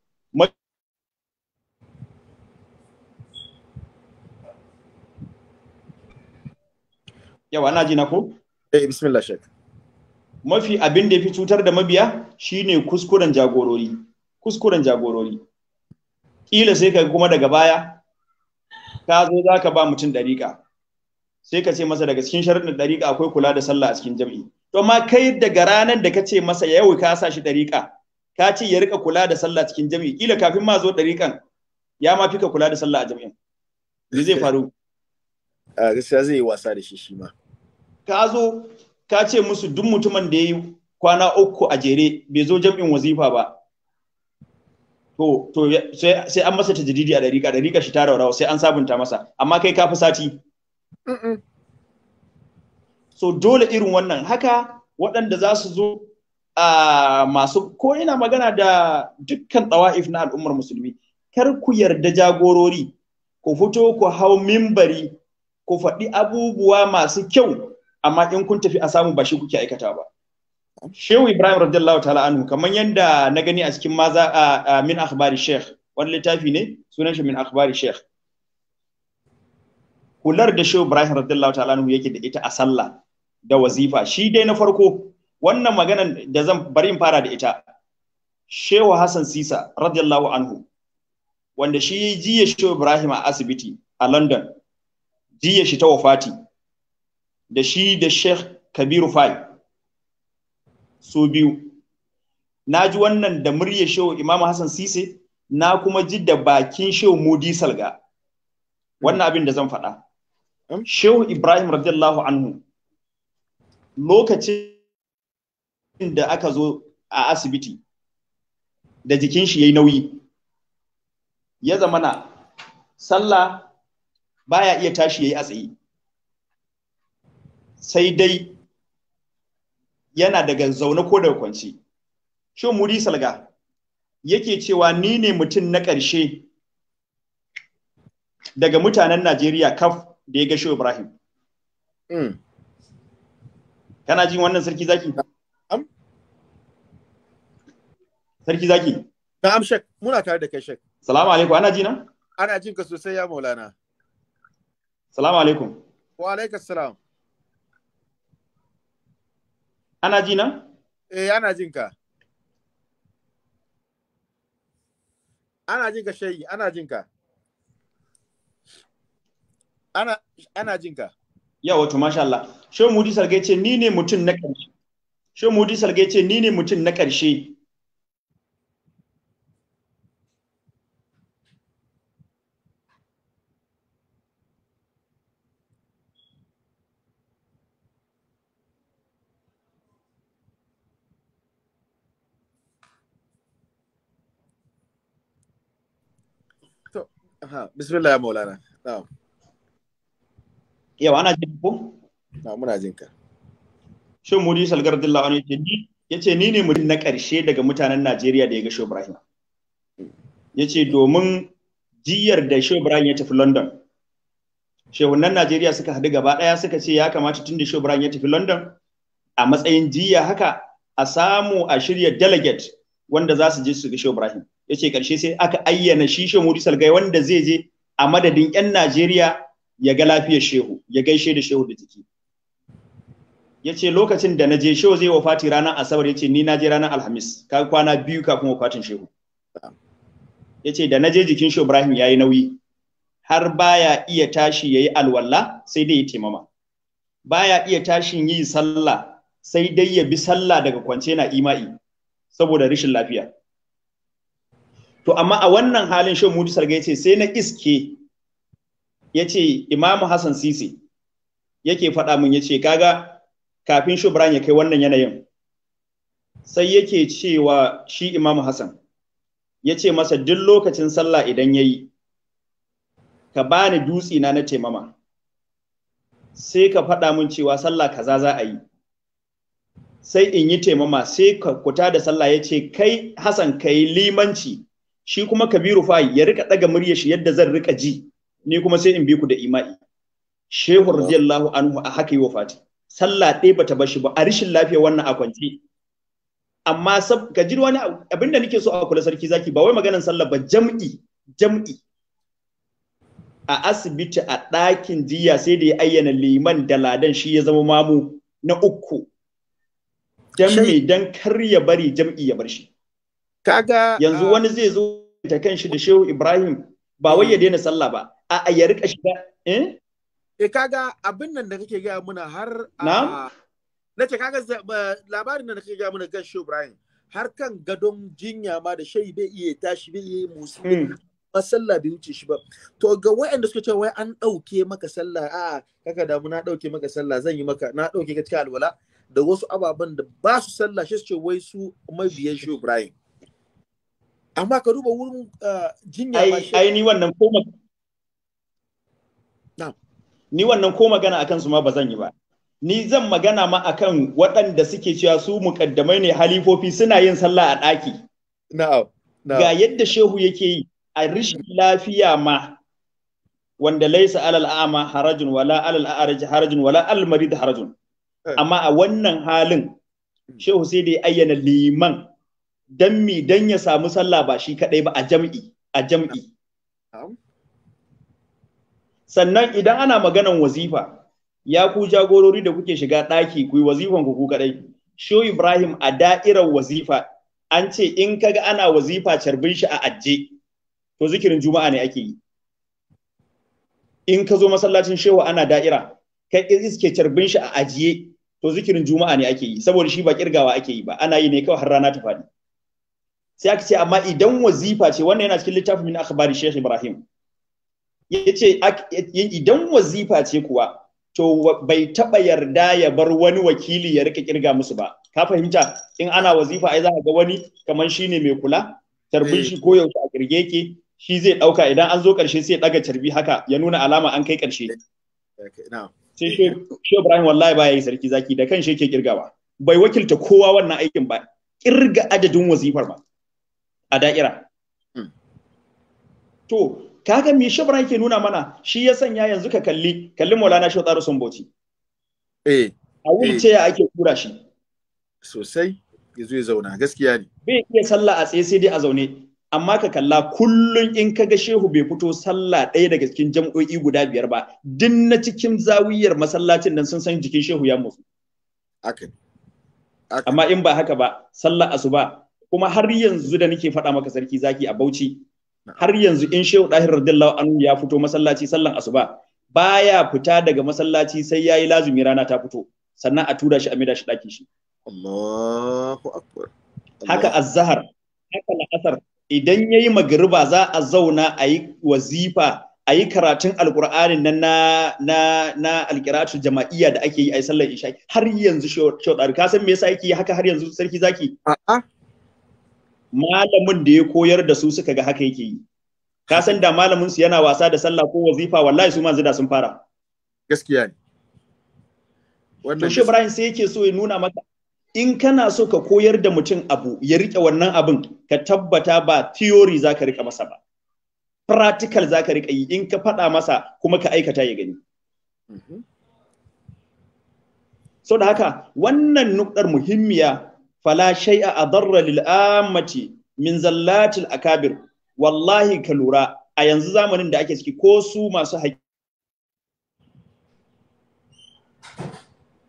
yawa na ji na ko eh bismillah shek mafi abin da yafi cutar da mabiya shine kuskuren jagorori kuskuren jagorori kila sai ka kuma daga baya ka zo za ka ba mutum ɗariƙa sai ka ce masa daga cikin sharaɗin ɗariƙa akwai kula da sallah a cikin jam'i to ma kai daga ranar da ka ce masa yau ka sa shi ɗariƙa ka ce ya rika kula da sallah cikin jam'i kila kafin ma zo ɗariƙan ya ma fika kula da sallah a jami'in me zai faru a gaskiya zai yi wasa da shi shi ma ka zo ka ce musu duk mutumin da ya yi kwana uku a jere bai zo jam'in wazifa ba to sai an masa tajdidi a dariƙa dariƙa shi ta raurawa sai an sabunta masa amma kai ka sati so dole irin wannan haka waɗanda za su zo a masu ko ina magana da dukkan tsawa'if na al'ummar musulmi kar ku yarda jagorori ku fito ku hau mimbari ku faɗi abubuwa masu kyau amma in kun tafi a samu ba shi kuke aikata ba Shehu Ibrahim radiyallahu ta'ala anhu kamar yadda na gani a cikin maza a min akhbari sheikh wani littafi ne sunan shi min akhbari sheikh kular da Shehu Ibrahim radiyallahu ta'ala anhu yake da ita a sallah da wazifa shi dai na farko wannan magana da zan bari in fara da ita Shehu Hassan Sisa radiyallahu anhu wanda shi jiya Shehu Ibrahim a asibiti a London jiya shi ta wafati da shi da Sheikh Kabiru Fai su biyu na ji wannan da murya shehu Imam hassan sise na kuma ji da bakin shehu Modisalga. salga wannan abin da zan faɗa hmm? shehu ibrahim radiyallahu anhu lokacin da aka zo a asibiti da jikin shi yi nauyi ya zamana sallah baya iya tashi yayi a tsaye sai dai yana daga zaune ko daga kwanci shin muri salga yake cewa ni ne mutum na ƙarshe daga mutanen Najeriya kaf da ya ga Shehu Ibrahim hmm. kana jin wannan sarki zaki sarki zaki na'am shek muna tare da kai shek salamu alaikum ana ji na ana jin ka sosai ya maulana salamu alaikum wa alaikum salam Ana ji na? Eh, ana jin ka. Ana jin ka shayi, ana jin ka. Ana, ana jin ka. Ya wato masha Allah. Shehu Mudi Salge ce ni ne mutum na ƙarshe. Shehu Mudi Salge ce ni ne mutum na ƙarshe bismillah ya maulana na'am yau ana jin ku na muna jin ka shin mudi salgar dillawa ne ni yace ni ne mutum na karshe daga mutanen Najeriya da ya ga Shehu Ibrahim yace domin jiyar da Shehu Ibrahim ya tafi London shehunan Najeriya suka hadu gaba ɗaya suka ce ya kamata tun da Shehu Ibrahim ya tafi London a matsayin jiya haka a samu a shirya delegate wanda za su je su ga Shehu Ibrahim yace karshe sai aka ayyana shi shehu Salgai wanda zai je a madadin yan Najeriya ya ga lafiyar shehu ya gaishe da shehu da jiki yace lokacin da naje shehu zai wafati ranar asabar yace ni naje ranar alhamis ka kwana biyu kafin wafatin shehu yace da na je jikin shehu Ibrahim yi nauyi har baya iya tashi yayi alwala sai dai ya taimama baya iya tashin yi sallah sai dai ya bi sallah daga kwance na ima'i saboda rashin lafiya to amma a wannan halin shehu mu sarga yace sai na iske yace imamu hasan sisi yake faɗa min yace kaga kafin shubran ya kai wannan yanayin sai yake cewa shi imamu hasan yace masa duk lokacin sallah idan yayi ka bani dutsi na na taimama sai ka faɗa min cewa sallah kaza za a yi sai in yi taimama sai ka kuta da sallah ya ce kai Hassan ka yi limanci shi kuma kabiru fa ya rika daga murya shi yadda zan rika ji ni kuma sai in bi ku da ima'i shehu radiyallahu anhu a haka yi wafati sallah ɗaya bata bashi ba a rishin lafiya wannan a kwance amma sab ka ji wani abinda nake so a kula sarki zaki ba wai maganan sallah ba jam'i jam'i a asibiti a ɗakin jiya sai da ya ayyana liman da ladan shi ya zama mamu na uku Jam'i dan kar ya bari jam'i ya bar shi kaga yanzu ah, wani zai zo ta kan shi da shehu ibrahim ba wai ya hmm. daina sallah ba a ya rika shiga eh e kaga abin nan da kake gaya muna har ah, na nace kaga labarin nan da kake gaya muna kan shehu ibrahim har kan gadon jinya ma da shehu bai iya tashi bai iya musu ba hmm. sallah bai wuce shi ba to ga wayanda suka ce wai an dauke maka sallah a kaka damu na dauke maka sallah zan yi maka na dauke ka cikin alwala da wasu ababen da ba su sallah shi su ce wai su mabiyan shehu ibrahim amma ka duba wurin eh, jinya ai ni wannan ko magana. ni wannan ko magana akan su ma bazan yi ba ni zan magana ma akan waɗanda suke cewa su mukaddamai ne halifofi suna yin sallah a ɗaki na'am ga yadda shehu yake yi a rishin lafiya ma wanda laisa alal ama harajun wala alal araj harajun wala al marid harajun eh. amma a wannan halin shehu sai dai ayyana liman dan mi dan ya samu sallah ba shi kadai ba a jam'i a jam'i sannan idan ana maganan wazifa ya ku jagorori da kuke shiga daki ku yi wazifan ku kadai sho Ibrahim a da'irar wazifa an ce in kaga ana wazifa carbin shi a ajje to zikirin juma'a ne ake yi in ka zo masallacin shehu ana da'ira kai iske carbin shi a ajiye to zikirin juma'a ne ake yi saboda shi ba kirgawa ake yi ba ana yi ne kawai har rana ta faɗi sai aka ce amma idan wazifa ce wannan yana cikin littafin min akhbari Sheikh Ibrahim yace idan wazifa ce kuwa to bai taba yarda ya bar wani wakili ya rika kirga musu ba ka fahimta in ana wazifa ai za ga wani kamar shine mai kula tarbin shi eh. ko yaushe a kirge yake shi zai dauka idan an zo karshe sai ya daga tarbi haka ya nuna alama an kai karshe eh, sai shi Ibrahim wallahi baya yi sarki zaki da kan shi yake kirgawa bai wakilta kowa wannan aikin ba kirga adadin wazifar ba a da'ira hmm. to kaga me shibra yake nuna mana shi ya sanya yanzu ka kalli kalli Maulana Shehu Tsaro Sumboti eh a wuce eh. ya ake tura shi sosai yazo ya zauna gaskiya ne bai iya sallah a tsaye sai dai a zaune amma ka kalla kullum in kaga shehu bai fito sallah ɗaya daga cikin jam'o'i guda biyar ba duk na cikin zawiyar masallacin nan sun san jikin shehu ya mutu amma in ba haka ba sallah asuba kuma har yanzu da nake faɗa maka sarki zaki a Bauchi har yanzu in Shehu Dahir radiyallahu anhu ya fito masallaci sallan asuba baya fita daga masallaci sai yayi lazumi rana ta fito sannan a tura shi a maida shi daki shi Allahu akbar haka azhar haka la'asar idan yayi magriba za a zauna a yi wazifa a yi karatun Alkur'ani nan na na na alkiratu jama'iyya da ake yi a sallar isha har yanzu shehu ka san me yasa yake haka har yanzu sarki zaki a'a malamin da ya koyar da su suka ga haka yake yi ka san da malamin su yana wasa da sallah ko wazifa wallahi su ma zida sun fara gaskiya ne wannan shi Ibrahim sai yake so ya nuna maka in kana so ka koyar da mutum abu ya rike wannan abin ka tabbata ba theory zaka rika masa ba practical zaka rika yi in ka faɗa masa kuma ka aikata ya gani mhm. so da haka wannan nukdar muhimmiya fala a adarra lil'amati min zallatil akabir wallahi ka lura a yanzu zamanin da ake ciki ko su masu haƙi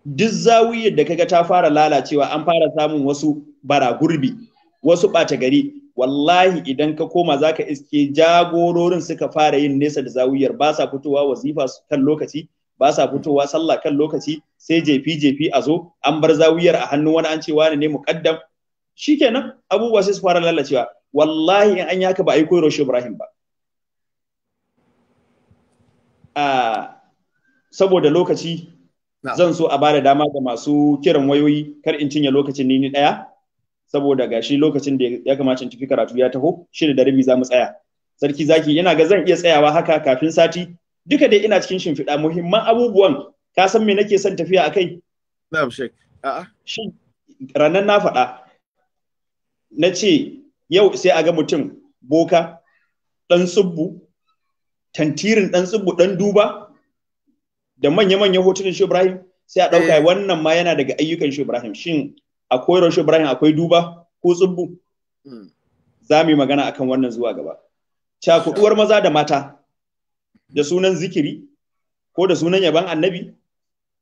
duk zawiyar da kaga ta fara lalacewa an fara samun wasu bara gurbi wasu ɓata gari wallahi idan ka koma zaka iske jagororin suka fara yin nesa da zawiyar ba sa fitowa wazifa kan lokaci ba sa fitowa sallah kan lokaci sai jefi jefi a zo an bar zawiyar a hannu wani an cewa wani ne muqaddam shikenan abubuwa sai su fara lalacewa wallahi in an yaka ba a yi koyar Ibrahim ba saboda lokaci zan so a ba da dama ga masu kiran wayoyi kar in cinye lokacin ni ni daya saboda gashi lokacin da ya kamata in tafi karatu ya taho shi da rabi za mu tsaya sarki zaki yana ga zan iya tsayawa haka kafin sati duka dai ina cikin shimfiɗa muhimman abubuwan ka san me nake son tafiya akai na'am shek a shi ranan na faɗa na ce yau sai a ga mutum boka ɗan tsubbu tantirin ɗan tsubbu ɗan duba da manya-manyan hotunan shi Ibrahim sai a ɗauka eh. wannan ma yana daga ayyukan shi Ibrahim shin akwai rashin Ibrahim akwai duba ko tsubbu hmm. za mu yi magana akan wannan zuwa gaba cakuɗuwar maza da mata da sunan zikiri ko da sunan yaban annabi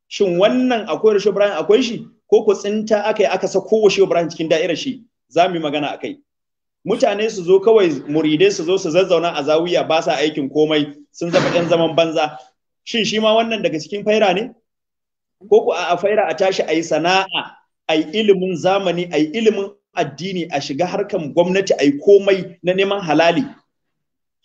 shin wannan akwai rashin Ibrahim akwai shi ko ku tsinta aka yi aka sako wa Ibrahim cikin da'irar shi za mu yi magana akai mutane su zo kawai muridai su zo su zazzauna a zawiya ba sa aikin komai sun zama ɗan zaman banza shin shi ma wannan daga cikin faira ne ko ku a faira a tashi a yi sana'a a yi ilimin zamani a yi ilimin addini a shiga harkan gwamnati a yi komai na neman halali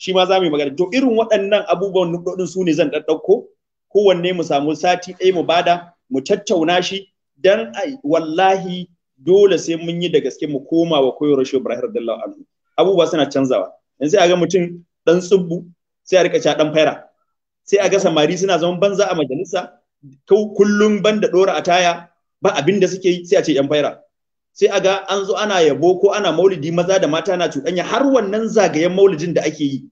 shi ma za mu yi magana to irin waɗannan abubuwan nukudin su ne zan ɗaɗɗauko kowanne mu samu sati ɗaya mu bada mu tattauna shi dan wallahi dole sai mun yi da gaske mu koma wa koyo shi Ibrahim radiyallahu Alu. abubuwa suna canzawa yanzu a ga mutum dan tsubbu sai a rika cha dan faira sai a ga samari suna zaman banza a majalisa kullum banda dora ataya ba abin da suke yi sai a ce yan faira sai a ga an zo ana yabo ko ana maulidi maza da mata na cuɗanya har wannan zagayen maulidin da ake yi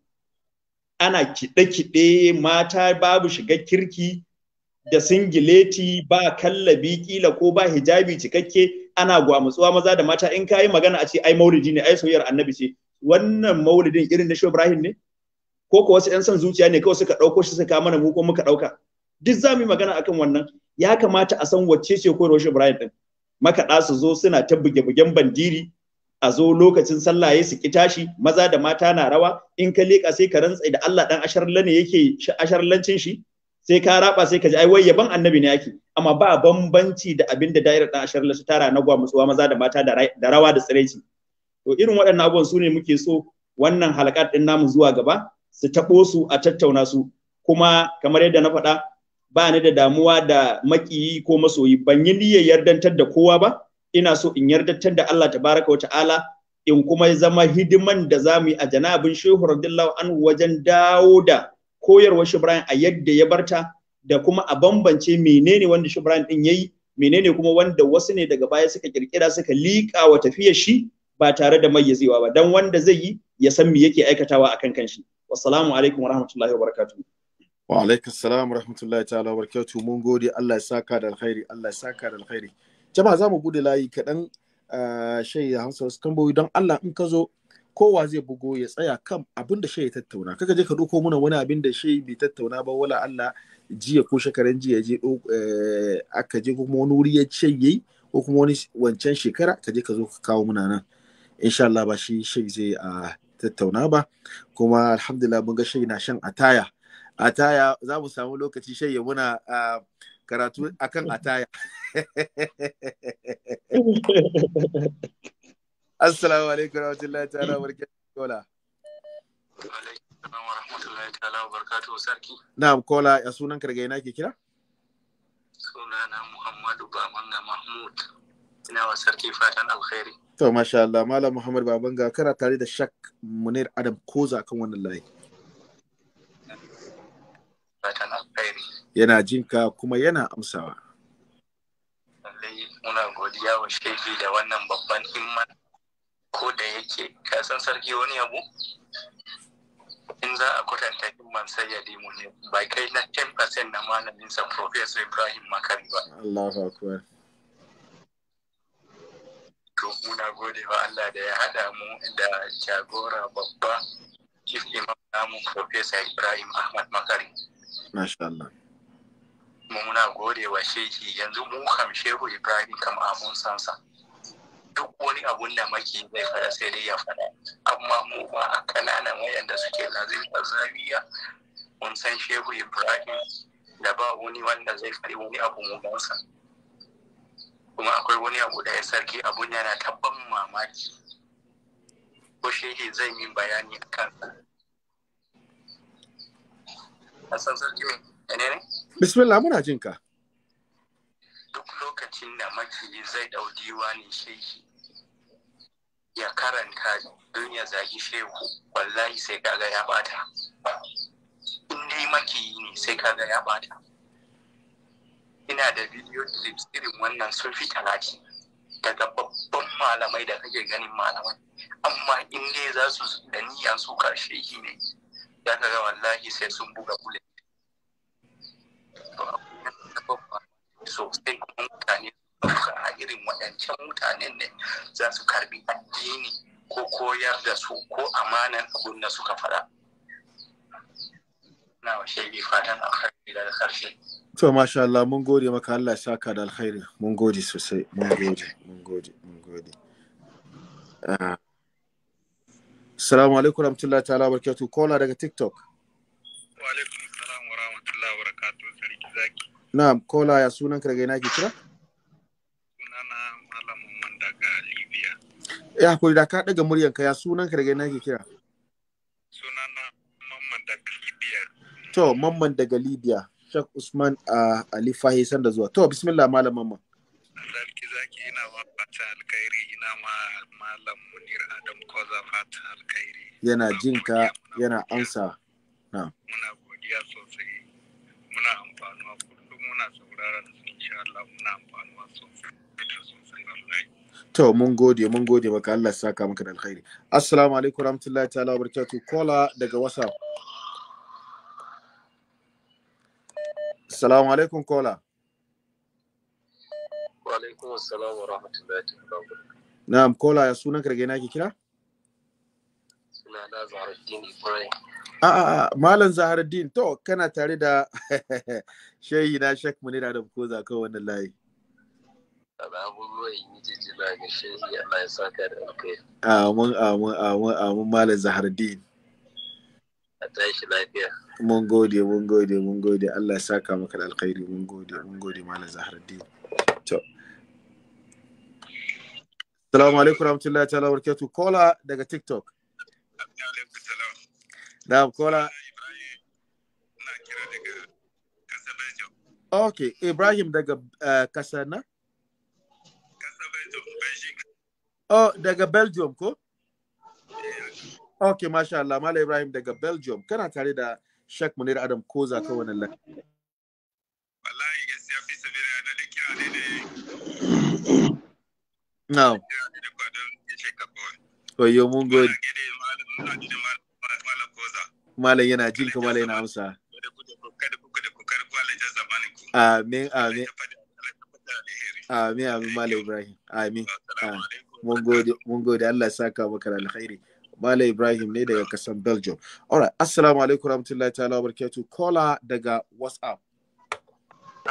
ana kiɗe-kiɗe mata babu shiga kirki da singileti ba kallabi kila ko ba hijabi cikakke ana gwamutsuwa maza da mata in kayi magana a ce ai maulidi ne ai soyayyar annabi ce wannan maulidin irin na Shehu Ibrahim ne ko ko wasu 'yan son zuciya ne kawai suka ɗauko shi suka mana mu ko muka ɗauka duk za mu yi magana akan wannan ya kamata a san wacce ce koyarwar Shehu Ibrahim din makaɗa su zo suna ta buge-bugen bandiri a zo lokacin sallah ya siki tashi maza da mata na rawa in ka leƙa sai ka rantsa da Allah dan asharla ne yake asharlancin shi sai ka raba sai ka ji ai wai yaban annabi ne yake amma ba bambanci da abin da dairar dan asharla su tara na gwamutsuwa maza da mata da rawa da tsiraici to irin waɗannan abubuwan su ne muke so wannan halakat din namu zuwa gaba su taɓo su a tattauna su kuma kamar yadda na faɗa ba ni da damuwa da makiyi ko masoyi ban yi niyyar yardantar da kowa ba ina so in yardattar da Allah tabaraka ta'ala in kuma zama hidiman da za mu yi a janabin shehu radiyallahu an wajen dawo da koyarwar shibran a yadda ya barta da kuma a bambance menene wanda shibran din yayi menene kuma wanda wasu ne daga baya suka kirkira suka liƙa wa tafiyar shi ba tare da mai mayyazewa ba dan wanda zai yi ya san me yake aikatawa akan kanshi wassalamu alaikum warahmatullahi wabarakatuh wa alaikum assalam warahmatullahi ta'ala barakatuhu mun gode Allah ya saka da alkhairi Allah ya saka da alkhairi jama'a za mu bude layi kaɗan shai da hamsa wasu tambayoyi don allah in ka zo kowa zai bugo ya tsaya kan abin da shai ya tattauna kaka je ka ɗauko muna wani abin da shai bai tattauna ba wala allah jiya ko shekaran jiya je eh, aka je kuma wani wuri ya ce yayi ko kuma wani wancan shekara ka je ka zo ka kawo muna nan insha allah ba shi shai zai a tattauna ba kuma alhamdulillah mun ga shai na shan a ataya ataya za mu samu lokaci shai ya muna karatu akan ataya assalamu alaikum warahmatullahi ta'ala barkatu kola alaikum na'am kola ya sunan karga ina ke kira sunana muhammadu bamanga mahmud ina wa sarki fatan alkhairi to masha Allah malam muhammad babanga kana tare da shak munir adam koza kan wannan layi fatan alkhairi yana jinka kuma yana amsawa lallai muna godiya wa shege da wannan babban himma ko da yake kasan sarki wani abu in za a kwatanta himman ya dimu ne ba kai na 10% na malaminsa professor ibrahim makari ba Allahu akbar to muna gode wa Allah da ya haɗa mu da jagora babba chief imam namu professor ibrahim ahmad makari Muna gode wa shehi yanzu mu kam shehu Ibrahim kam abun sansa. Duk wani abun da maki zai fada sai dai ya fada. Amma mu ba a kananan wayanda suke a zawiya mun san shehu Ibrahim da ba wani wanda zai faɗi wani abu mu gansa. Kuma akwai wani abu da ya sarki abun yana tabban mamaki. Ko shehi zai min bayani a kansa. san sarki mai bismillah muna jin ka duk lokacin da makiyi zai dau ne shehi ya karanta don ya zagi shehu wallahi sai kaga ya bata in dai makiyi ne sai kaga ya bata ina da video clips irin wannan sulfi Talati daga babban malamai da kake ganin malamai amma in dai za su da niyyar su karshe ne ya ga wallahi sai sun buga bullet sosai kuma mutane a irin waɗancan mutanen ne za su karbi addini ko koyar da su ko amanan abun da suka faɗa. Na wa shaidi fatan alkhairi daga ƙarshe. To masha Allah mun gode maka Allah saka da alkhairi mun gode sosai mun gode mun gode mun gode. Ah. Assalamu alaikum rahmatullahi ta'ala barkatu. Kola daga TikTok. Wa alaikum salam wa rahmatullahi wa barakatu Sarki zaki. Na'am, kola ya sunan daga ina ke kira? Sunana Malam Muhammad daga Libya. Ya hakuri da ka daga muryan ka ya sunan daga ina ke kira? Sunana Mamman daga Libya. To, Mamman daga Libya. Sheikh Usman a Ali Fahi sanda zuwa. To, bismillah Malam Muhammad. Sarki zaki ina wa fata alkhairi ina ma Malam munir adam koza fata alkhairi yana jinka yana ansa na muna godiya sosai muna amfanuwa kullum muna sauraron su insha Allah muna amfanuwa sosai sosai to mun gode mun gode maka Allah saka maka da alkhairi assalamu alaikum warahmatullahi ta'ala wabarakatuh kola daga whatsapp assalamu alaikum kola wa alaikum assalam wa rahmatullahi ta'ala Na'am, kola ya sunan karge na ake kira? Sunana Zaharuddin Ibrahim. A'a, Malam Zaharuddin, to kana tare da shehi na Sheikh da Adam za ka wannan layi. da Amin, amin, amin, amin Malam Zaharuddin. A lafiya. Mun gode, mun gode, mun gode. Allah ya saka maka da alkhairi, mun gode, mun gode Malam Zaharuddin. Salamu alaikum rahmatullahi ta'ala barkatu. Kola daga TikTok. Da Kola. Ok, Ibrahim daga uh, eh, kasa na? Oh, daga Belgium ko? Ok, masha Allah, Mala Ibrahim daga Belgium. Kana tare da Sheikh Munir Adam Koza ka wannan lafiya. Wallahi gaskiya fi sabira da kira ne No. Koyo mun gode. Malam yana jin ka malam yana amsa. Amin amin. Amin amin malam Ibrahim. Amin. Ah, mun gode mun gode Allah ya saka maka alkhairi. Malam Ibrahim ne daga kasan Belgium. Alright, assalamu alaikum warahmatullahi ta'ala wabarakatuh. Kola daga WhatsApp.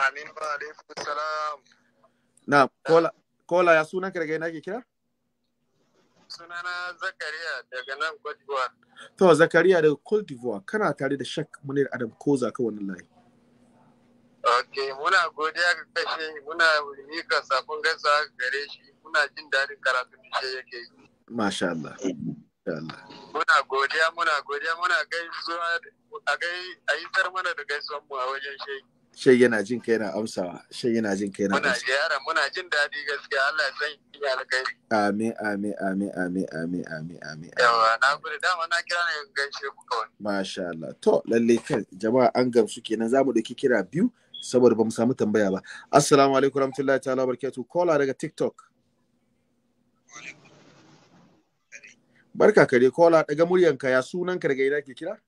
Amin wa alaikum salam. Na, kola Kola ya sunan ka daga yana ke kira? Sunana Zakariya daga nan Cote d'Ivoire. To Zakariya daga Cote d'Ivoire kana tare da Shak Munir Adam Koza ka wannan layi. Ok, muna godiya ga kashe muna mika sakon gaisa gare shi muna jin daɗin karatu da shi yake yi. Masha Allah. Muna godiya muna godiya muna gaisuwa a gai a yi mana da gaisuwan mu a wajen shi. shai yana jin kai na amsawa shai yana jin kai na muna ziyara muna jin daɗi gaskiya Allah ya san ya alkhairi amin amin amin amin amin amin amin yawa na gudu dama na kira ne gaishe ku kawai masha Allah to lalle kan jama'a an gamsu kenan zamu dauki kira biyu saboda bamu samu tambaya ba assalamu alaikum warahmatullahi ta'ala barakatuh kola daga tiktok barka kare kola daga muryanka ya sunanka daga ina ke kira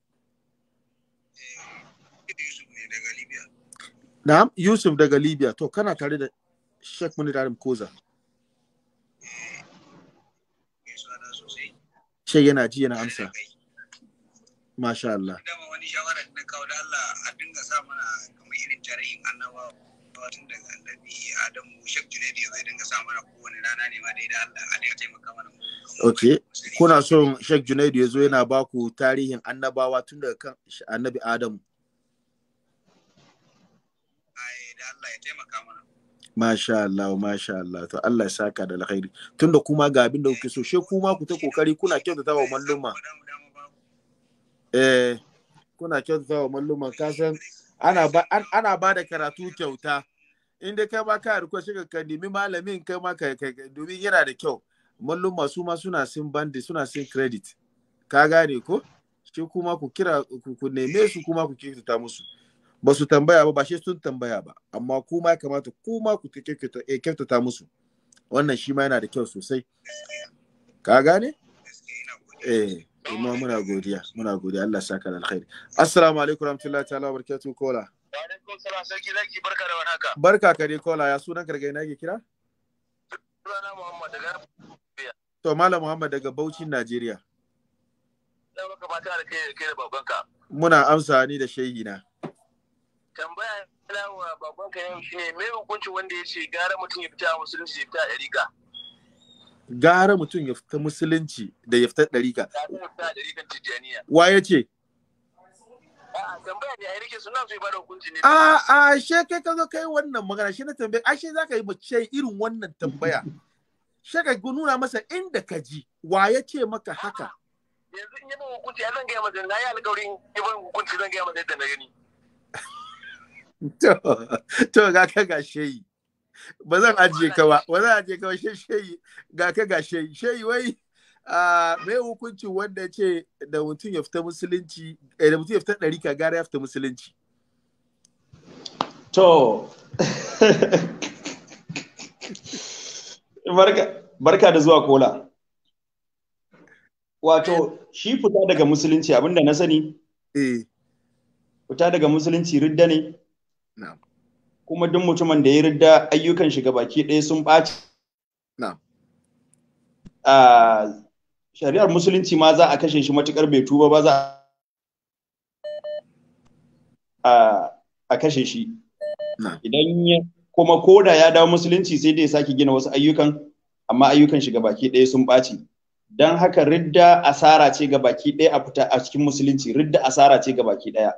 Na'am Yusuf daga Libya to kana tare da Sheikh Munir Koza. Sheikh yana ji yana amsa. Masha Allah. Dama a dinga a Okay. Kuna son Sheikh Junaidi ya zo yana baku tarihin annabawa tun daga kan annabi Adamu. da Allah ya taimaka mana Masha Allah, masha Allah, to Allah ya saka da alkhairi. Tunda kuma ga abin da kuke so, she kuma ku ta kokari kuna kyautata wa malluma. Eh, kuna kyautata wa malluma, ka san ana ba ana ba da karatu kyauta. In dai kai ma ka riko shi ka nemi malamin kai ma ka domin yana da kyau. malluma su ma suna sin bandi suna sin credit ka gane ko shi kuma ku kira ku neme su kuma ku kyautata musu ba su tambaya ba ba shi sun tambaya ba amma kuma ya kamata kuma ku eh, kyautata musu wannan shi ma yana da kyau sosai ka gane eh kuma muna godiya muna godiya Allah saka da alkhairi assalamu alaikum warahmatullahi ta'ala wa barakatuh kola barka da warhaka barka ka dai kola ya sunan ka na ke kira Muhammad to malam Muhammad daga Bauchi Najeriya da kai da babanka muna amsa ni da shehi na tambaya na wa baban ka yau shine me hukunci wanda ya ce gara mutum ya fita musulunci ya fita dariƙa gara mutum ya fita musulunci da ya fita dariƙa wa ya ce A a she kai ka zo kai wannan magana shi na tambaya ashe za ka yi mace irin wannan tambaya she ka nuna masa inda ka ji wa ya ce maka haka yanzu in yi hukunci zan gaya masa na yi alƙawarin yi hukunci zan gaya masa yadda na gani To, ga ka ga sheyi. Ba zan ajiye ka ba, ba zan ajiye ka ba Sheyi. ga ka ga sheyi. Sheyi wai mai hukunci wanda ce da mutum ya fita musulunci, eh, da mutum ya fita ɗari ka gara ya fita musulunci. To, barka da zuwa kola. Wato, shi fita daga musulunci abinda na sani? Eh. Fita daga musulunci ridda ne? kuma duk mutumin da ya ridda ayyukan shi baki ɗaya sun ɓaci a shari'ar musulunci ma za a kashe shi matuƙar bai tuba ba za a kashe shi idan kuma koda ya dawo musulunci sai dai sake gina wasu ayyukan amma ayyukan shi baki ɗaya sun ɓaci don haka ridda asara ce ga baki ɗaya a fita a cikin musulunci ridda asara ce ga baki ɗaya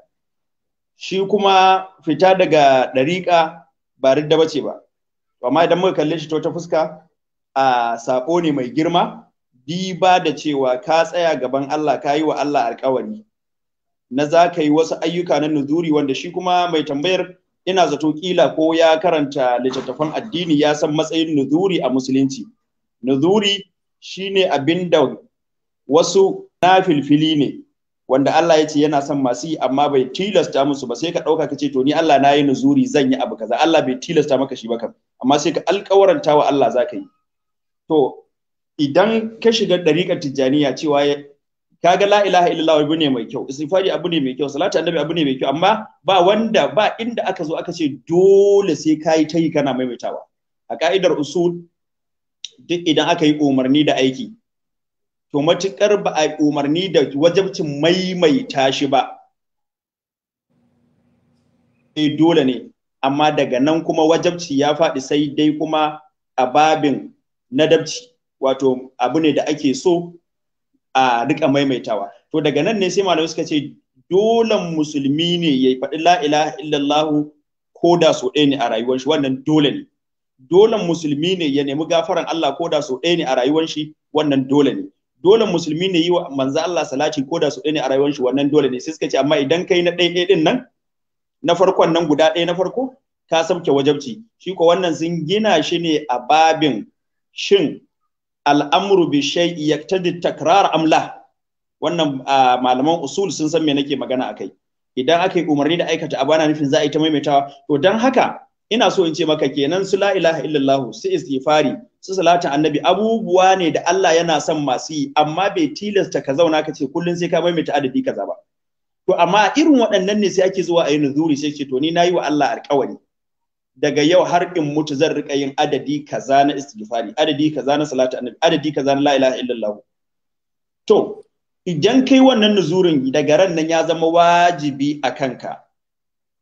shi kuma fita daga ɗariƙa ba ridda bace ba amma idan muka kalle shi ta fuska a sako ne mai girma diba da cewa ka tsaya gaban Allah ka yi wa Allah alkawari na za ka yi wasu ayyuka na nuzuri wanda shi kuma mai tambayar ina zato kila ko ya karanta littattafan addini ya san matsayin nuzuri a musulunci nuzuri shine abin da wasu na filfili ne wanda Allah ya ce yana son masu yi amma bai tilasta musu ba sai ka ɗauka ka ce to ni Allah na yi nuzuri zan yi abu kaza Allah bai tilasta maka shi ba kam amma sai ka alƙawaranta wa Allah za ka yi to idan ka shiga ɗariƙar tijjaniya cewa kaga la ilaha illallah abu ne mai kyau istighfari abu ne mai kyau salatu annabi abu ne mai kyau amma ba wanda ba inda aka zo aka ce dole sai ka kayi tayi kana maimaitawa a ka'idar usul duk idan aka yi umarni da aiki to matuƙar ba a umarni da wajabcin maimaita shi ba sai eh, dole ne amma daga nan kuma wajabci ya faɗi sai dai kuma a babin nadabci wato abu ne da ake so a rika maimaitawa to daga nan ne sai malamai suka ce dole musulmi ne ya faɗi la'ila illallahu ko da so ɗaya ne a rayuwar shi wannan dole ne dole musulmi ne ya nemi gafaran Allah ko da so ɗaya ne a rayuwar shi wannan dole ne dole musulmi ne yi wa manzo Allah salati ko da su ɗaya ne a rayuwar shi wannan dole ne sai suka ce amma idan kai na ɗaya ɗaya ɗin nan na farkon nan guda ɗaya na farko ka samke wajabci shi ko wannan sun gina shi ne a babin shin al'amru bi shay'i yaktadi takrar amla wannan malaman usul sun san me nake magana akai idan aka yi umarni da aikata a bana nufin za a yi ta maimaitawa to dan haka ina so in ce maka kenan su la ilaha illallah su istighfari su salatin annabi abubuwa ne da Allah yana son masu yi amma bai tilasta ka zauna ka ce kullun sai ka mai adadi kaza ba to amma irin waɗannan ne sai ake zuwa a yi nuzuri sai ce to ni nayi wa Allah alƙawari daga yau har in mutu zan rika yin adadi kaza na istighfari adadi kaza na salatu annabi adadi kaza na la ilaha illallah to idan kai wannan nuzurin daga ran nan ya zama wajibi a kanka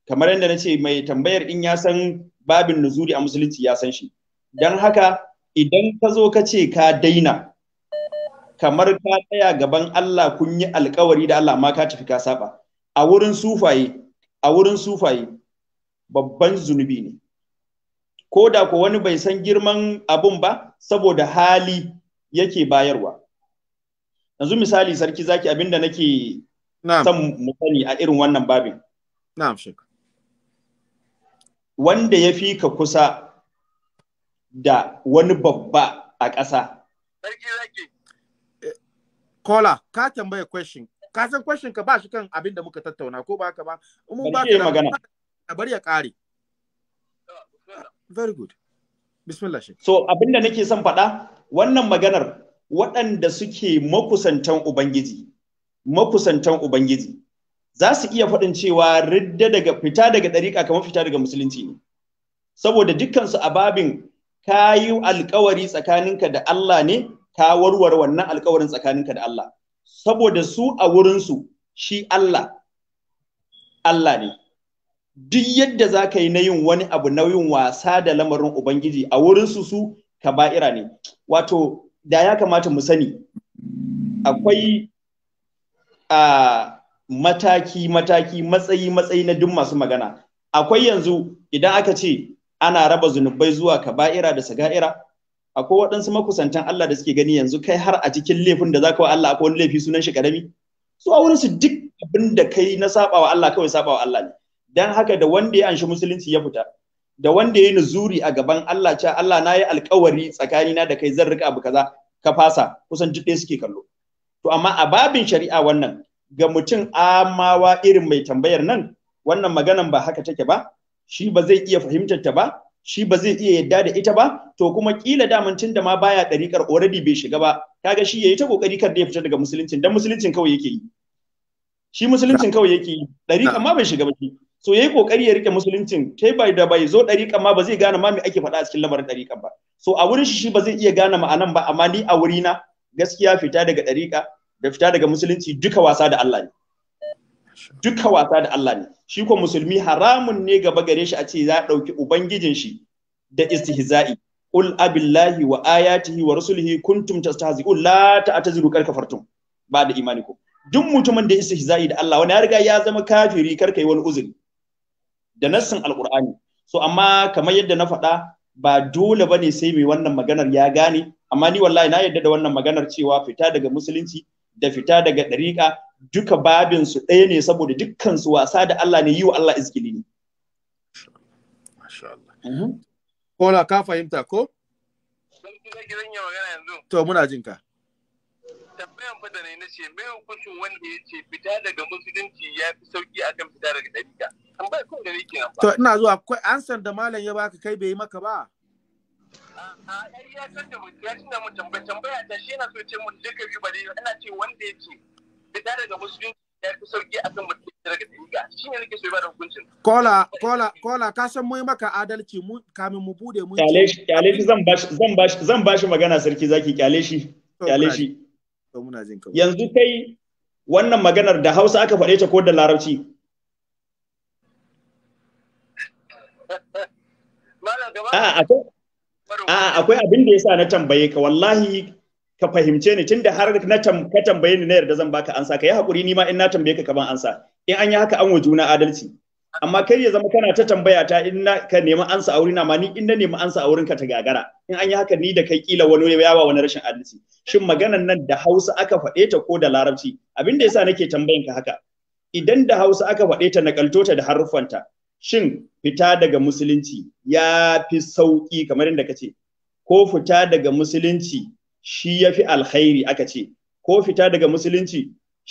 kamar yadda na ce mai tambayar in ya san babin nuzuri a musulunci ya san shi dan haka idan ka zo ka ce ka daina kamar ka tsaya gaban Allah kun yi alkawari da Allah ma ka tafi ka saba a wurin sufaye a wurin sufaye babban zunubi ne ko da ko wani bai san girman abun ba saboda hali yake bayarwa yanzu misali sarki zaki abinda nake son mu a irin wannan babin na'am shek wanda ya fi ka kusa da wani babba a ƙasa. Kola, ka tambaya question. Ka san question ka ba shi kan abin da muka tattauna ko ba ka ba? Mun ba ka magana. Bar ya ƙare. Ah, Very good. Bismillah shi. So abin da nake son faɗa wannan maganar waɗanda suke makusantan Ubangiji, makusantan Ubangiji, za su iya faɗin cewa ridda daga fita daga ɗariƙa kamar fita daga musulunci ne. Saboda dukkansu a babin ka yi alkawari tsakaninka da Allah ne ka warware wannan alkawarin tsakaninka da Allah saboda su a wurinsu shi Allah Allah ne duk yadda za ka yi na yin wani abu na yin wasa da lamarin Ubangiji a wurinsu su kaba'ira ne wato da ya kamata mu sani akwai a mataki mataki matsayi matsayi na duk masu magana akwai yanzu idan aka ce ana raba zunubai zuwa kaba'ira da saga'ira akwai waɗansu makusantan Allah da suke gani yanzu kai har a cikin laifin da zaka wa Allah akwai wani laifi sunan shi karami su a wurin su duk abin da kai na sabawa Allah kawai sabawa Allah ne dan haka da wanda ya anshi musulunci ya fita da wanda ya yi nuzuri a gaban Allah cewa Allah na yi alkawari na da kai zan rika abu kaza ka fasa kusan duk ɗaya suke kallo to amma a babin shari'a wannan ga mutum amawa irin mai tambayar nan wannan maganan ba haka take ba shi ba zai iya fahimtar ta ba shi ba zai iya yadda da ita ba to kuma kila daman tun da ma baya ɗariƙar already bai shiga ba kaga shi yayi ta kokari kar da ya fita daga musuluncin dan musuluncin kawai yake yi shi musuluncin kawai yake yi ɗariƙa ma bai shiga ba shi so yayi kokari ya rike musuluncin kai bai da bai zo ɗariƙa ma ba zai gane ma me ake faɗa a cikin lamarin ɗariƙa ba so a wurin shi shi ba zai iya gane ma'anan ba amma ni a wuri na gaskiya fita daga ɗariƙa da fita daga musulunci duka wasa da Allah ne duka wasa da Allah ne shi ko musulmi haramun ne gaba gare shi a ce za a ɗauki ubangijin shi da istihza'i qul abillahi wa ayatihi wa rusulihi kuntum tastahzi'un la ta'taziru kar kafartum ba da imani duk mutumin da istihza'i da Allah wani ya riga ya zama kafiri kar kai wani uzuri da nassin alqur'ani so amma kamar yadda na faɗa ba dole bane sai mai wannan maganar ya gane amma ni wallahi na yadda da wannan maganar cewa fita daga musulunci da fita daga ɗariƙa duka babin su ɗaya ne saboda dukkan su wasa da Allah ne yi wa Allah izgili ne masha Allah kola mhm. ka fahimta ko to muna jin ka tambayan fa da ne na ce mai hukuncin wanda ya ce fita daga musulunci ya fi sauki akan fita daga dalika tambayar kun da nake nan to ina zuwa akwai ansan da malam ya baka kai bai yi maka ba a ya san da ya cina mutum, tambaya tambaya ta shi yana so ce mun duka biyu bare ana ce wanda ya ce daga kola kola kola ka san maka adalci mu kamin mu bude mu kyale shi shi zan bashi zan magana sarki zaki kyale shi shi yanzu kai wannan maganar da Hausa aka faɗe ko da A'a akwai abin da ya sa na tambaye ka wallahi ka fahimce ni tunda har na ka tambaye ni na yarda zan baka ansa ka hakuri ni ma in na tambaye ka kaman ansa in an yi haka an wa juna adalci amma kai ya zama kana ta tambaya ta in na ka nemi ansa a na ma ni in na nemi ansa wurin ka ta gagara in an yi haka ni da kai kila wani ya ba wani rashin adalci shin maganan nan da Hausa aka faɗe ta ko da Larabci abin da yasa nake tambayan ka haka idan da Hausa aka faɗe ta nakalto ta da haruffanta shin fita daga musulunci ya fi sauki kamar yadda kace ko fita daga musulunci shi ya fi alkhairi aka ce ko fita daga musulunci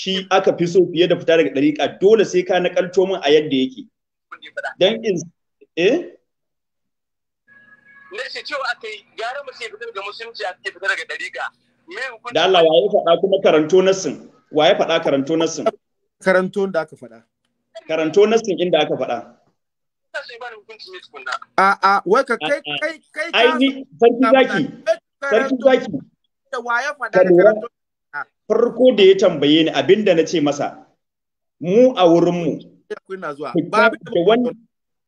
shi aka fi so fiye da fita daga ɗariƙa dole sai ka naƙalto min a yadda yake dan in eh? fita daga musulunci a fita daga da Allah wa faɗa kuma karanto nassin wa ya faɗa karanto nassin karanto da aka faɗa karanto nassin inda aka faɗa A'a, wai ka kai kai kai sarki zaki sarki zaki da ah. farko da ya tambaye ni da na ce masa mu a wurinmu. mu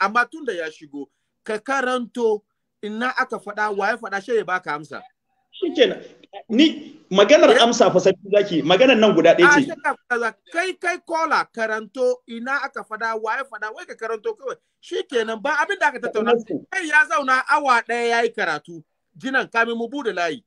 amma tun da ya shigo ka karanto ina aka faɗa wa ya faɗa shi ya baka amsa ni maganar amsa fa sai zaki maganar nan guda ɗaya ah, ce kai kai kola karanto ina aka fada waye faɗa wai ka karanto kawai shikenan ba abin da aka tattauna kai ya zauna awa ɗaya yayi karatu jinan kamin mu bude layi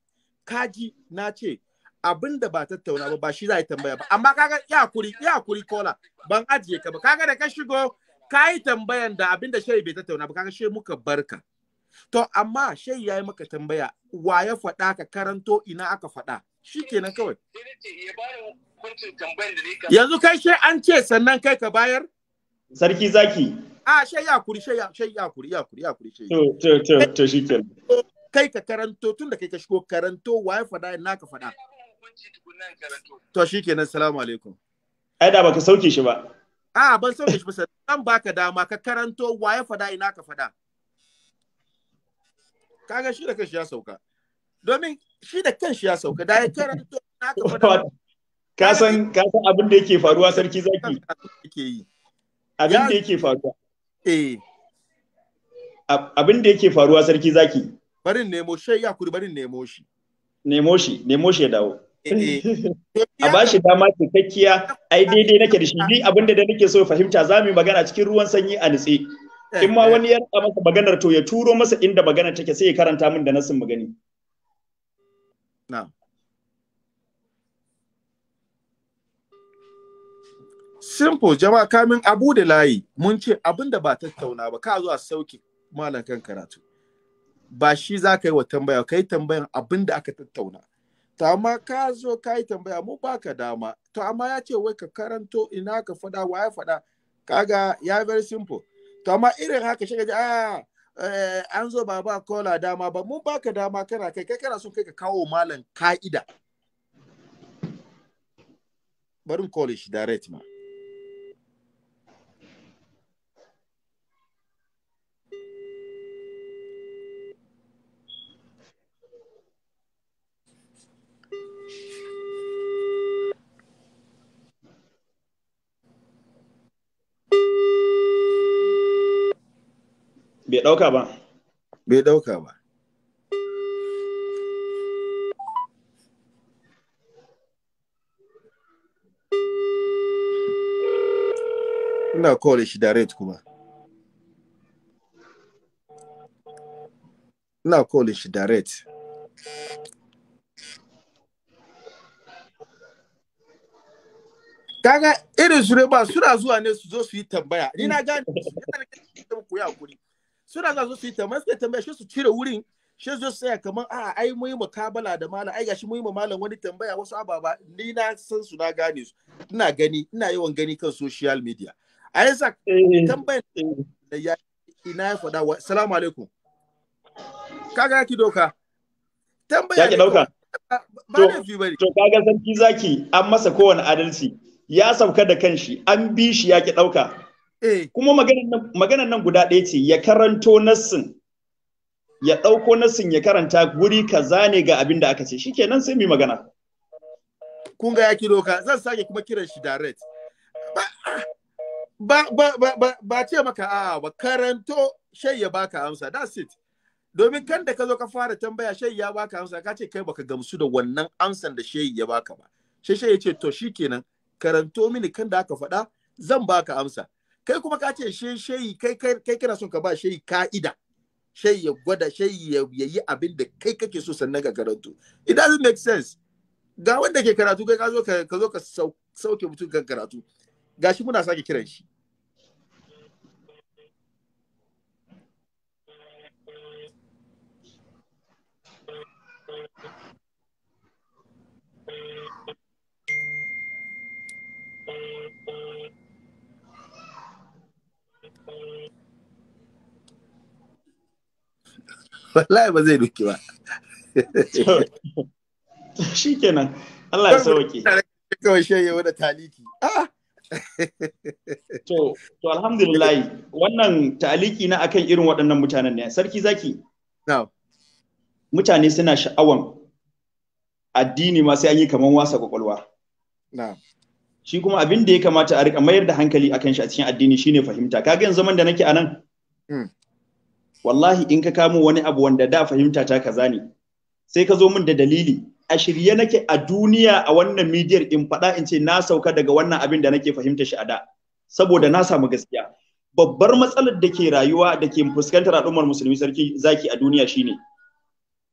kaji na ce abin da ba tattauna ba ba shi za yi tambaya ba amma kaga ya kuri ya kuri kola ban ajiye ka ba kaga da ka shigo ka yi tambayan da abin da shai bai tattauna ba kaga shai muka barka to amma shai ya yi maka tambaya wa ya faɗa ka karanto ina aka faɗa Shi kenan kawai yanzu kai shai an ce sannan kai ka bayar sarki zaki a ah, shai ya kuri shai ya kuri ya kuri ya kuri shai to to to shi shikenan eh, kai ka karanto tun da kai ka shigo karanto wa fada faɗa na ka faɗa. To shi kenan salamu alaikum. Ai da baka sauke shi ba. A ban sauke shi ba san baka dama ka karanto wa fada faɗa ina ka faɗa. Kaga shi da kanshi ya sauka. Domin shi da kanshi ya sauka da ya karanto ina ka faɗa. Ka san ka san abin da yake faruwa sarki zaki. Abin da yake faruwa. Eh. Abin da yake faruwa sarki zaki. barin nemo shai ya kuri barin nemo shi nemo shi nemo shi ya dawo eh, eh. a ba shi dama cikakkiya ai daidai nake da shi ni abinda da nake so fahimta za mu magana cikin ruwan sanyi a nitse eh, in ma wani ya rika masa maganar to ya turo masa inda magana take sai ya karanta min da nasin mu gani na'am simple jama'a kamin abu da layi mun ce da ba tattauna ba ka zuwa a sauke kan karatu ba shi za ka yi wa tambaya ka yi tambayan abin da aka tattauna ta amma ka zo ka yi tambaya mu ba ka dama to amma ya ce wai ka karanto ina ka faɗa wa ya faɗa kaga ya very simple to amma irin haka shi ka a ah, eh, an zo ba ba kola dama ba mu ba ka dama kana kai kai kana son kai ka kawo malam ka'ida barin kole shi direct ma Bai ɗauka ba. Bai ɗauka ba. Ina shi direct kuma. Ina kore shi direct. kaga irin su ba suna zuwa ne su zo su yi tambaya ni na gane ku ya kuri suna za su yi tambaya suka tambaya shi su cire wurin shi zo tsaya kamar a ai mu yi mukabala da malam ai gashi mu yi malam wani tambaya wasu ababa ni na san su na gane su ina gani ina yawan gani kan social media a yasa eh. tambayar da ya ina ya faɗa wa salamu alaikum kaga ki doka tambaya ki dauka ba ne to kaga sarki zaki an masa kowane adalci ya sauka da kanshi an bi shi ya ki dauka Eh. Kuma maganan nan guda ɗaya ce ya karanto nassin ya ɗauko nassin ya karanta guri kaza ne ga abin da aka ce Shi kenan sai mu magana. Kun ga ya kiro ka zan sake kuma kiran shi direct. Ba ba ba ba ba ce maka a ba karanto shai ya baka amsa that's it. Domin kan da ka zo ka fara tambaya shai ya baka amsa ka ce kai baka gamsu da wannan amsan da shai ya baka ba. Shai shai ya ce to shikenan karanto mini kan da aka faɗa zan baka amsa. kai kuma ka ce shi kai kana son ka ba ka'ida shayi ya gwada shayi ya yi abin da kai kake so sannan ka karantu it doesn't make sense ga wanda ke karatu kai ka zo ka zo ka sauke mutum kan karatu gashi muna sake kiran shi wallahi ba zai duki ba shi kenan Allah ya sauke kawai shi ya wani taliki ah! to to alhamdulillah wannan taliki na akan irin waɗannan mutanen ne sarki zaki mutane suna sha'awan addini ma sai an yi kaman wasa kwakwalwa shi kuma abin da ya kamata a rika mayar da hankali akan shi a cikin addini shine fahimta kaga yanzu zaman da nake a nan hmm. wallahi in ka kamo wani abu wanda da fahimta ta kaza ne sai ka zo min da dalili a shirye nake a duniya a wannan midiyar in faɗa in ce na sauka daga wannan abin da nake fahimta shi a da saboda na samu gaskiya babbar matsalar da ke rayuwa da ke fuskantar al'ummar musulmi sarki zaki a duniya shine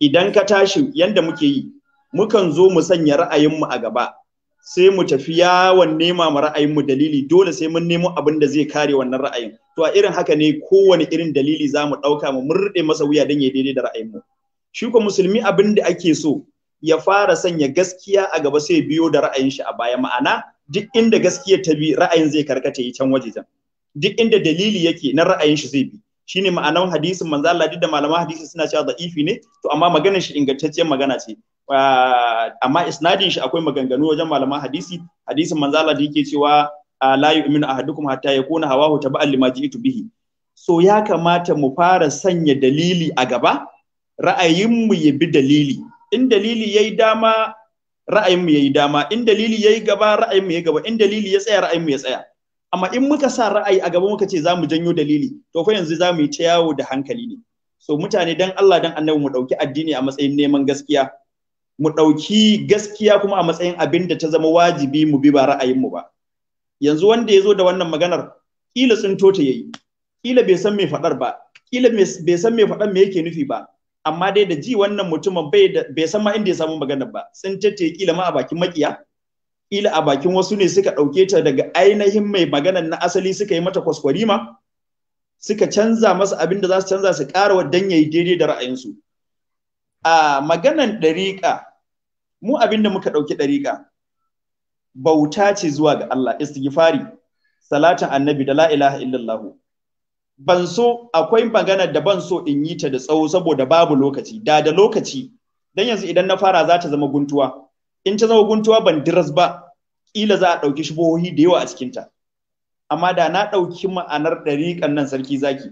idan ka tashi yanda muke yi mukan zo mu sanya ra'ayinmu a gaba sai mu tafi yawon nema ma ra'ayinmu dalili dole sai mun nemo abin da zai kare wannan ra'ayin to a irin haka ne kowane irin dalili za mu ɗauka mu murɗe masa wuya don ya daidai da ra'ayinmu shi ko musulmi abin da ake so ya fara sanya gaskiya a gaba sai biyo da ra'ayin shi a baya ma'ana duk inda gaskiya ta bi ra'ayin zai karkata yi can waje can duk inda dalili yake na ra'ayin shi zai bi shine ma'anar hadisin manzo Allah duk da malaman hadisi suna cewa da'ifi ne to amma maganar shi ingantacciyar magana ce Ah, amma isnadin shi akwai maganganu wajen malaman hadisi hadisin manzo Allah da yake cewa ah, la yu'minu ahadukum hatta yakuna hawahu taba'an lima ji'tu bihi so ya kamata mu fara sanya dalili a gaba ra'ayin mu ya bi dalili in dalili yayi dama ra'ayin mu yayi dama in dalili yayi gaba ra'ayin ya yayi gaba in dalili ya tsaya ra'ayin mu ya tsaya amma in muka sa ra'ayi a gaba muka ce za mu janyo dalili to fa yanzu za mu yi ta yawo da hankali ne so mutane dan Allah dan Annabi mu dauki addini a matsayin neman gaskiya mu ɗauki gaskiya kuma a matsayin abin da ta zama wajibi mu bi ba ra'ayinmu ba yanzu wanda ya zo da wannan maganar kila tsinto ta yayi kila bai san me faɗar ba kila bai san me faɗar me yake nufi ba amma dai da ji wannan mutumin bai san ma inda ya samu maganar ba Sun ta kila ma a bakin makiya Ƙila a bakin wasu ne suka ɗauke ta daga ainihin mai maganar na asali suka yi mata kwaskwarima suka canza masa abin da za su canza su ƙara wa yayi daidai da ra'ayinsu a maganan ɗariƙa mu abinda muka ɗauki ɗariƙa bauta ce zuwa ga Allah istighfari salatin annabi da la ilaha illallah ban so akwai maganar da ban so in yi ta da tsawo saboda babu lokaci da da lokaci dan yanzu idan na fara za ta zama guntuwa in ta zama guntuwa ban diras ba kila za a ɗauki shubohi da yawa a cikinta amma da na ɗauki ma'anar ɗariƙan nan sarki zaki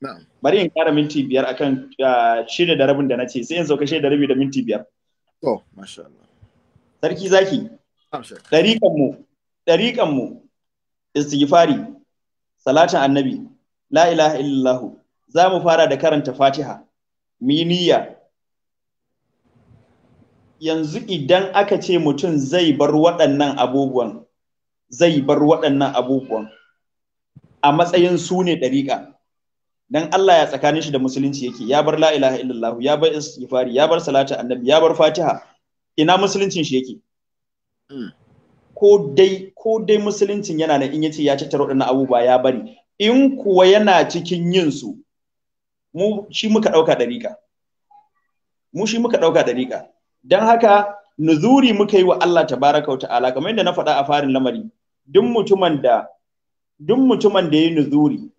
na'am bari in ƙara minti biyar akan ah, shida da rabin da na ce sai in sauka shida da rabi da minti biyar. To, masha Allah. Sarki zaki. Ɗariƙanmu, ɗariƙanmu, istighfari, salatin annabi, la ilaha illallahu, za mu fara da karanta fatiha, miniya. Yanzu idan aka ce mutum zai bar waɗannan abubuwan, zai bar waɗannan abubuwan a matsayin su ne ɗariƙa. dan Allah ya tsakanin shi da musulunci yake ya bar la ilaha illallah ya bar istighfar ya bar salatu annabi ya bar fatiha ina musuluncin shi yake hmm. ko dai ko dai musuluncin yana nan in yace ya tattara waɗannan abubuwa ya bari in kuwa yana cikin yin su mu shi muka ɗauka dariƙa mu shi muka dauka dariƙa don haka nuzuri muka yi wa Allah tabaraka wa ta'ala kamar yadda na faɗa a farin lamari duk mutumin da duk mutumin da ya yi nuzuri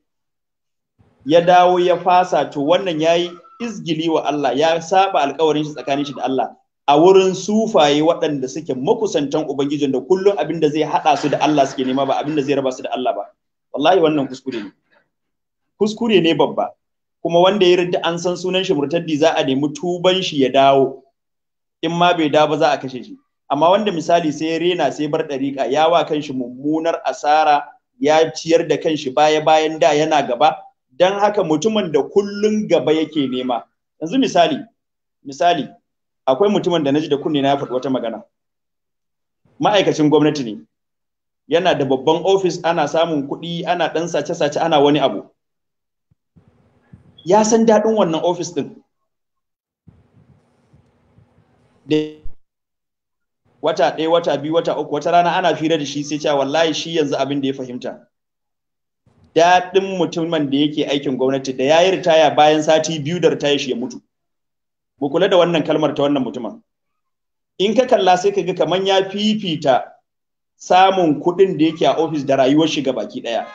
ya dawo ya fasa to wannan yayi izgili wa Allah ya saba alkawarin shi tsakanin shi da Allah a wurin sufaye waɗanda suke makusantan ubangijin da kullum abin da zai haɗa su da Allah suke nema ba abin da zai raba su da Allah ba wallahi wannan kuskure ne kuskure ne babba kuma wanda ya rinda an san sunan shi murtaddi za a nemi tuban shi ya dawo in ma bai dawo ba za a kashe shi amma wanda misali sai ya rena sai bar ɗariƙa ya wa kanshi mummunar asara ya ciyar da kanshi baya bayan da yana gaba don haka mutumin da kullun gaba yake nema yanzu misali misali akwai mutumin da naji da kunne na faɗi wata magana ma'aikacin gwamnati ne yana da babban ofis ana samun kuɗi ana ɗan sace-sace ana wani abu ya san daɗin wannan ofis ɗin wata ɗaya wata biyu wata uku wata rana ana fira da shi sai cewa wallahi shi yanzu abin da ya fahimta daɗin mutumin da yake aikin gwamnati da ya yi ritaya bayan sati biyu da ritaya shi ya mutu mu kula da wannan kalmar ta wannan mutumin in ka kalla sai ka ga kamar ya fifita samun kuɗin da yake a ofis da rayuwar shi baki ɗaya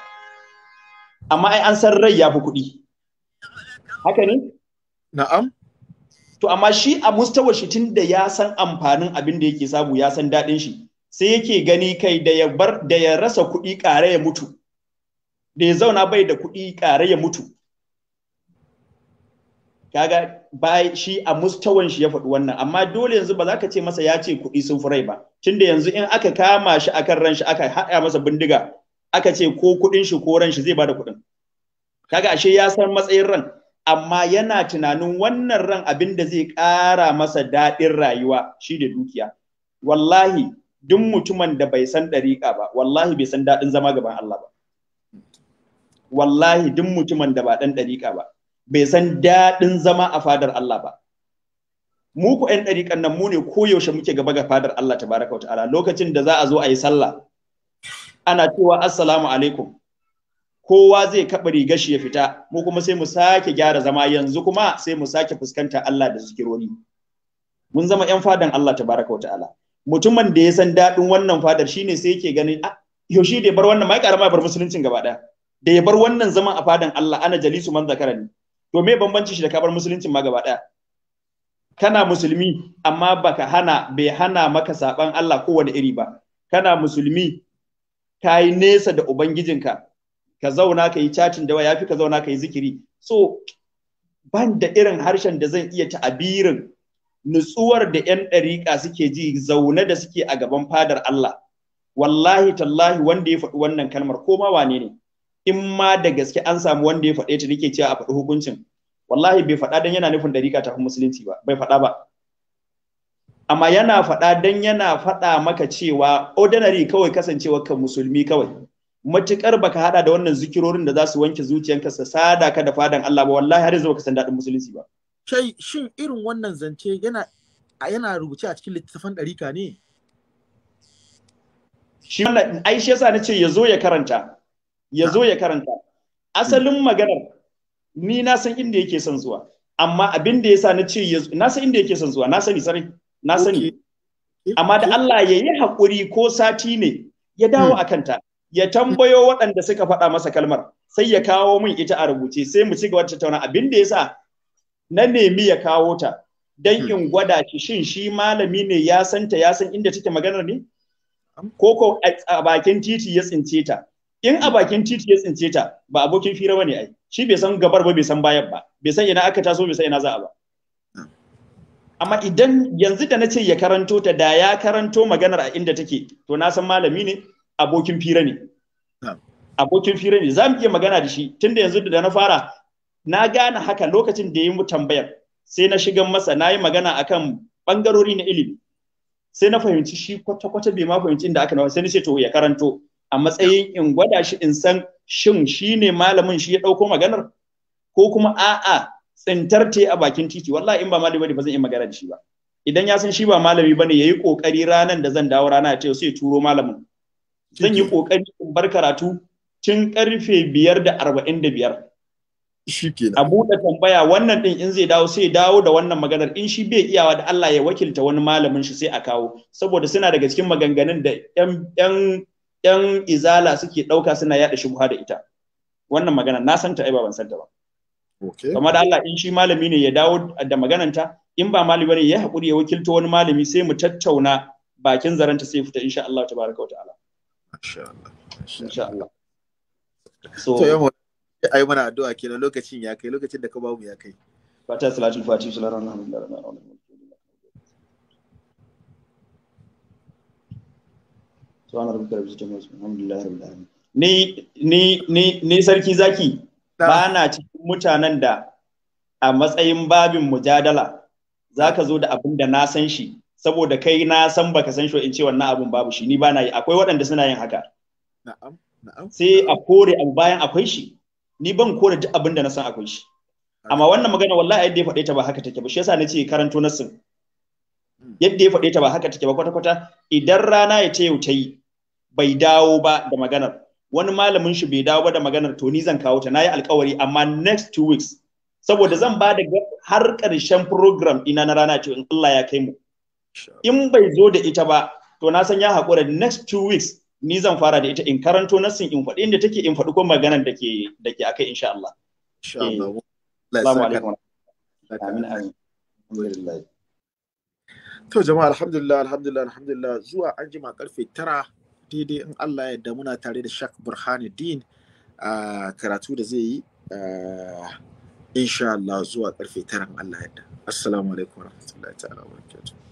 amma ai an san rai ya fi kuɗi haka ne na'am to amma shi a mustawar shi tun da ya san amfanin abin da yake samu ya san daɗin shi sai yake gani kai da ya rasa kuɗi ƙare ya mutu da ya zauna bai da kuɗi ƙare ya mutu kaga ba shi a mustawan shi ya faɗi wannan amma dole yanzu ba za ka ce masa ya ce kuɗi sun furai ba tunda yanzu in aka kama shi a kan ranshi aka haɗa masa bindiga aka ce ko kuɗin shi ko ranshi shi zai bada kuɗin kaga ashe ya san matsayin ran amma yana tunanin wannan ran abin da zai ƙara masa daɗin rayuwa shi da dukiya wallahi duk mutumin da bai san ɗariƙa ba wallahi bai san daɗin zama gaban Allah ba wallahi duk mutumin da ba dan ɗariƙa ba bai san daɗin zama a fadar Allah ba mu ku ɗan ɗariƙan nan mu ne koyaushe muke gaba ga fadar Allah tabaraka wa ta'ala lokacin da za a zo a yi sallah ana cewa assalamu alaikum kowa zai kaɓa rigar ya fita mu kuma sai mu sake gyara zama yanzu kuma sai mu sake fuskanta Allah da zikirori mun zama ƴan fadan Allah tabaraka wa ta'ala mutumin da ya san daɗin wannan fadar shine sai yake ganin ah yaushe dai bar wannan mai karama bar musuluncin gaba ɗaya da ya bar wannan zaman a fadan Allah ana jalisu man zakarani to me bambanci shi da ka bar musuluncin ma gaba daya kana musulmi amma baka hana bai hana maka saban Allah kowane iri ba kana musulmi ka yi nesa da ubangijinka ka zauna ka yi cacin dawa yafi ka zauna ka yi zikiri so ban da irin harshen da zan iya ta'abirin nutsuwar da 'yan ɗariƙa suke ji zaune da suke a gaban fadar Allah wallahi tallahi wanda ya faɗi wannan kalmar ko ma wane ne in ma da gaske an samu wanda ya faɗe ta nake cewa a faɗi hukuncin wallahi bai faɗa dan yana nufin dariƙa ta musulunci ba bai faɗa ba amma yana faɗa dan yana faɗa maka cewa ordinary kawai kasancewa ka musulmi kawai matukar baka hada da wannan zikirorin da za su wanke zuciyanka su sada ka da fadan Allah ba wallahi har yanzu baka san daɗin musulunci ba kai shin irin wannan zance yana yana rubuce a cikin littattafan ɗarika ne shi wannan ai shi yasa nace ya zo ya karanta ya zo ya karanta asalin hmm. maganar ni na san inda yake son zuwa amma abin da yasa na ce na san inda yake son zuwa na sani sarai na sani amma da Allah ya yi haƙuri ko sati ne ya dawo hmm. a kanta ya tambayo waɗanda suka faɗa masa kalmar sai ya kawo min ita a rubuce sai mu ci gaba da tattauna abin da yasa na nemi ya kawo ta dan hmm. in gwada shi shin shi malami ne ya santa ya san inda take maganar ne ko ko a bakin titi ya tsince ta in a bakin titi ya tsince ta ba abokin fira bane ai shi bai san gabar ba bai san bayan ba bai san ina aka taso bai san ina za a ba amma idan yanzu da na ce ya karanto ta da ya karanto maganar a inda take to na san malami ne abokin fira ne abokin fira ne za mu iya magana da shi tunda yanzu da na fara na gane haka lokacin da ya mu tambayar sai na shiga masa na yi magana akan bangarori na ilimi sai na fahimci shi kwata-kwata bai ma fahimci inda aka nawa sai na ce to ya karanto a matsayin in gwada shi in san shin shi ne malamin shi ya ɗauko maganar ko kuma a'a tsintar te a bakin titi wallahi in ba malami bane ba zan yi magana da shi ba idan ya san shi ba malami bane yayi kokari ranan da zan dawo rana ta yau sai turo malamin zan yi kokari in bar karatu tun karfe biyar da arba'in da biyar a buɗe tambaya wannan ɗin in zai dawo sai dawo da wannan maganar in shi bai iyawa da Allah ya wakilta wani malamin shi sai a kawo saboda suna daga cikin maganganun da yan yan izala suke ɗauka suna yaɗa shubuha da ita wannan magana na santa ai ba ban santa ba kamar da Allah in shi malami ne ya dawo da magananta in ba malami bane ya haƙuri ya wakilta wani malami sai mu tattauna bakin zaranta sai fita insha Allah tabaraka wa ta'ala insha Allah so to ai mana addu'a kenan lokacin ya kai lokacin da ka babu ya kai fata salatu fatih sallallahu alaihi wa sallam subhana rubuta rabbil izzati alhamdulillahi rabbil alamin ni ni ni ni sarki zaki ba na cikin mutanen da a matsayin babin mujadala zaka zo da abin da na san shi saboda kai na san baka san shi in ce wannan abin babu shi ni ba na yi akwai waɗanda suna yin haka na'am na'am sai a kore abu bayan akwai shi ni ban kore duk abin da na san akwai shi amma wannan magana wallahi yadda ya faɗe ta ba haka take ba shi yasa nace karanto nasin hmm. yadda ya faɗe ta ba haka take ba kwata kwata idan rana ya ce yau ta yi bai dawo ba da maganar wani malamin shi bai dawo ba da maganar to ni zan kawo ta nayi alkawari amma next two weeks saboda zan ba da har ƙarshen program ina na rana ce in Allah ya kai mu in bai zo da ita ba to na san ya haƙura next two weeks ni zan fara da ita in karanto nassin in faɗi inda take in faɗi ko maganar da ke da ke akai insha Allah insha Allah eh. alhamdulillah to jama'a alhamdulillah alhamdulillah alhamdulillah zuwa anjima karfe tara. daidai in Allah ya yarda muna tare da Shak Burhanuddin a karatu da zai yi insha Allah zuwa karfe tara in Allah ya yarda assalamu alaikum warahmatullahi ta'ala wa barakatuh